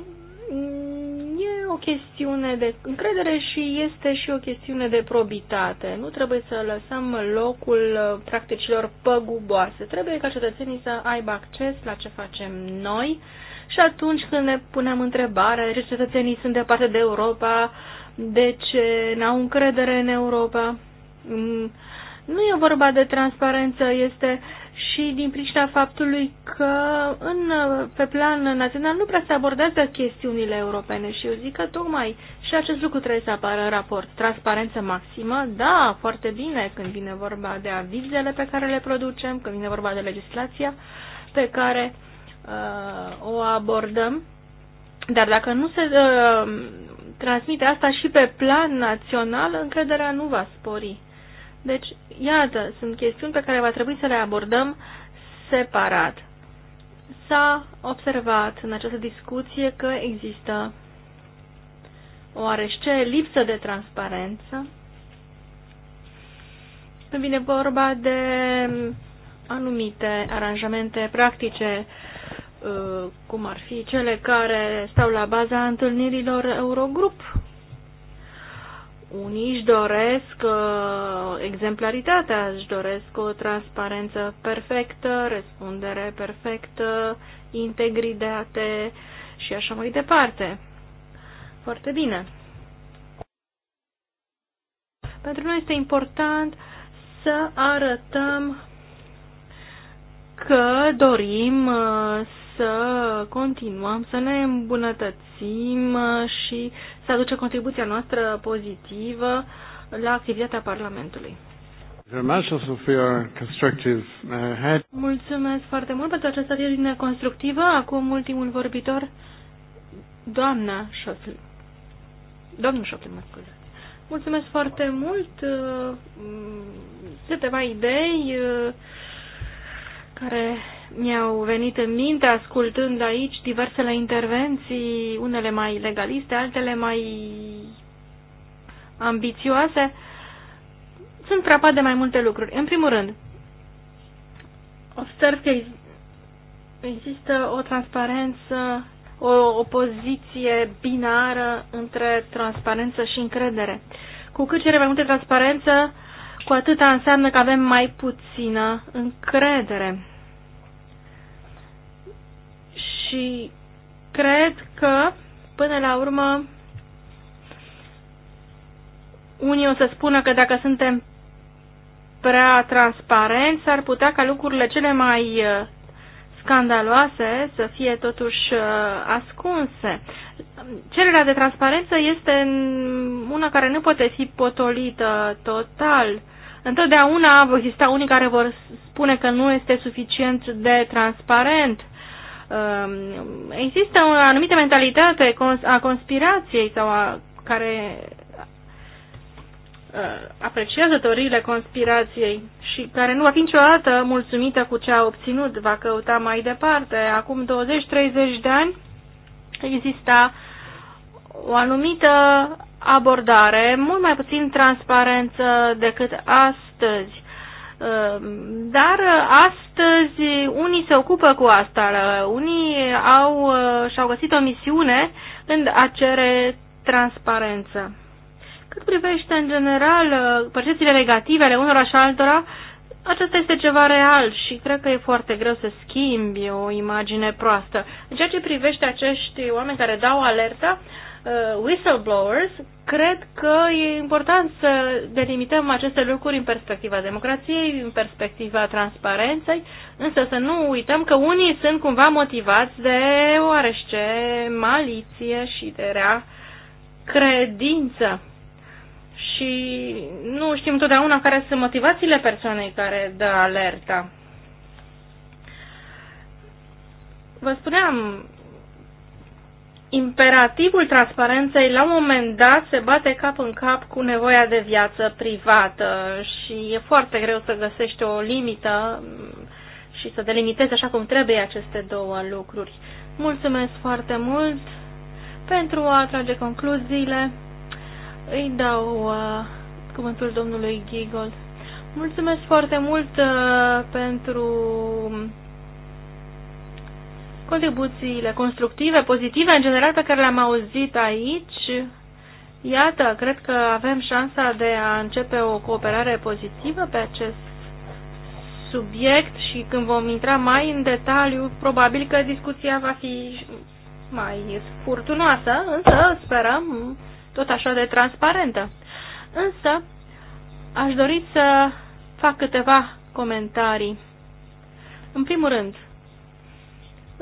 mm, e o chestiune de încredere și este și o chestiune de probitate. Nu trebuie să lăsăm locul uh, practicilor păguboase. Trebuie ca cetățenii să aibă acces la ce facem noi și atunci când ne punem întrebarea de ce cetățenii sunt departe de Europa, de ce n-au încredere în Europa. Mm, nu e vorba de transparență, este și din pricina faptului că în, pe plan național nu prea se abordează chestiunile europene și eu zic că tocmai și acest lucru trebuie să apară în raport. Transparență maximă, da, foarte bine când vine vorba de avizele pe care le producem, când vine vorba de legislația pe care uh, o abordăm, dar dacă nu se uh, transmite asta și pe plan național, încrederea nu va spori. Deci, iată, sunt chestiuni pe care va trebui să le abordăm separat. S-a observat în această discuție că există oarește lipsă de transparență când vine vorba de anumite aranjamente practice Uh, cum ar fi cele care stau la baza întâlnirilor Eurogrup. Unii își doresc uh, exemplaritatea, își doresc o transparență perfectă, răspundere perfectă, integritate și așa mai departe. Foarte bine. Pentru noi este important să arătăm că dorim uh, să continuăm, să ne îmbunătățim și să aduce contribuția noastră pozitivă la activitatea Parlamentului. Uh, Mulțumesc foarte mult pentru această atitudine constructivă. Acum ultimul vorbitor, doamna Șofl. Domnul Șofl, mă scuzați. Mulțumesc foarte mult. Uh, mm, câteva idei uh, care mi-au venit în minte ascultând aici diversele intervenții, unele mai legaliste, altele mai ambițioase, sunt frapat de mai multe lucruri. În primul rând, observ că există o transparență, o opoziție binară între transparență și încredere. Cu cât cere mai multă transparență, cu atâta înseamnă că avem mai puțină încredere și cred că, până la urmă, unii o să spună că dacă suntem prea transparenți, ar putea ca lucrurile cele mai uh, scandaloase să fie totuși uh, ascunse. Cererea de transparență este una care nu poate fi potolită total. Întotdeauna vor exista unii care vor spune că nu este suficient de transparent. Um, există o anumită mentalitate a conspirației sau a care uh, apreciază teoriile conspirației și care nu va fi niciodată mulțumită cu ce a obținut, va căuta mai departe. Acum 20-30 de ani exista o anumită abordare, mult mai puțin transparență decât astăzi. Ehm, dar uh, astăzi unii se ocupă cu asta, uh, unii au, uh, și-au găsit o misiune în a cere transparență. Cât privește în general percepțiile negative ale unora și altora, acesta este ceva real și cred că e foarte greu să schimbi o imagine proastă. În ceea ce privește acești oameni care dau alerta, Uh, whistleblowers, cred că e important să delimităm aceste lucruri în perspectiva democrației, în perspectiva transparenței, însă să nu uităm că unii sunt cumva motivați de oarește maliție și de rea credință. Și nu știm întotdeauna care sunt motivațiile persoanei care dă alerta. Vă spuneam, imperativul transparenței la un moment dat se bate cap în cap cu nevoia de viață privată și e foarte greu să găsești o limită mm, și să delimitezi așa cum trebuie aceste două lucruri. Mulțumesc foarte mult pentru a trage concluziile. Îi dau uh, cuvântul domnului Gigol. Mulțumesc foarte mult uh, pentru contribuțiile constructive, pozitive, în general, pe care le-am auzit aici. Iată, cred că avem șansa de a începe o cooperare pozitivă pe acest subiect și când vom intra mai în detaliu, probabil că discuția va fi mai furtunoasă, însă sperăm tot așa de transparentă. Însă, aș dori să fac câteva comentarii. În primul rând,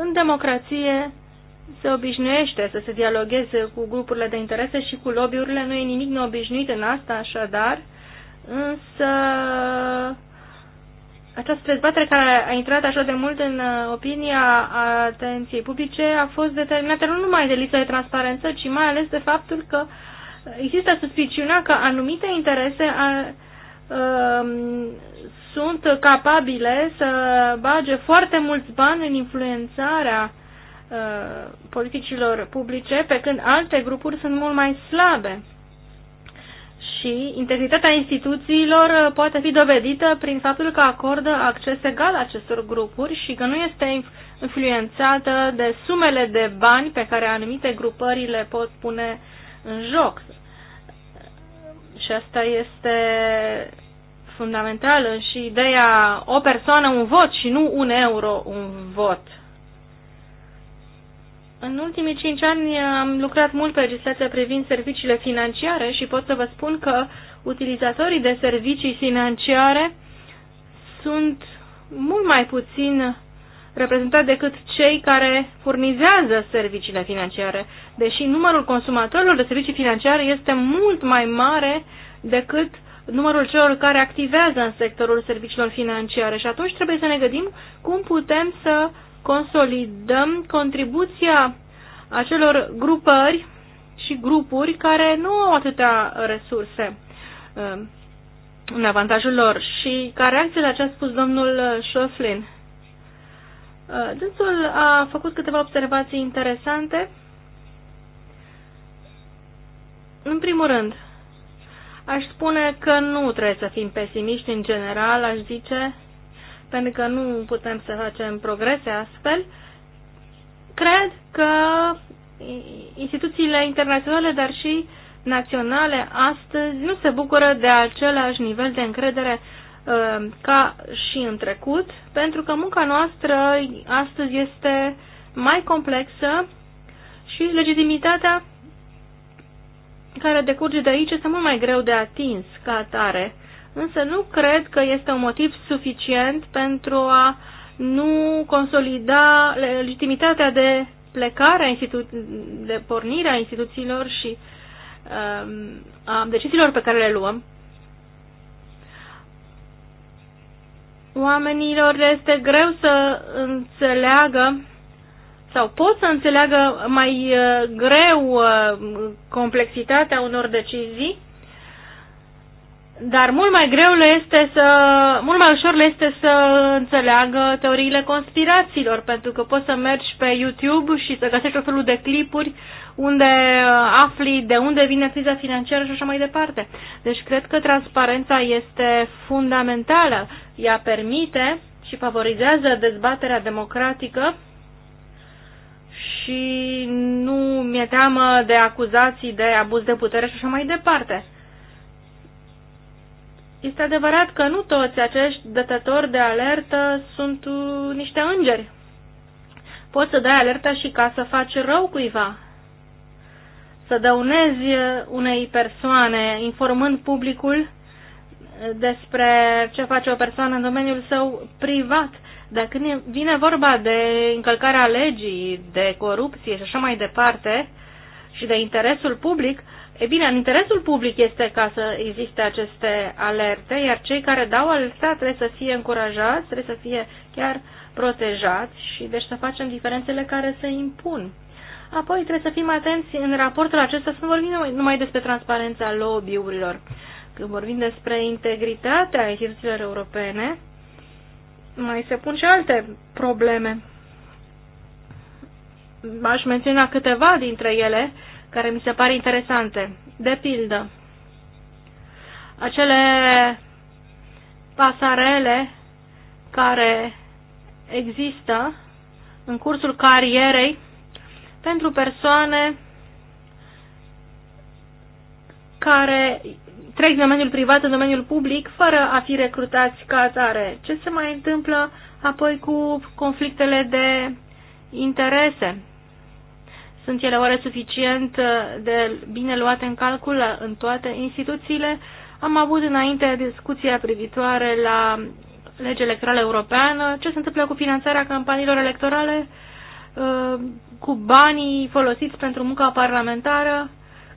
în democrație se obișnuiește să se dialogueze cu grupurile de interese și cu lobby-urile, nu e nimic neobișnuit în asta, așadar, însă această dezbatere care a intrat așa de mult în uh, opinia atenției publice a fost determinată nu numai de lipsa de transparență, ci mai ales de faptul că există suspiciunea că anumite interese Um, sunt capabile să bage foarte mulți bani în influențarea uh, politicilor publice, pe când alte grupuri sunt mult mai slabe. Și integritatea instituțiilor uh, poate fi dovedită prin faptul că acordă acces egal acestor grupuri și că nu este influențată de sumele de bani pe care anumite grupări le pot pune în joc. Și asta este fundamentală și ideea o persoană un vot și nu un euro un vot. În ultimii cinci ani am lucrat mult pe legislația privind serviciile financiare și pot să vă spun că utilizatorii de servicii financiare sunt mult mai puțin reprezentat decât cei care furnizează serviciile financiare, deși numărul consumatorilor de servicii financiare este mult mai mare decât numărul celor care activează în sectorul serviciilor financiare și atunci trebuie să ne gândim cum putem să consolidăm contribuția acelor grupări și grupuri care nu au atâtea resurse um, în avantajul lor și ca reacție la ce a spus domnul Șoflin. Uh, dânsul a făcut câteva observații interesante. În primul rând, Aș spune că nu trebuie să fim pesimiști în general, aș zice, pentru că nu putem să facem progrese astfel. Cred că instituțiile internaționale, dar și naționale astăzi nu se bucură de același nivel de încredere uh, ca și în trecut, pentru că munca noastră astăzi este mai complexă și legitimitatea care decurge de aici este mult mai greu de atins ca atare, însă nu cred că este un motiv suficient pentru a nu consolida legitimitatea de plecare a de pornire a instituțiilor și um, a deciziilor pe care le luăm. Oamenilor este greu să înțeleagă sau pot să înțeleagă mai uh, greu uh, complexitatea unor decizii, dar mult mai greu le este să, mult mai ușor le este să înțeleagă teoriile conspirațiilor, pentru că poți să mergi pe YouTube și să găsești o felul de clipuri unde uh, afli de unde vine criza financiară și așa mai departe. Deci cred că transparența este fundamentală. Ea permite și favorizează dezbaterea democratică și nu mi-e teamă de acuzații de abuz de putere și așa mai departe. Este adevărat că nu toți acești dătători de alertă sunt niște îngeri. Poți să dai alerta și ca să faci rău cuiva, să dăunezi unei persoane informând publicul despre ce face o persoană în domeniul său privat. Dar când vine vorba de încălcarea legii, de corupție și așa mai departe, și de interesul public, e bine, în interesul public este ca să existe aceste alerte, iar cei care dau alerta trebuie să fie încurajați, trebuie să fie chiar protejați și deci să facem diferențele care se impun. Apoi trebuie să fim atenți în raportul acesta, să nu vorbim numai despre transparența lobby-urilor. Când vorbim despre integritatea instituțiilor europene, mai se pun și alte probleme. Aș menționa câteva dintre ele care mi se par interesante. De pildă, acele pasarele care există în cursul carierei pentru persoane care trec din domeniul privat în domeniul public fără a fi recrutați ca atare. Ce se mai întâmplă apoi cu conflictele de interese? Sunt ele oare suficient de bine luate în calcul în toate instituțiile? Am avut înainte discuția privitoare la legea electorală europeană, ce se întâmplă cu finanțarea campaniilor electorale, uh, cu banii folosiți pentru munca parlamentară,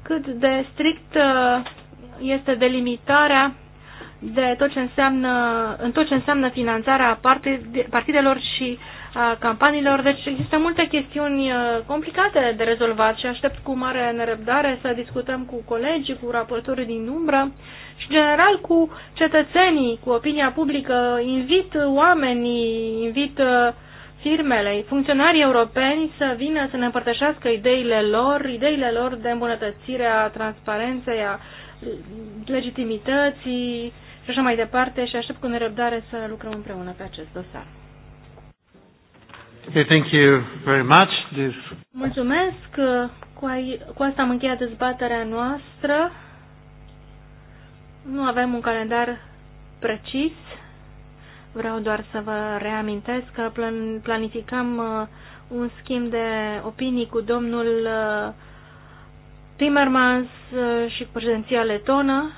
cât de strict uh, este delimitarea de tot ce înseamnă, în tot ce înseamnă finanțarea partidelor și a campaniilor. Deci există multe chestiuni uh, complicate de rezolvat și aștept cu mare nerăbdare să discutăm cu colegii, cu raportorii din umbră și general cu cetățenii, cu opinia publică. Invit oamenii, invit uh, firmele, funcționarii europeni să vină să ne împărtășească ideile lor, ideile lor de îmbunătățire a transparenței, a legitimității și așa mai departe și aștept cu nerăbdare să lucrăm împreună pe acest dosar.
Okay, thank you very much. This...
Mulțumesc. Cu, ai, cu asta am încheiat dezbaterea noastră. Nu avem un calendar precis. Vreau doar să vă reamintesc că plan, planificăm uh, un schimb de opinii cu domnul uh, Timmermans uh, și președinția letonă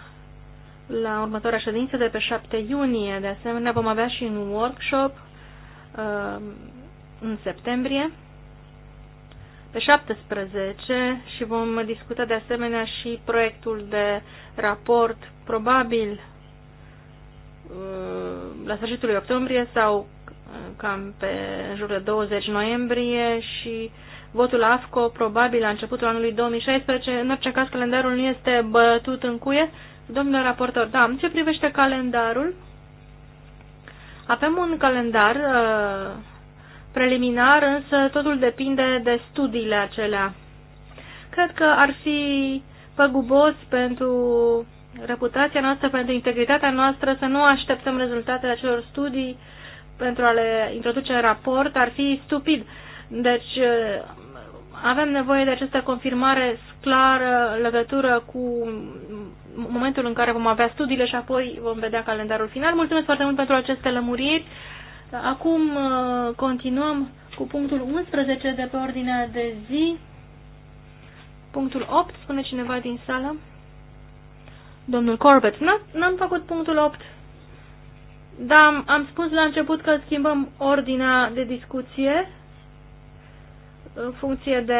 la următoarea ședință de pe 7 iunie. De asemenea, vom avea și un workshop uh, în septembrie, pe 17, și vom discuta de asemenea și proiectul de raport, probabil uh, la sfârșitul octombrie sau cam pe în jur de 20 noiembrie și uh, votul AFCO probabil la începutul anului 2016. În orice caz, calendarul nu este bătut în cuie. Domnule raportor, da, în ce privește calendarul, avem un calendar uh, preliminar, însă totul depinde de studiile acelea. Cred că ar fi păgubos pentru reputația noastră, pentru integritatea noastră să nu așteptăm rezultatele acelor studii pentru a le introduce în raport, ar fi stupid. Deci, uh, avem nevoie de această confirmare clară, legătură cu momentul în care vom avea studiile și apoi vom vedea calendarul final. Mulțumesc foarte mult pentru aceste lămuriri. Acum uh, continuăm cu punctul 11 de pe ordinea de zi. Punctul 8, spune cineva din sală. Domnul Corbett, n-am făcut punctul 8. Dar am spus la început că schimbăm ordinea de discuție în funcție de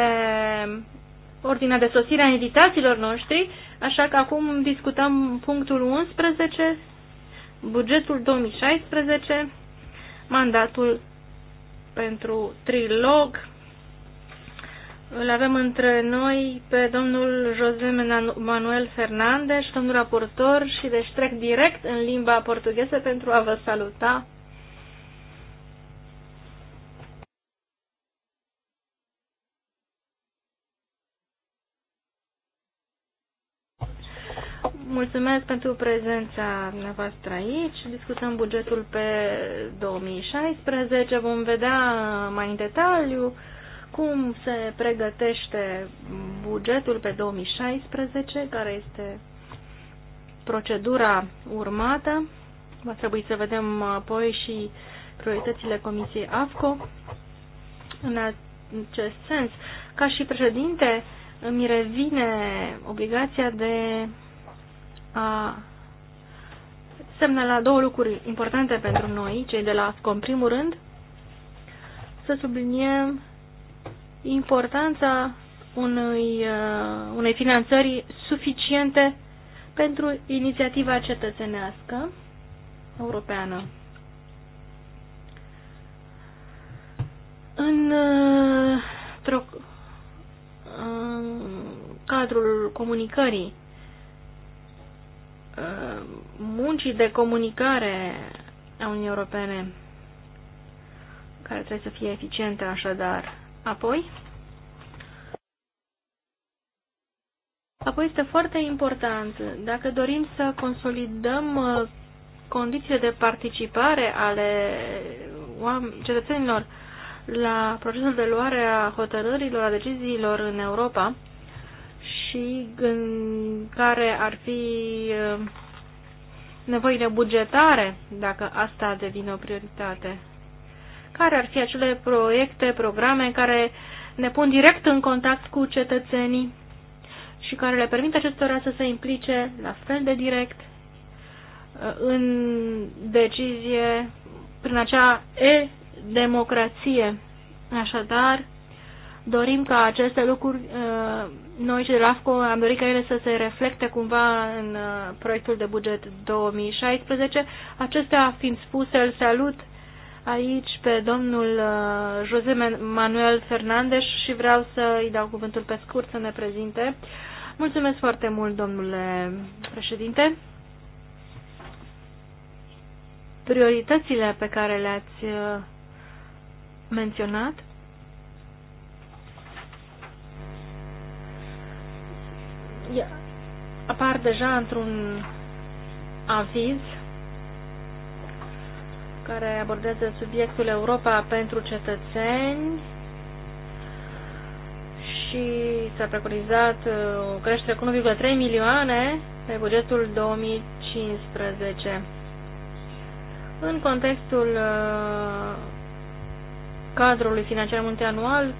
ordinea de sosire a editațiilor noștri, așa că acum discutăm punctul 11, bugetul 2016, mandatul pentru trilog. Îl avem între noi pe domnul José Manuel Fernandes, domnul raportor și deci trec direct în limba portugheză pentru a vă saluta Mulțumesc pentru prezența dumneavoastră aici. Discutăm bugetul pe 2016. Vom vedea mai în detaliu cum se pregătește bugetul pe 2016, care este procedura urmată. Va trebui să vedem apoi și prioritățile Comisiei AFCO. În acest sens, ca și președinte, îmi revine obligația de a semnalat două lucruri importante pentru noi, cei de la ASCO. În primul rând, să subliniem importanța unui, uh, unei finanțări suficiente pentru inițiativa cetățenească europeană. În uh, uh, cadrul comunicării muncii de comunicare a Uniunii Europene, care trebuie să fie eficiente, așadar. Apoi, apoi este foarte important, dacă dorim să consolidăm uh, condițiile de participare ale cetățenilor la procesul de luare a hotărârilor, a deciziilor în Europa, și în care ar fi nevoile bugetare, dacă asta devine o prioritate. Care ar fi acele proiecte, programe care ne pun direct în contact cu cetățenii și care le permit acestora să se implice la fel de direct în decizie prin acea e-democrație. Așadar, dorim ca aceste lucruri noi și de la AFCO am dorit ca ele să se reflecte cumva în uh, proiectul de buget 2016. Acestea fiind spuse, îl salut aici pe domnul uh, José Manuel Fernandez și vreau să îi dau cuvântul pe scurt să ne prezinte. Mulțumesc foarte mult, domnule președinte. Prioritățile pe care le-ați uh, menționat apar deja într-un aviz care abordează subiectul Europa pentru cetățeni și s-a preconizat uh, o creștere cu 1,3 milioane pe bugetul 2015. În contextul uh, cadrului financiar multianual,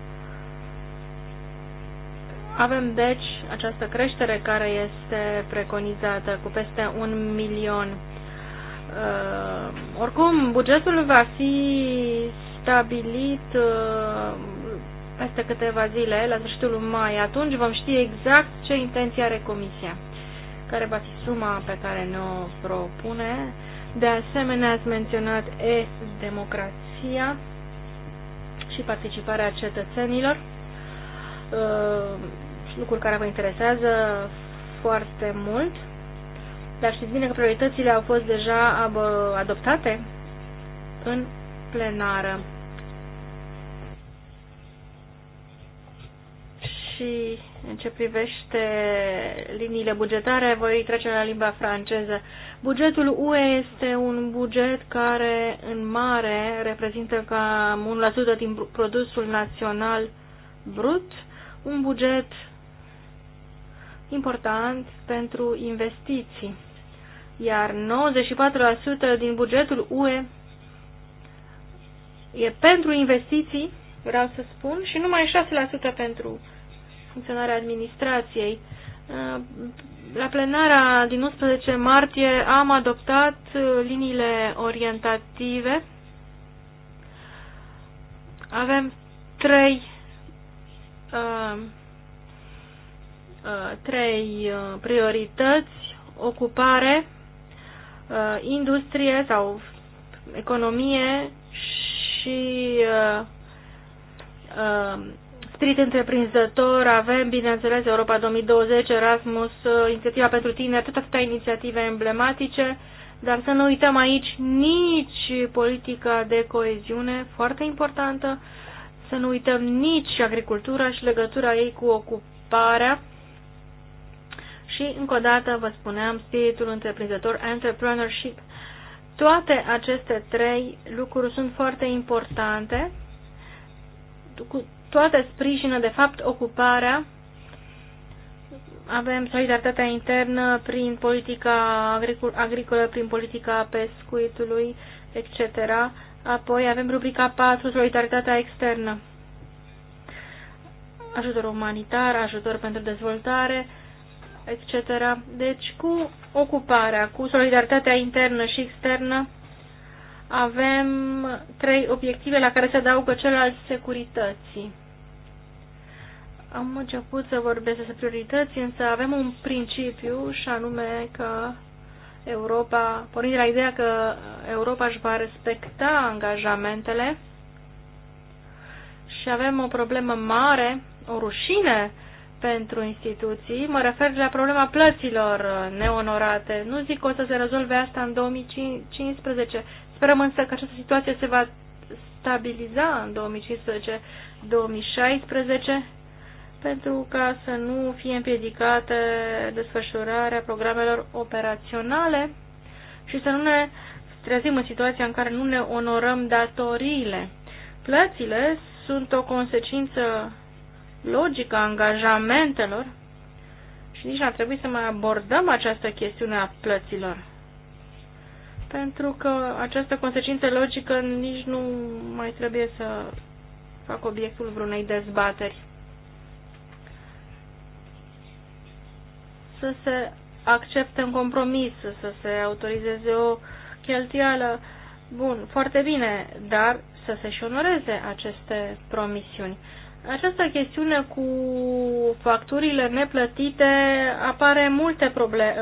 avem, deci, această creștere care este preconizată cu peste un milion. Uh, oricum, bugetul va fi stabilit uh, peste câteva zile, la sfârșitul mai. Atunci vom ști exact ce intenție are Comisia, care va fi suma pe care ne-o propune. De asemenea, ați menționat e-democrația și participarea cetățenilor. Uh, lucruri care vă interesează foarte mult, dar știți bine că prioritățile au fost deja adoptate în plenară. Și în ce privește liniile bugetare, voi trece la limba franceză. Bugetul UE este un buget care în mare reprezintă cam 1% din produsul național brut, un buget important pentru investiții, iar 94% din bugetul UE e pentru investiții, vreau să spun, și numai 6% pentru funcționarea administrației. Uh, la plenara din 11 martie am adoptat uh, liniile orientative. Avem trei uh, Uh, trei uh, priorități, ocupare, uh, industrie sau economie și strict întreprinzător, avem, bineînțeles, Europa 2020, Erasmus, inițiativa pentru tine, tot atâtea inițiative emblematice, dar să nu uităm aici nici politica de coeziune, foarte importantă, să nu uităm nici agricultura și legătura ei cu ocuparea și, încă o dată, vă spuneam, spiritul întreprinzător, entrepreneurship. Toate aceste trei lucruri sunt foarte importante. Cu toate sprijină, de fapt, ocuparea. Avem solidaritatea internă prin politica agricolă, prin politica pescuitului, etc. Apoi avem rubrica 4, solidaritatea externă. Ajutor umanitar, ajutor pentru dezvoltare, etc. Deci cu ocuparea, cu solidaritatea internă și externă, avem trei obiective la care se adaugă celălalt securității. Am început să vorbesc despre priorități, însă avem un principiu și anume că Europa, pornind de la ideea că Europa își va respecta angajamentele și avem o problemă mare, o rușine pentru instituții. Mă refer la problema plăților uh, neonorate. Nu zic că o să se rezolve asta în 2015. Sperăm însă că această situație se va stabiliza în 2015-2016 pentru ca să nu fie împiedicată desfășurarea programelor operaționale și să nu ne trezim în situația în care nu ne onorăm datoriile. Plățile sunt o consecință logica angajamentelor și nici n-ar trebui să mai abordăm această chestiune a plăților. Pentru că această consecință logică nici nu mai trebuie să fac obiectul vreunei dezbateri. Să se accepte un compromis, să se autorizeze o cheltuială. Bun, foarte bine, dar să se și onoreze aceste promisiuni această chestiune cu facturile neplătite apare în multe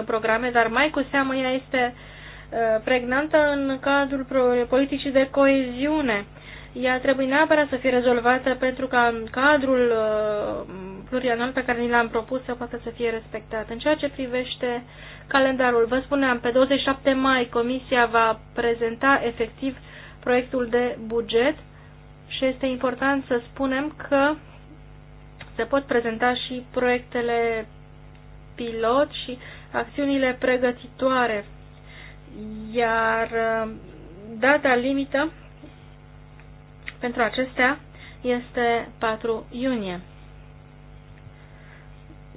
programe, dar mai cu seamă ea este uh, pregnantă în cadrul politicii de coeziune. Ea trebuie neapărat să fie rezolvată pentru ca în cadrul uh, plurianual pe care ni l-am propus să poată să fie respectat. În ceea ce privește calendarul, vă spuneam, pe 27 mai Comisia va prezenta efectiv proiectul de buget și este important să spunem că se pot prezenta și proiectele pilot și acțiunile pregătitoare, iar uh, data limită pentru acestea este 4 iunie.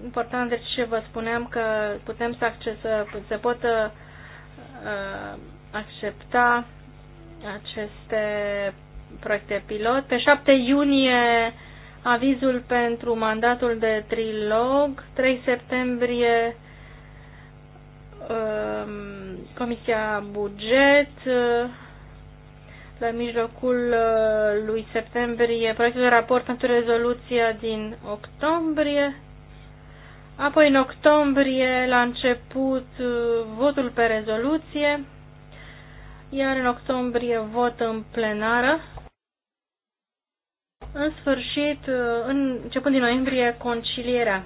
Important, deci vă spuneam că putem să accesă, se pot uh, uh accepta aceste proiecte pilot. Pe 7 iunie avizul pentru mandatul de trilog, 3 septembrie um, Comisia Buget, uh, la mijlocul uh, lui septembrie proiectul de raport pentru rezoluția din octombrie, apoi în octombrie la început uh, votul pe rezoluție, iar în octombrie vot în plenară. În sfârșit, în, începând din noiembrie, concilierea.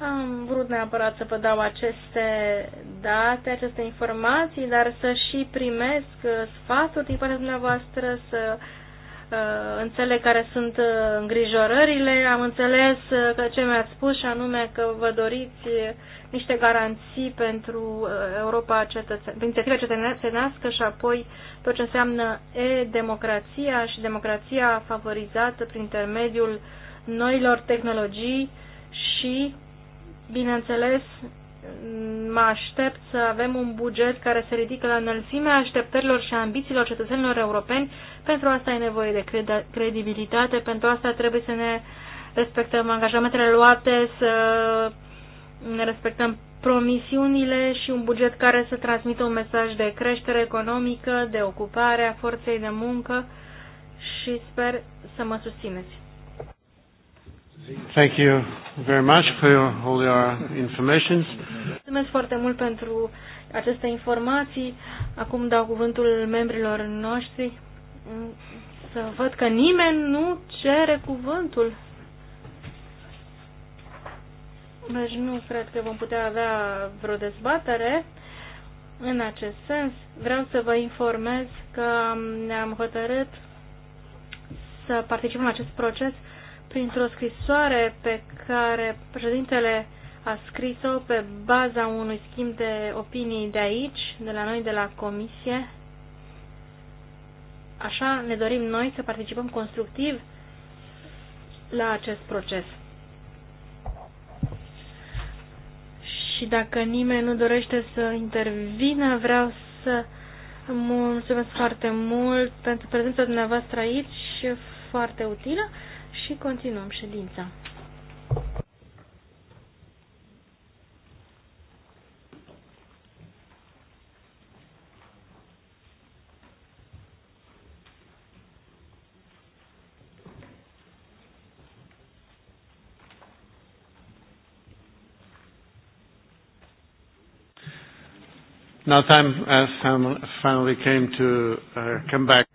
Am vrut neapărat să vă dau aceste date, aceste informații, dar să și primesc sfaturi din partea dumneavoastră, să uh, Uh, înțeleg care sunt uh, îngrijorările, am înțeles uh, că ce mi-ați spus și anume că vă doriți niște garanții pentru Europa cetățenească, inițiativa cetățenească și apoi tot ce înseamnă e-democrația și democrația favorizată prin intermediul noilor tehnologii și, bineînțeles, mă aștept să avem un buget care se ridică la înălțimea așteptărilor și ambițiilor cetățenilor europeni pentru asta e nevoie de credibilitate, pentru asta trebuie să ne respectăm angajamentele luate, să ne respectăm promisiunile și un buget care să transmită un mesaj de creștere economică, de ocupare a forței de muncă și sper să mă susțineți.
Thank you very much for all your informations.
Mulțumesc foarte mult pentru aceste informații. Acum dau cuvântul membrilor noștri să văd că nimeni nu cere cuvântul. Deci nu cred că vom putea avea vreo dezbatere în acest sens. Vreau să vă informez că ne-am hotărât să participăm la acest proces printr-o scrisoare pe care președintele a scris-o pe baza unui schimb de opinii de aici, de la noi, de la comisie, Așa ne dorim noi să participăm constructiv la acest proces. Și dacă nimeni nu dorește să intervină, vreau să mulțumesc foarte mult pentru prezența dumneavoastră aici, foarte utilă, și continuăm ședința.
Now time has finally came to uh, come back.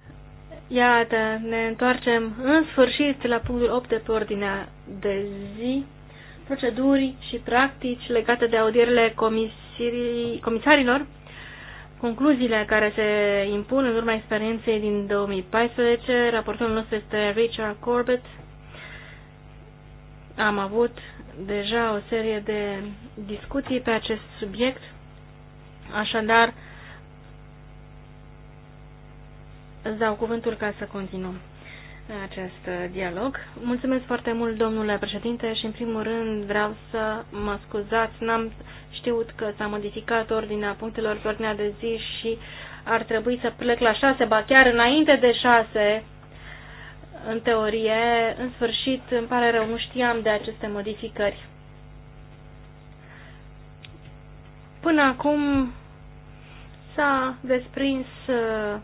Iată, ne întoarcem în sfârșit la punctul 8 de pe ordinea de zi, proceduri și practici legate de audierile comisarilor, concluziile care se impun în urma experienței din 2014. Raportul nostru este Richard Corbett. Am avut deja o serie de discuții pe acest subiect Așadar, îți dau cuvântul ca să continuăm acest dialog. Mulțumesc foarte mult, domnule președinte, și în primul rând vreau să mă scuzați. N-am știut că s-a modificat ordinea punctelor pe ordinea de zi și ar trebui să plec la șase, ba chiar înainte de șase, în teorie. În sfârșit, îmi pare rău, nu știam de aceste modificări. Până acum s-a desprins uh,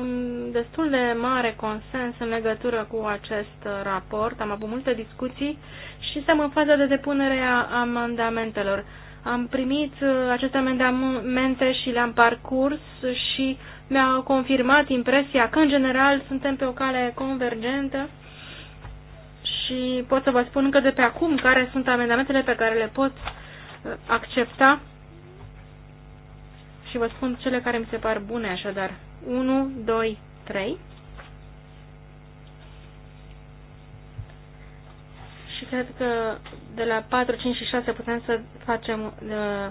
un destul de mare consens în legătură cu acest raport. Am avut multe discuții și suntem în faza de depunere a amendamentelor. Am primit uh, aceste amendamente și le-am parcurs și mi-au confirmat impresia că, în general, suntem pe o cale convergentă și pot să vă spun că de pe acum care sunt amendamentele pe care le pot accepta și vă spun cele care mi se par bune așadar. 1, 2, 3 și cred că de la 4, 5 și 6 putem să facem uh,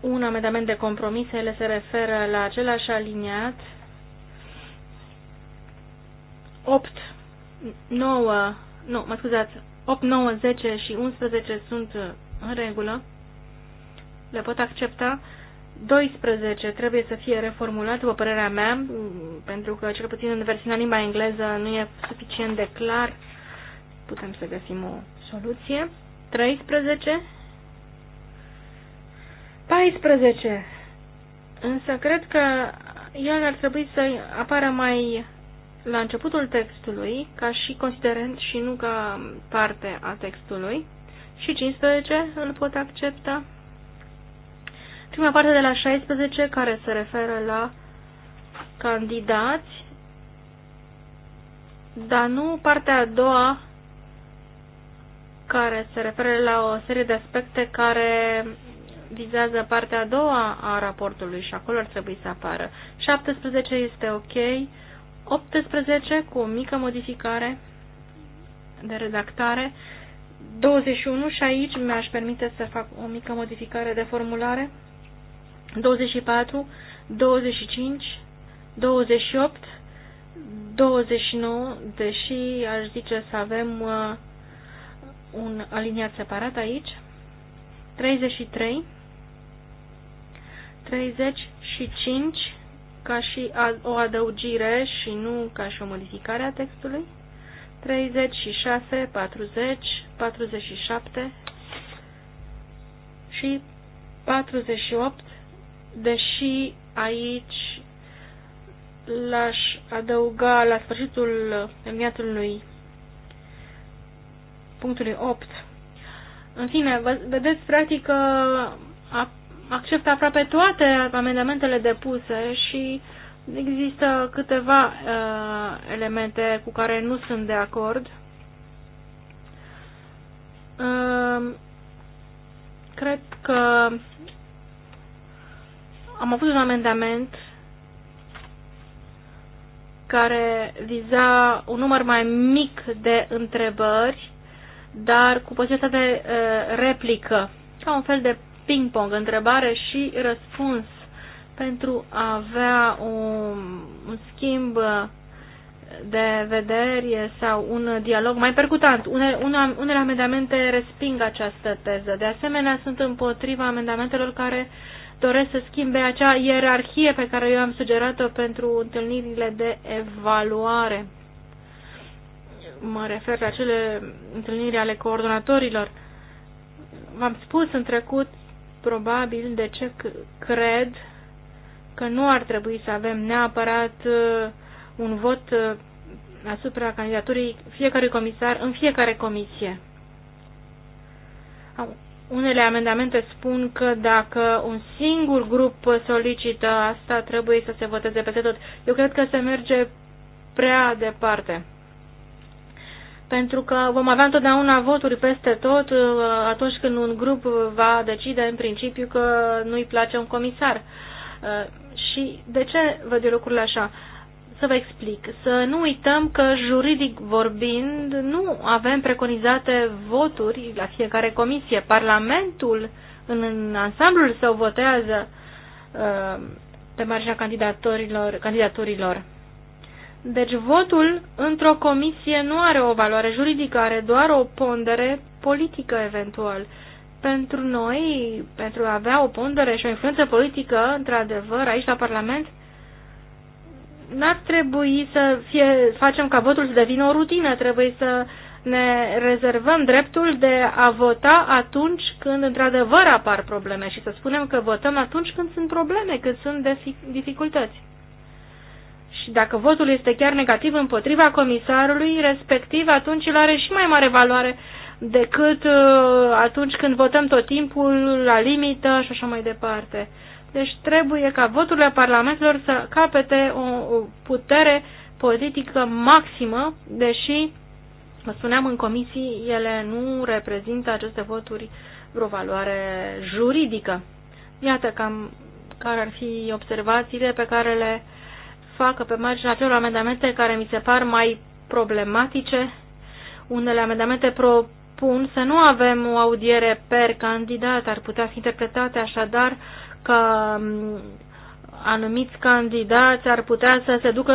un amendament de compromis, ele se referă la același aliniat 8, 9, nu, mă scuzați, 8, 9, 10 și 11 sunt uh, în regulă, le pot accepta. 12 trebuie să fie reformulat, după părerea mea, pentru că cel puțin în versiunea limba engleză nu e suficient de clar. Putem să găsim o soluție. 13. 14. Însă cred că el ar trebui să apară mai la începutul textului, ca și considerent și nu ca parte a textului și 15 îl pot accepta. Prima parte de la 16 care se referă la candidați, dar nu partea a doua care se referă la o serie de aspecte care vizează partea a doua a raportului și acolo ar trebui să apară. 17 este ok, 18 cu o mică modificare de redactare 21 și aici mi-aș permite să fac o mică modificare de formulare. 24, 25, 28, 29, deși aș zice să avem uh, un aliniat separat aici. 33, 35, ca și o adăugire și nu ca și o modificare a textului. 36, 40, 47 și 48, deși aici l-aș adăuga la sfârșitul emiatului punctului 8. În fine, vedeți practic că acceptă aproape toate amendamentele depuse și există câteva uh, elemente cu care nu sunt de acord. Ehm, cred că am avut un amendament care viza un număr mai mic de întrebări, dar cu posibilitatea de uh, replică, ca un fel de ping-pong, întrebare și răspuns, pentru a avea un, un schimb de vederi sau un dialog mai percutant. Unele, unele amendamente resping această teză. De asemenea, sunt împotriva amendamentelor care doresc să schimbe acea ierarhie pe care eu am sugerat-o pentru întâlnirile de evaluare. Mă refer la acele întâlniri ale coordonatorilor. V-am spus în trecut, probabil, de ce cred că nu ar trebui să avem neapărat uh, un vot uh, asupra candidaturii fiecărui comisar în fiecare comisie. Unele amendamente spun că dacă un singur grup solicită asta, trebuie să se voteze peste tot. Eu cred că se merge prea departe. Pentru că vom avea întotdeauna voturi peste tot uh, atunci când un grup va decide în principiu că nu-i place un comisar. Uh, și de ce văd eu lucrurile așa? să vă explic. Să nu uităm că, juridic vorbind, nu avem preconizate voturi la fiecare comisie. Parlamentul, în ansamblul său, votează uh, pe marginea candidatorilor, candidaturilor. Deci votul într-o comisie nu are o valoare juridică, are doar o pondere politică eventual. Pentru noi, pentru a avea o pondere și o influență politică, într-adevăr, aici la Parlament, uh, n-ar trebui să fie, facem ca votul să devină o rutină, trebuie să ne rezervăm dreptul de a vota atunci când într-adevăr apar probleme și să spunem că votăm atunci când sunt probleme, când sunt dificultăți. Și dacă votul este chiar negativ împotriva comisarului respectiv, atunci îl are și mai mare valoare decât uh, atunci când votăm tot timpul la limită și așa mai departe. Deci trebuie ca voturile parlamentelor să capete o, o putere politică maximă, deși, vă spuneam în comisii, ele nu reprezintă aceste voturi vreo valoare juridică. Iată cam care ar fi observațiile pe care le facă pe marginea acelor amendamente care mi se par mai problematice. Unele amendamente propun să nu avem o audiere per candidat, ar putea fi interpretate așadar uh, că mm, anumiți candidați ar putea să se ducă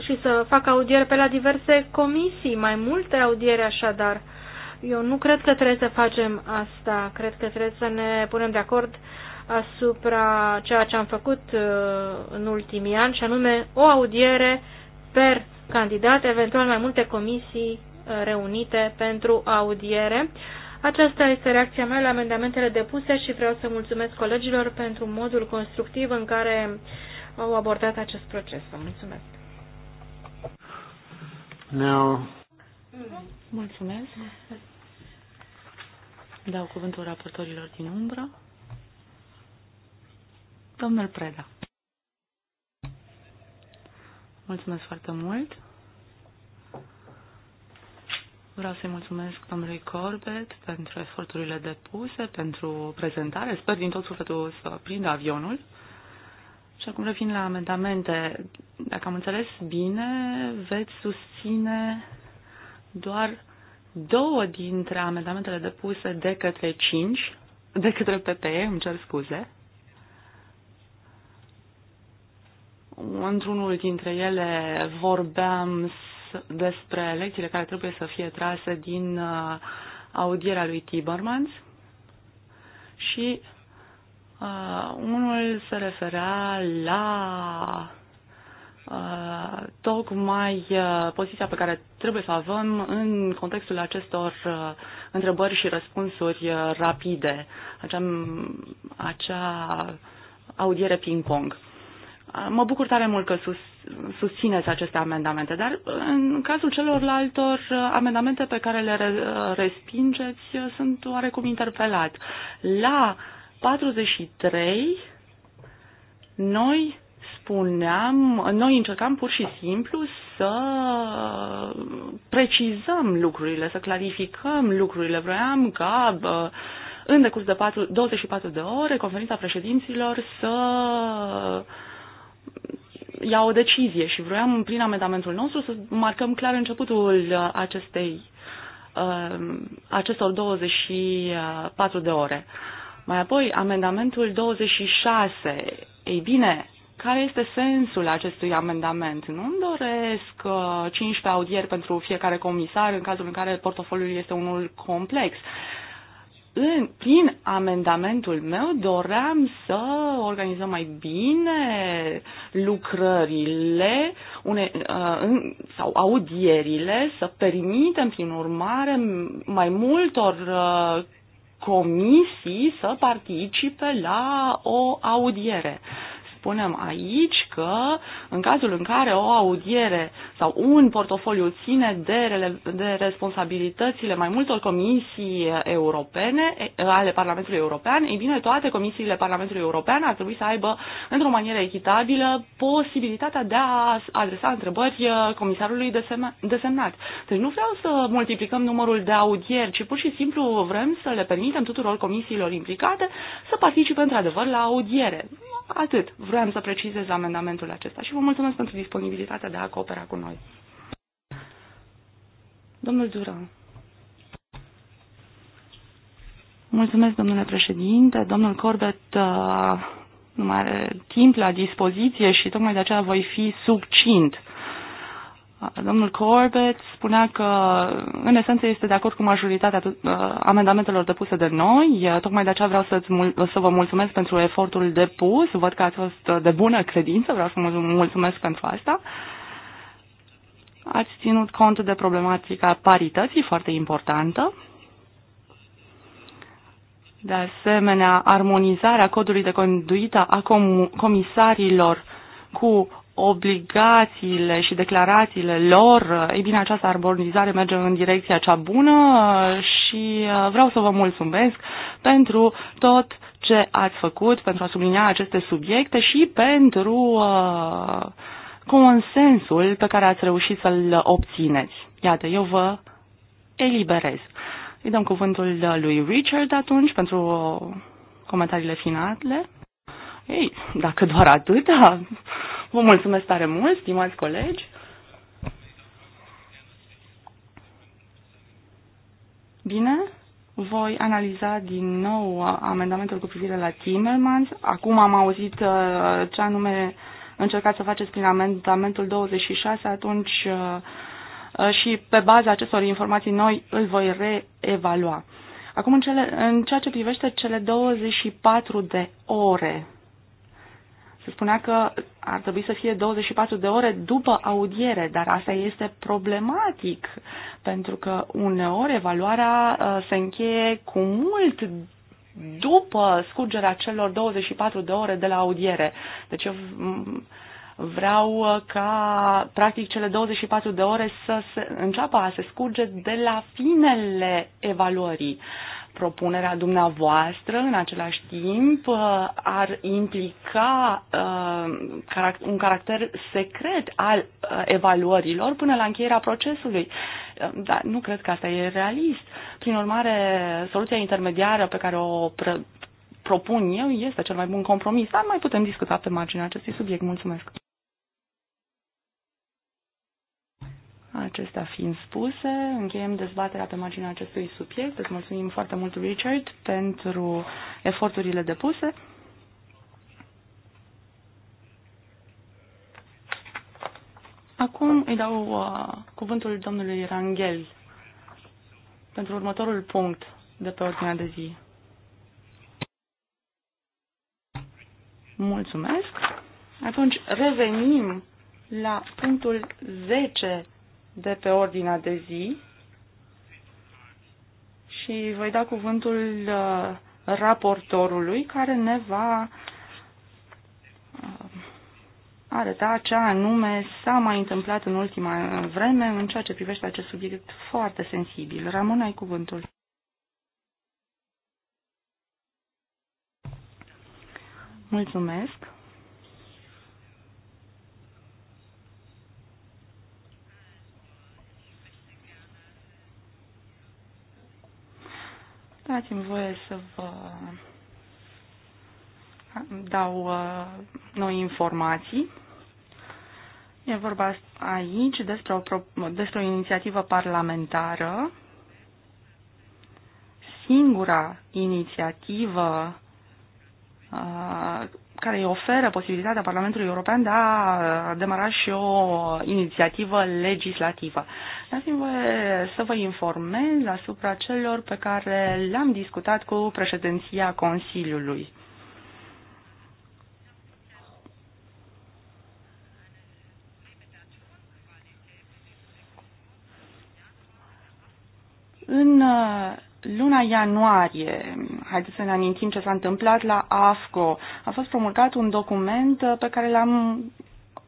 și să facă audieri pe la diverse comisii, mai multe audiere așadar. Eu nu cred că trebuie să facem asta, cred că trebuie să ne punem de acord asupra ceea ce am făcut uh, în ultimii ani, și anume o audiere per candidat, eventual mai multe comisii uh, reunite pentru audiere. Aceasta este reacția mea la amendamentele depuse și vreau să mulțumesc colegilor pentru modul constructiv în care au abordat acest proces. Vă mulțumesc.
Now.
Mulțumesc. Dau cuvântul raportorilor din umbră. Domnul Preda. Mulțumesc foarte mult. Vreau să-i mulțumesc domnului Corbett pentru eforturile depuse, pentru prezentare. Sper din tot sufletul să prindă avionul. Și acum revin la amendamente. Dacă am înțeles bine, veți susține doar două dintre amendamentele depuse de către 5, de către PPE, îmi cer scuze. Într-unul dintre ele vorbeam despre lecțiile care trebuie să fie trase din uh, audierea lui Timmermans și uh, unul se referea la uh, tocmai uh, poziția pe care trebuie să avem în contextul acestor uh, întrebări și răspunsuri uh, rapide, acea, acea audiere ping-pong. Uh, mă bucur tare mult că sus, susțineți aceste amendamente, dar în cazul celorlaltor amendamente pe care le respingeți, sunt oarecum interpelat. La 43, noi spuneam, noi încercam pur și simplu să precizăm lucrurile, să clarificăm lucrurile. Vroiam ca în decurs de 4, 24 de ore conferința președinților să ia o decizie și vroiam prin amendamentul nostru să marcăm clar începutul uh, acestei, uh, acestor 24 de ore. Mai apoi, amendamentul 26. Ei bine, care este sensul acestui amendament? Nu-mi doresc 15 uh, audieri pentru fiecare comisar în cazul în care portofoliul este unul complex în, prin amendamentul meu doream să organizăm mai bine lucrările une, uh, în, sau audierile, să permitem, prin urmare, mai multor uh, comisii să participe la o audiere. Uh, spunem aici că în cazul în care o audiere sau un portofoliu ține de, de responsabilitățile mai multor comisii europene, ale Parlamentului European, ei bine, toate comisiile Parlamentului European ar trebui să aibă, într-o manieră echitabilă, posibilitatea de a adresa întrebări comisarului desemnat. Deci nu vreau să multiplicăm numărul de audieri, ci pur și simplu vrem să le permitem tuturor comisiilor implicate să participe într-adevăr la audiere. Atât. Vreau să precizez amendamentul acesta și vă mulțumesc pentru disponibilitatea de a coopera cu noi. Domnul Duran. Mulțumesc, domnule președinte. Domnul Corbett uh, nu mai are timp la dispoziție și tocmai de aceea voi fi succint. Domnul Corbett spunea că, în esență, este de acord cu majoritatea uh, amendamentelor depuse de noi. Tocmai de aceea vreau să, să vă mulțumesc pentru efortul depus. Văd că ați fost uh, de bună credință. Vreau să vă mulțumesc pentru asta. Ați ținut cont de problematica parității, foarte importantă. De asemenea, armonizarea codului de conduită a comisarilor cu obligațiile și declarațiile lor, ei bine, această arborizare merge în direcția cea bună și uh, vreau să vă mulțumesc pentru tot ce ați făcut pentru a sublinia aceste subiecte și pentru uh, consensul pe care ați reușit să-l obțineți. Iată, eu vă eliberez. Îi dăm cuvântul lui Richard atunci pentru comentariile finale. Ei, dacă doar atâta, vă mulțumesc tare mult, stimați colegi. Bine, voi analiza din nou amendamentul cu privire la Timmermans. Acum am auzit uh, ce anume încercați să faceți prin amendamentul 26, atunci uh, uh, și pe baza acestor informații noi îl voi reevalua. Acum, în, cele, în ceea ce privește cele 24 de ore se spunea că ar trebui să fie 24 de ore după audiere, dar asta este problematic, pentru că uneori evaluarea uh, se încheie cu mult după scurgerea celor 24 de ore de la audiere. Deci eu vreau uh, ca, practic, cele 24 de ore să se, înceapă a se scurge de la finele evaluării. Uh, propunerea dumneavoastră, în același timp, uh, ar implica uh, un caracter secret al uh, evaluărilor până la încheierea procesului. Dar nu cred că asta e realist. Prin urmare, soluția intermediară pe care o propun eu este cel mai bun compromis, dar mai putem discuta pe marginea acestui subiect. Mulțumesc! Acestea fiind spuse, încheiem dezbaterea pe marginea acestui subiect. Îți mulțumim foarte mult, Richard, pentru eforturile depuse. Acum îi dau uh, cuvântul domnului Rangel pentru următorul punct de pe ordinea de zi. Mulțumesc. Atunci revenim la punctul 10 de pe ordinea de zi și voi da cuvântul uh, raportorului care ne va uh, arăta ce anume s-a mai întâmplat în ultima vreme în ceea ce privește acest subiect foarte sensibil. Ramon, ai cuvântul. Mulțumesc. Dați-mi voie să vă dau uh, noi informații. E vorba aici despre o, despre o inițiativă parlamentară, singura inițiativă uh, care îi oferă posibilitatea Parlamentului European de a demara și o inițiativă legislativă. Dați-mi voie să vă informez asupra celor pe care le-am discutat cu președinția Consiliului. În luna ianuarie, haideți să ne amintim ce s-a întâmplat la AFCO, a fost promulgat un document uh, pe care l-am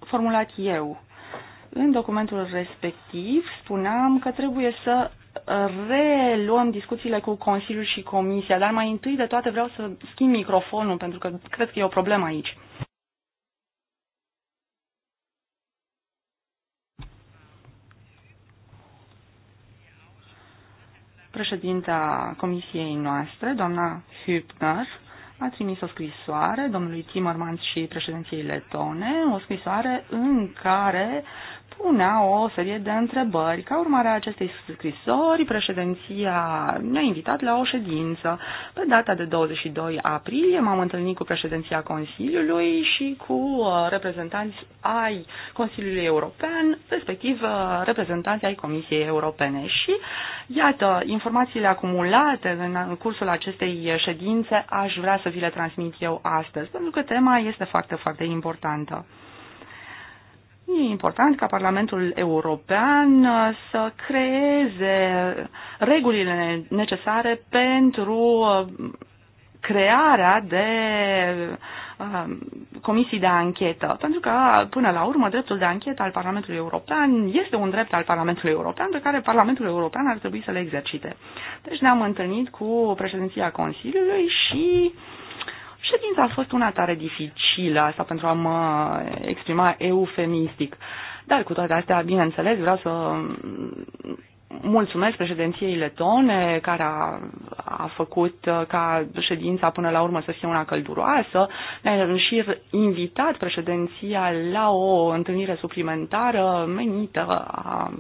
formulat eu. În documentul respectiv spuneam că trebuie să uh, reluăm discuțiile cu Consiliul și Comisia, dar mai întâi de toate vreau să schimb microfonul pentru că cred că e o problemă aici. Președinta comisiei noastre, doamna Hübner, a trimis o scrisoare domnului Timmermans și președinției letone, o scrisoare în care punea o serie de întrebări. Ca urmare a acestei scrisori, președinția ne-a invitat la o ședință. Pe data de 22 aprilie m-am întâlnit cu președinția Consiliului și cu uh, reprezentanți ai Consiliului European, respectiv uh, reprezentanți ai Comisiei Europene. Și, iată, informațiile acumulate în cursul acestei ședințe aș vrea să vi le transmit eu astăzi, pentru că tema este foarte, foarte importantă. E important ca Parlamentul European uh, să creeze regulile necesare pentru uh, crearea de uh, comisii de anchetă, pentru că, până la urmă, dreptul de anchetă al Parlamentului European este un drept al Parlamentului European pe care Parlamentul European ar trebui să le exercite. Deci ne-am întâlnit cu președinția Consiliului și uh, Ședința a fost una tare dificilă, asta pentru a mă exprima eufemistic. Dar cu toate astea, bineînțeles, vreau să mulțumesc președinției letone care a, a făcut uh, ca ședința până la urmă să fie una călduroasă. Ne-a și invitat președinția la o întâlnire suplimentară menită a,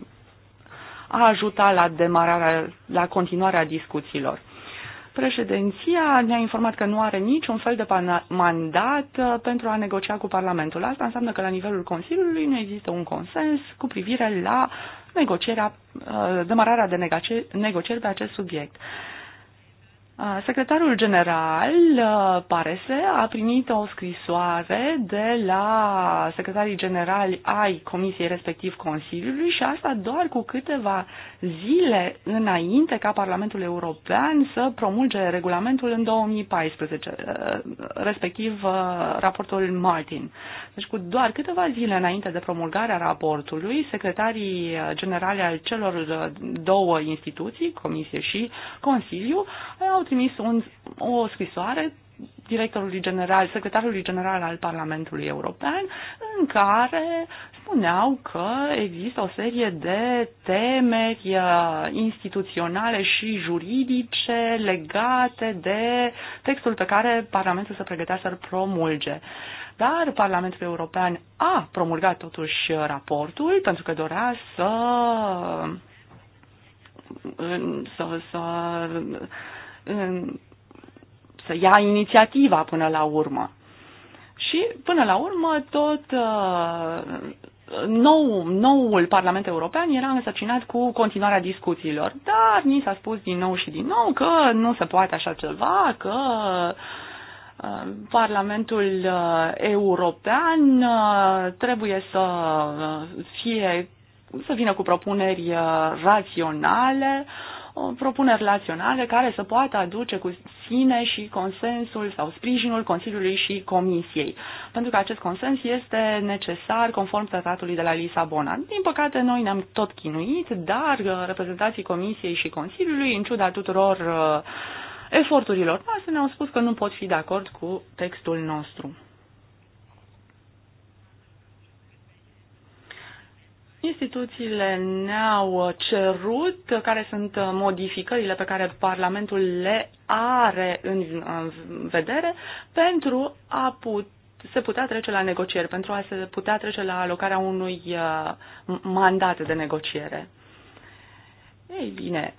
a ajuta la demararea, la continuarea discuțiilor. Președinția ne-a informat că nu are niciun fel de mandat uh, pentru a negocia cu Parlamentul. Asta înseamnă că la nivelul Consiliului nu există un consens cu privire la negocierea, uh, demararea de negocieri pe acest subiect. Secretarul general Parese a primit o scrisoare de la secretarii generali ai comisiei respectiv Consiliului și asta doar cu câteva zile înainte ca Parlamentul European să promulge regulamentul în 2014, respectiv raportul Martin. Deci cu doar câteva zile înainte de promulgarea raportului, secretarii generale al celor două instituții, Comisie și Consiliu, au trimis un, o scrisoare directorului general, secretarului general al Parlamentului European, în care spuneau că există o serie de temeri uh, instituționale și juridice legate de textul pe care Parlamentul se pregătea să-l promulge. Uh, dar Parlamentul European a promulgat totuși raportul pentru că dorea să să, să, să ia inițiativa până la urmă. Și până la urmă tot uh, nou, noul Parlament European era însărcinat cu continuarea discuțiilor. Dar ni s-a spus din nou și din nou că nu se poate așa ceva, că uh, Uh, Parlamentul uh, European uh, trebuie să fie să vină cu propuneri raționale, propuneri raționale care să poată aduce cu sine și consensul sau sprijinul Consiliului și Comisiei. Pentru că acest consens este necesar conform tratatului de la Lisabona. Din păcate, noi ne-am tot chinuit, dar reprezentanții Comisiei și Consiliului, în ciuda tuturor uh, eforturilor noastre ne-au spus că nu pot fi de acord cu textul nostru. Instituțiile ne-au cerut care sunt modificările pe care Parlamentul le are în vedere pentru a putea se putea trece la negocieri, pentru a se putea trece la alocarea unui uh, mandat de negociere. Ei bine,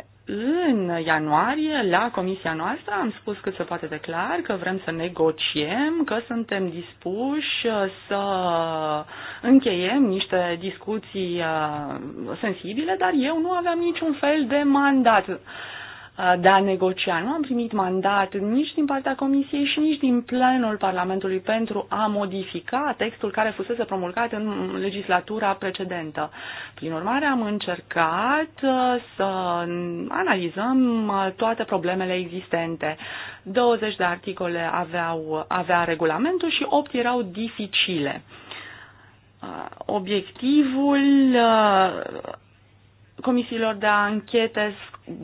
în ianuarie, la comisia noastră, am spus cât se poate de clar că vrem să negociem, că suntem dispuși să încheiem niște discuții uh, sensibile, dar eu nu aveam niciun fel de mandat Uh, de a negocia. Nu am primit mandat nici din partea Comisiei și nici din plenul Parlamentului pentru a modifica textul care fusese promulgat în legislatura precedentă. Prin urmare, am încercat uh, să analizăm uh, toate problemele existente. 20 de articole aveau, avea regulamentul și 8 erau dificile. Obiectivul comisiilor de anchete,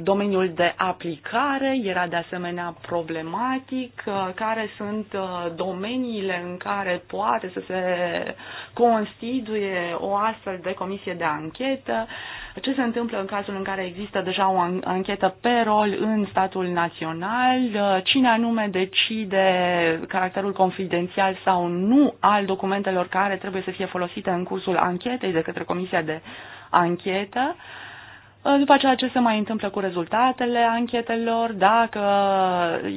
domeniul de aplicare era de asemenea problematic, uh, care sunt uh, domeniile în care poate să se constituie o astfel de comisie de anchetă, ce se întâmplă în cazul în care există deja o anchetă pe rol în statul național, uh, cine anume decide caracterul confidențial sau nu al documentelor care trebuie să fie folosite în cursul anchetei de către comisia de anchetă, după aceea, ce se mai întâmplă cu rezultatele anchetelor, dacă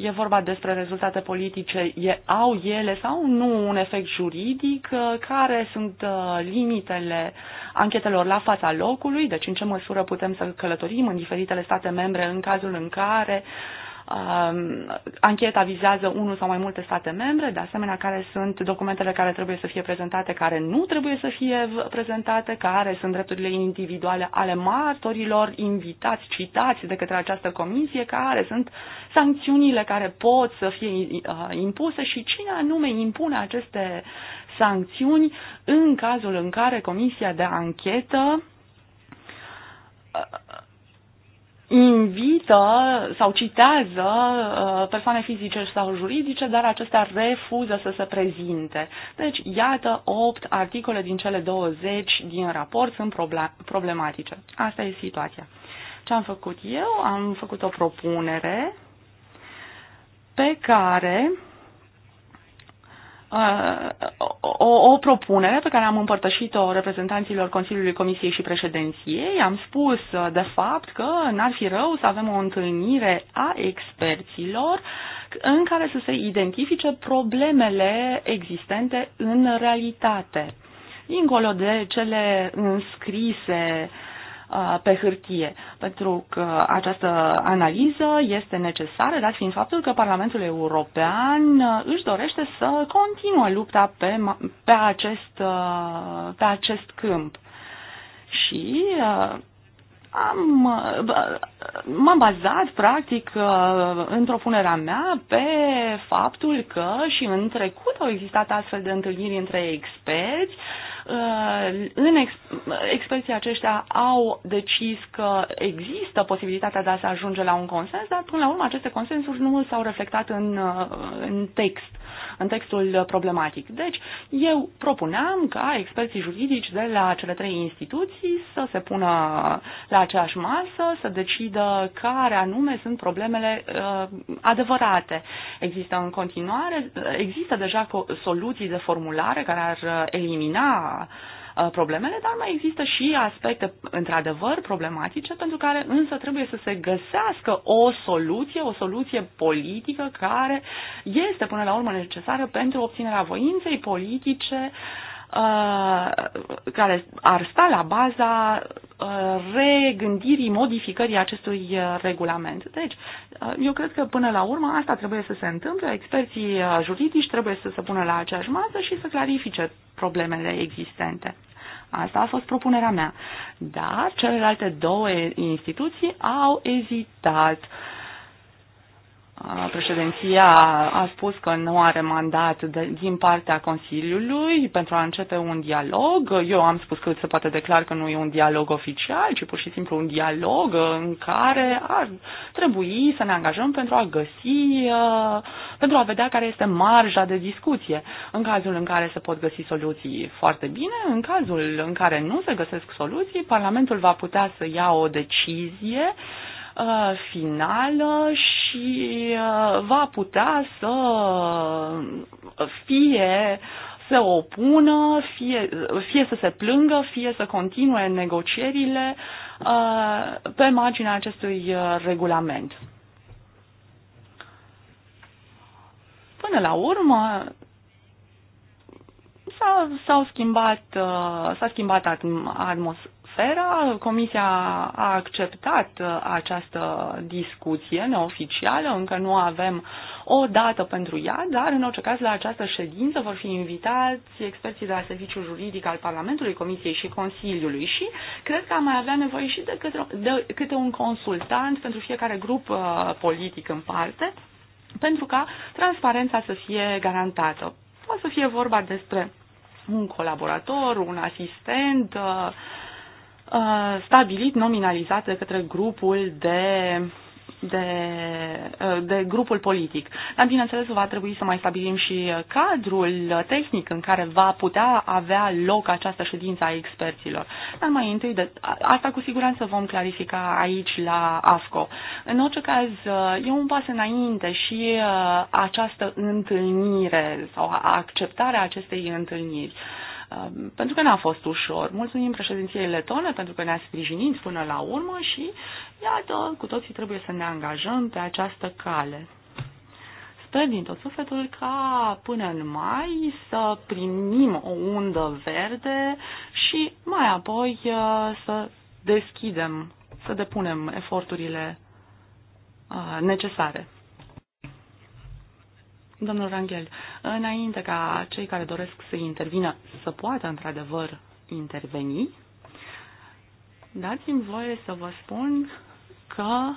e vorba despre rezultate politice, e, au ele sau nu un efect juridic, care sunt uh, limitele anchetelor la fața locului, deci în ce măsură putem să călătorim în diferitele state membre în cazul în care uh, Um, ancheta vizează unul sau mai multe state membre, de asemenea care sunt documentele care trebuie să fie prezentate, care nu trebuie să fie prezentate, care sunt drepturile individuale ale martorilor invitați, citați de către această comisie, care sunt sancțiunile care pot să fie uh, impuse și cine anume impune aceste sancțiuni în cazul în care comisia de anchetă uh, invită sau citează uh, persoane fizice sau juridice, dar acestea refuză să se prezinte. Deci, iată, 8 articole din cele 20 din raport sunt problematice. Asta e situația. Ce am făcut eu? Am făcut o propunere pe care Uh, o, o propunere pe care am împărtășit-o reprezentanților Consiliului Comisiei și președinției. Am spus, uh, de fapt, că n-ar fi rău să avem o întâlnire a experților în care să se identifice problemele existente în realitate. Dincolo de cele înscrise pe hârtie, pentru că această analiză este necesară, dat fiind faptul că Parlamentul European își dorește să continue lupta pe, pe, acest, pe acest câmp. Și am, uh, m-am bazat, practic, uh, într-o propunerea mea pe faptul că și în trecut au existat astfel de întâlniri între experți. Uh, în ex- experții aceștia au decis că există posibilitatea de a se ajunge la un consens, dar până la urmă aceste consensuri nu s-au reflectat în, în text în textul problematic. Deci, eu propuneam ca experții juridici de la cele trei instituții să se pună la aceeași masă, să decidă care anume sunt problemele uh, adevărate. Există în continuare, există deja soluții de formulare care ar elimina uh, Uh, problemele, dar mai există și aspecte într-adevăr problematice pentru care însă trebuie să se găsească o soluție, o soluție politică care este până la urmă necesară pentru obținerea voinței politice uh, care ar sta la baza uh, regândirii, modificării acestui regulament. Deci, eu cred că până la urmă asta trebuie să se întâmple, experții juridici trebuie să se pună la aceeași masă și să clarifice problemele existente. Asta a fost propunerea mea. Dar celelalte două instituții au ezitat. Uh, președinția a spus că nu are mandat de, din partea Consiliului pentru a începe un dialog. Eu am spus că se poate declar că nu e un dialog oficial, ci pur și simplu un dialog în care ar trebui să ne angajăm pentru a găsi, pentru a vedea care este marja de discuție. În cazul în care se pot găsi soluții foarte bine, în cazul în care nu se găsesc soluții, Parlamentul va putea să ia o decizie uh, Uh, finală și uh, va putea să fie să opună, fie, fie să se plângă, fie să continue negocierile uh, pe marginea acestui regulament. Până la urmă, s-a, s-au schimbat, s-a schimbat atmos, oferă. Comisia a acceptat uh, această discuție neoficială, încă nu avem o dată pentru ea, dar în orice caz la această ședință vor fi invitați experții de la Serviciul Juridic al Parlamentului, Comisiei și Consiliului și cred că am mai avea nevoie și de, câte, de câte un consultant pentru fiecare grup uh, politic în parte pentru ca transparența să fie garantată. Poate să fie vorba despre un colaborator, un asistent, uh, Uh, stabilit, nominalizat de către grupul de de, uh, de grupul politic. Dar, bineînțeles, va trebui să mai stabilim și uh, cadrul tehnic în care va putea avea loc această ședință a experților. Dar mai întâi, de, asta cu siguranță vom clarifica aici la AFCO. În orice caz, e un pas înainte și această întâlnire sau acceptarea acestei întâlniri. Uh, Um, pentru că n-a fost ușor. Mulțumim președinției letone pentru că ne-a sprijinit până la urmă și, iată, cu toții trebuie să ne angajăm pe această cale. Sper din tot sufletul ca până în mai să primim o undă verde și mai apoi uh, să deschidem, să depunem eforturile uh, necesare. Domnul Rangel, înainte ca cei care doresc să intervină să poată într-adevăr interveni, dați-mi voie să vă spun că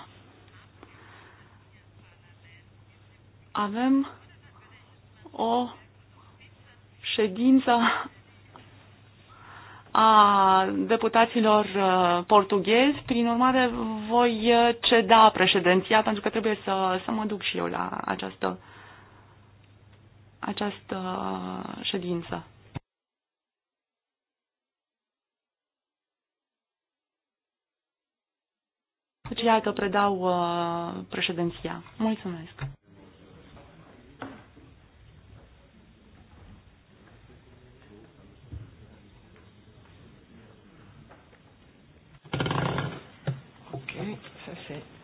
avem o ședință a deputaților uh, portughezi. Prin urmare, voi uh, ceda președinția pentru că trebuie să, să mă duc și eu la această această ședință. Deci, iată, predau uh, președinția. Mulțumesc!
Okay, ça c'est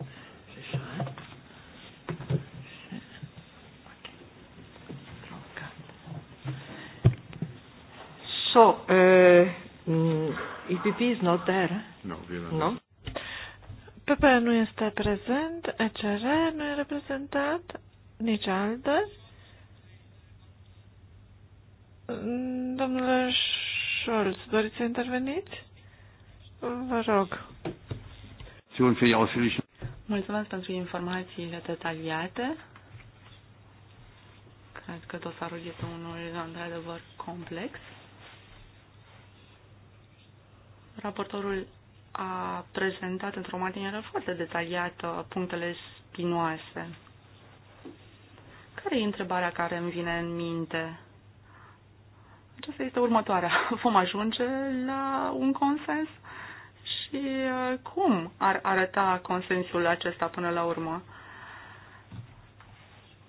So, uh, EPP mm, is not there. No, No? PP nu este prezent, ECR nu e reprezentat, nici altă. Domnule Scholz, doriți să interveniți?
Vă rog. Mulțumesc pentru informațiile detaliate. Cred că dosarul este unul, într-adevăr, complex. Raportorul a prezentat într-o manieră foarte detaliată punctele spinoase. Care e întrebarea care îmi vine în minte? Aceasta este următoarea. Vom ajunge la un consens? Și uh, cum ar arăta consensul acesta până la urmă?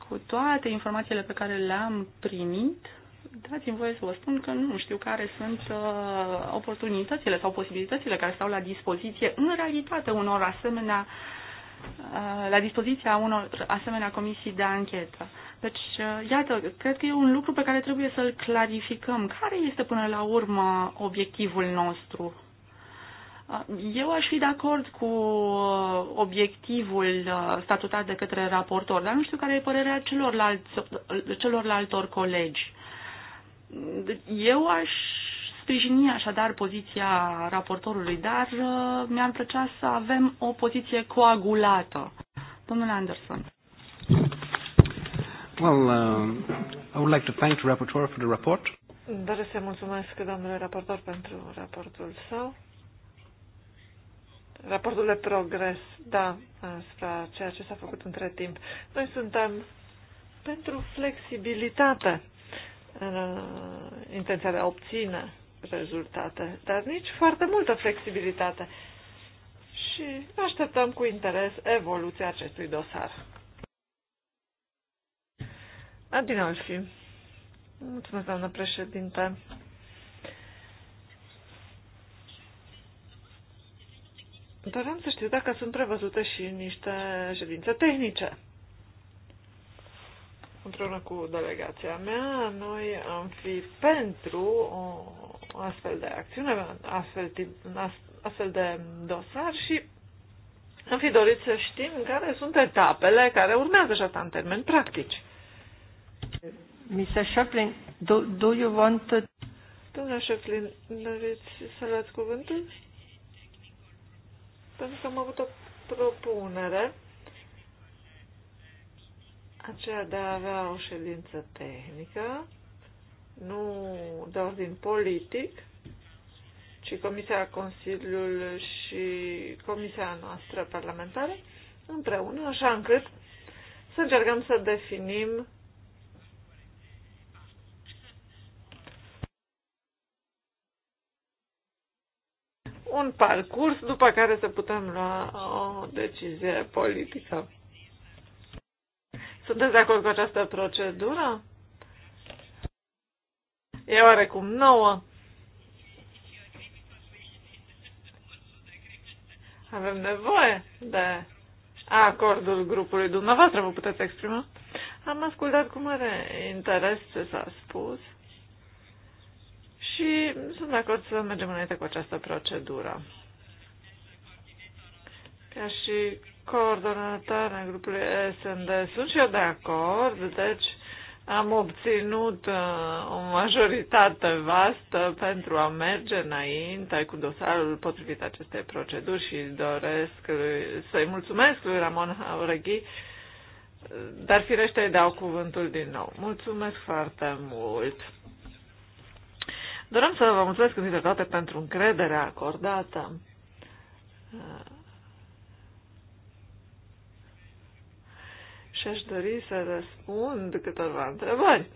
Cu toate informațiile pe care le-am primit, dați-mi voie să vă spun că nu știu care sunt uh, oportunitățile sau posibilitățile care stau la dispoziție în realitate unor asemenea uh, la dispoziția unor asemenea comisii de anchetă. Deci, uh, iată, cred că e un lucru pe care trebuie să-l clarificăm. Care este până la urmă obiectivul nostru? Uh, eu aș fi de acord cu obiectivul statutat de către raportor, dar nu știu care e părerea celorlalți, celorlaltor colegi. Uh, eu aș sprijini așadar poziția raportorului, dar uh, mi-ar plăcea să avem o poziție coagulată. Domnule Anderson.
Well, uh, I would like to thank the rapporteur for the report.
Doresc să mulțumesc domnule raportor pentru raportul său. Raportul de progres, da, asupra ceea ce s-a făcut între timp. Noi suntem pentru flexibilitate Uh, intenția de a obține rezultate, dar nici foarte multă flexibilitate. Și așteptăm cu interes evoluția acestui dosar. Olfi. Mulțumesc, doamnă președinte. Doream să știu dacă sunt prevăzute și niște ședințe tehnice împreună cu delegația mea, noi am fi pentru o astfel de acțiune, astfel, tip, astfel de dosar și am fi dorit să știm care sunt etapele care urmează și asta în termeni practici. Mr.
Schöpflin, do, do you want to...
Domnule Schöpflin, doriți să luați cuvântul? Pentru că am avut o propunere aceea de a avea o ședință tehnică, nu de ordin politic, ci Comisia Consiliul și Comisia noastră parlamentară împreună, așa încât să încercăm să definim un parcurs după care să putem lua o decizie politică. Sunteți de acord cu această procedură? E oarecum nouă. Avem nevoie de acordul grupului dumneavoastră, vă puteți exprima? Am ascultat cu mare interes ce s-a spus și sunt de acord să mergem înainte cu această procedură. Ca și în grupul SND. Sunt și eu de acord, deci am obținut uh, o majoritate vastă pentru a merge înainte cu dosarul potrivit acestei proceduri și doresc să-i mulțumesc lui Ramon Aureghi, dar firește îi dau cuvântul din nou. Mulțumesc foarte mult! Doream să vă mulțumesc întâi de toate pentru încrederea acordată. și aș dori să răspund câteva întrebări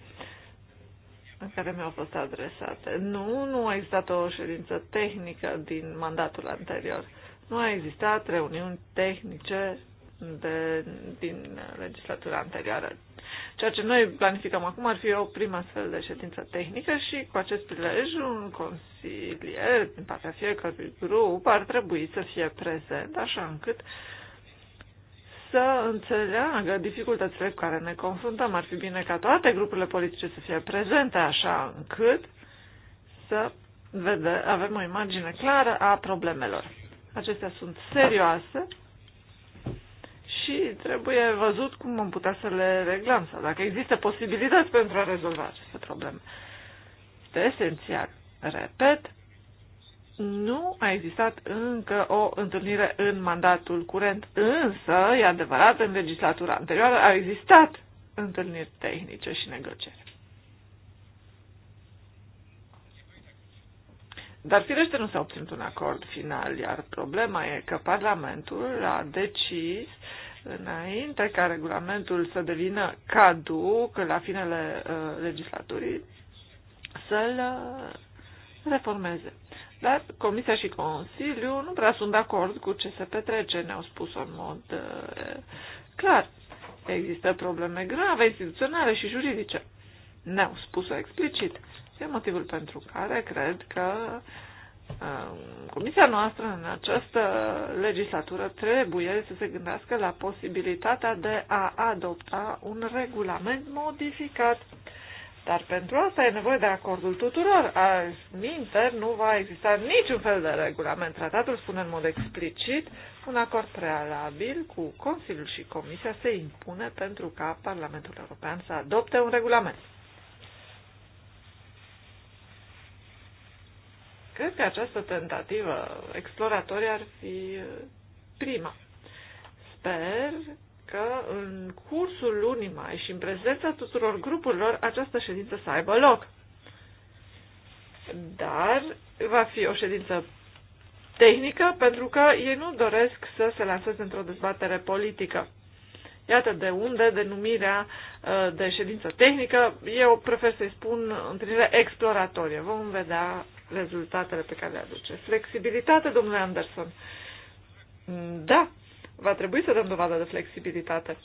care mi-au fost adresate. Nu, nu a existat o ședință tehnică din mandatul anterior. Nu a existat reuniuni tehnice de, din legislatura anterioară. Ceea ce noi planificăm acum ar fi o prima astfel de ședință tehnică și cu acest prilej un consilier din partea fiecărui grup ar trebui să fie prezent, așa încât uh, să înțeleagă dificultățile cu care ne confruntăm. Ar fi bine ca toate grupurile politice să fie prezente așa încât să vede, avem o imagine clară a problemelor. Acestea sunt serioase și trebuie văzut cum am putea să le reglăm sau dacă există posibilități pentru a rezolva aceste probleme. Este esențial, repet, nu a existat încă o întâlnire în mandatul curent, însă, e adevărat, în legislatura anterioară au existat întâlniri tehnice și negocieri. Dar firește nu s-a obținut un acord final, iar problema e că Parlamentul a decis înainte ca regulamentul să devină caduc la finele uh, legislaturii, să-l uh, reformeze. Dar Comisia și Consiliul nu prea sunt de acord cu ce se petrece, ne-au spus în mod uh, clar. Există probleme grave, instituționale și juridice. Ne-au spus-o explicit. E motivul pentru care cred că uh, Comisia noastră în această legislatură trebuie să se gândească la posibilitatea de a adopta un regulament modificat dar pentru asta e nevoie de acordul tuturor. Minter nu va exista niciun fel de regulament. Tratatul spune în mod explicit un acord prealabil cu Consiliul și Comisia se impune pentru ca Parlamentul European să adopte un regulament. Cred că această tentativă exploratorie ar fi eh, prima. Sper că în cursul lunii mai și în prezența tuturor grupurilor această ședință să aibă loc. Dar va fi o ședință tehnică pentru că ei nu doresc să se lanseze într-o dezbatere politică. Iată de unde denumirea uh, de ședință tehnică, eu prefer să-i spun întâlnire exploratorie. Vom vedea rezultatele pe care le aduce. Flexibilitate, domnule Anderson. Da, Va trebui să dăm dovadă de flexibilitate.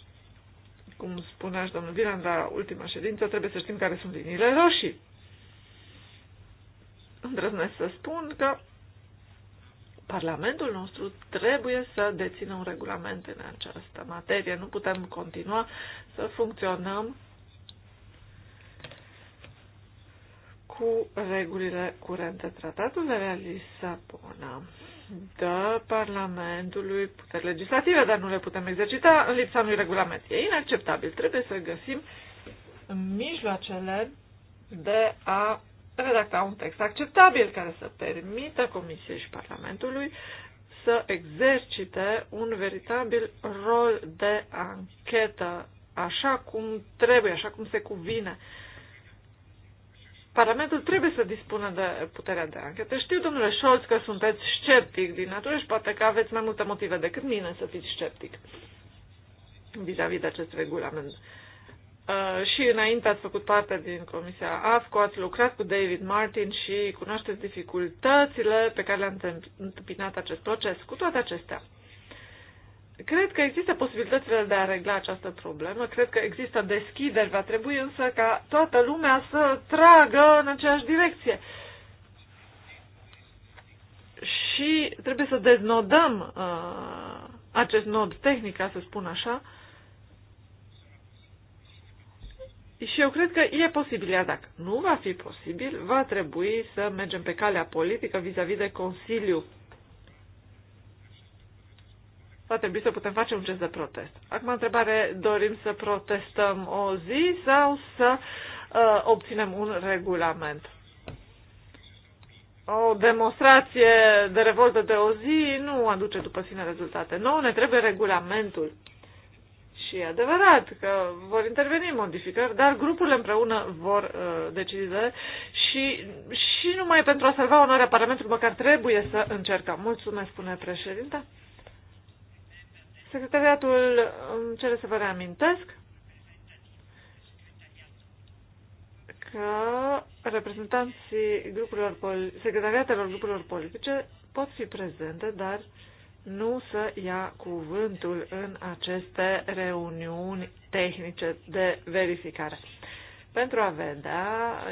Cum spunea și domnul Vilan la da, ultima ședință, trebuie să știm care sunt liniile roșii. Îndrăznesc să spun că Parlamentul nostru trebuie să dețină un regulament în această materie. Nu putem continua să funcționăm cu regulile curente. tratatului de la Lisabona dă Parlamentului puteri legislative, dar nu le putem exercita în lipsa unui regulament. E inacceptabil. Trebuie să găsim mijloacele de a redacta un text acceptabil care să permită Comisiei și Parlamentului să exercite un veritabil rol de anchetă, așa cum trebuie, așa cum se cuvine Parlamentul trebuie să dispună de puterea de anchetă. Știu, domnule Scholz, că sunteți sceptic din natură și poate că aveți mai multe motive decât mine să fiți sceptic vis-a-vis -vis de acest regulament. Uh, și înainte ați făcut parte din Comisia AFCO, ați lucrat cu David Martin și cunoașteți dificultățile pe care le-a întâmpinat acest proces. Cu toate acestea, Cred că există posibilitățile de a regla această problemă, cred că există deschideri, va trebui însă ca toată lumea să tragă în aceeași direcție. Și trebuie să deznodăm uh, acest nod tehnic, ca să spun așa. Și eu cred că e posibil, iar dacă nu va fi posibil, va trebui să mergem pe calea politică vis-a-vis -vis de Consiliu va trebui să putem face un gest de protest. Acum, întrebare, dorim să protestăm o zi sau să uh, obținem un regulament? O demonstrație de revoltă de o zi nu aduce după sine rezultate. Nu, ne trebuie regulamentul. Și e adevărat că vor interveni modificări, dar grupurile împreună vor uh, decide și, și numai pentru a salva onoarea Parlamentului, măcar trebuie să încercăm. Mulțumesc, spune președinte. Secretariatul îmi cere să vă reamintesc că reprezentanții grupurilor secretariatelor grupurilor politice pot fi prezente, dar nu să ia cuvântul în aceste reuniuni tehnice de verificare. Pentru a vedea,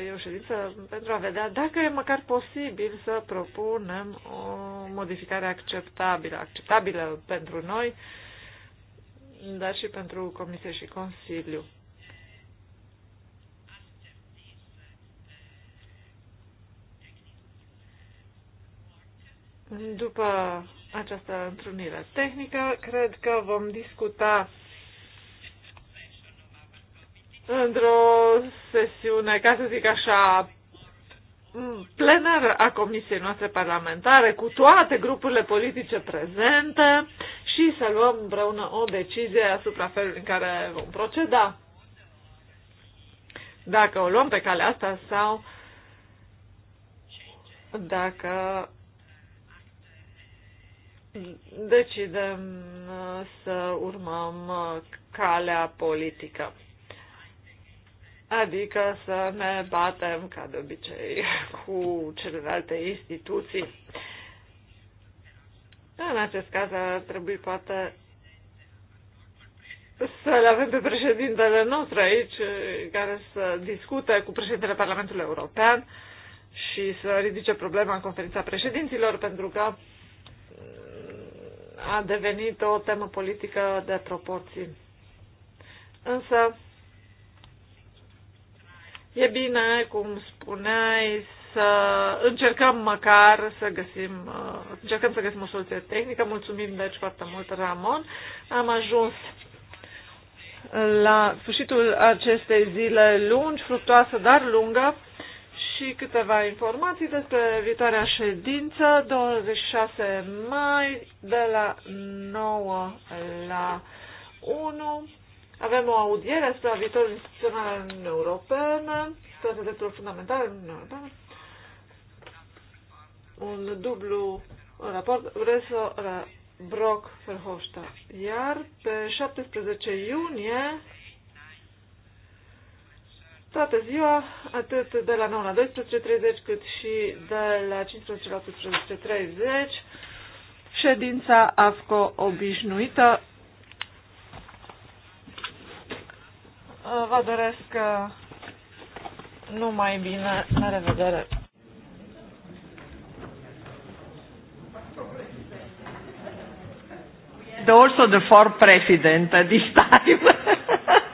e o ședință pentru a vedea dacă e măcar posibil să propunem o modificare acceptabilă, acceptabilă pentru noi, dar și pentru Comisie și Consiliu. După această întrunire tehnică, cred că vom discuta într-o sesiune, ca să zic așa, plenară a Comisiei noastre parlamentare, cu toate grupurile politice prezente și să luăm împreună o decizie asupra felului în care vom proceda. Dacă o luăm pe calea asta sau dacă decidem uh, să urmăm uh, calea politică. Adică să ne batem, ca de obicei, cu celelalte instituții da, în acest caz ar trebui poate să-l avem pe președintele nostru aici, eh, care să discute cu președintele Parlamentului European și să ridice problema în conferința președinților, pentru că mm, a devenit o temă politică de proporții. Însă, e bine, cum spuneai, să încercăm măcar să găsim, să uh, încercăm să găsim o soluție tehnică. Mulțumim deci foarte mult, Ramon. Am ajuns la sfârșitul acestei zile lungi, fructoasă, dar lungă și câteva informații despre viitoarea ședință, 26 mai, de la 9 la 1. Avem o audiere asupra viitorului instituțional în Uniunii Europene, situația fundamentale în Europeană un dublu raport Breso Brock Verhofstadt. Iar pe 17 iunie, toată ziua, atât de la 9 la 12.30 cât și de la 15 la 18.30, ședința AFCO obișnuită. Vă doresc numai bine, la revedere! also the four president at this time.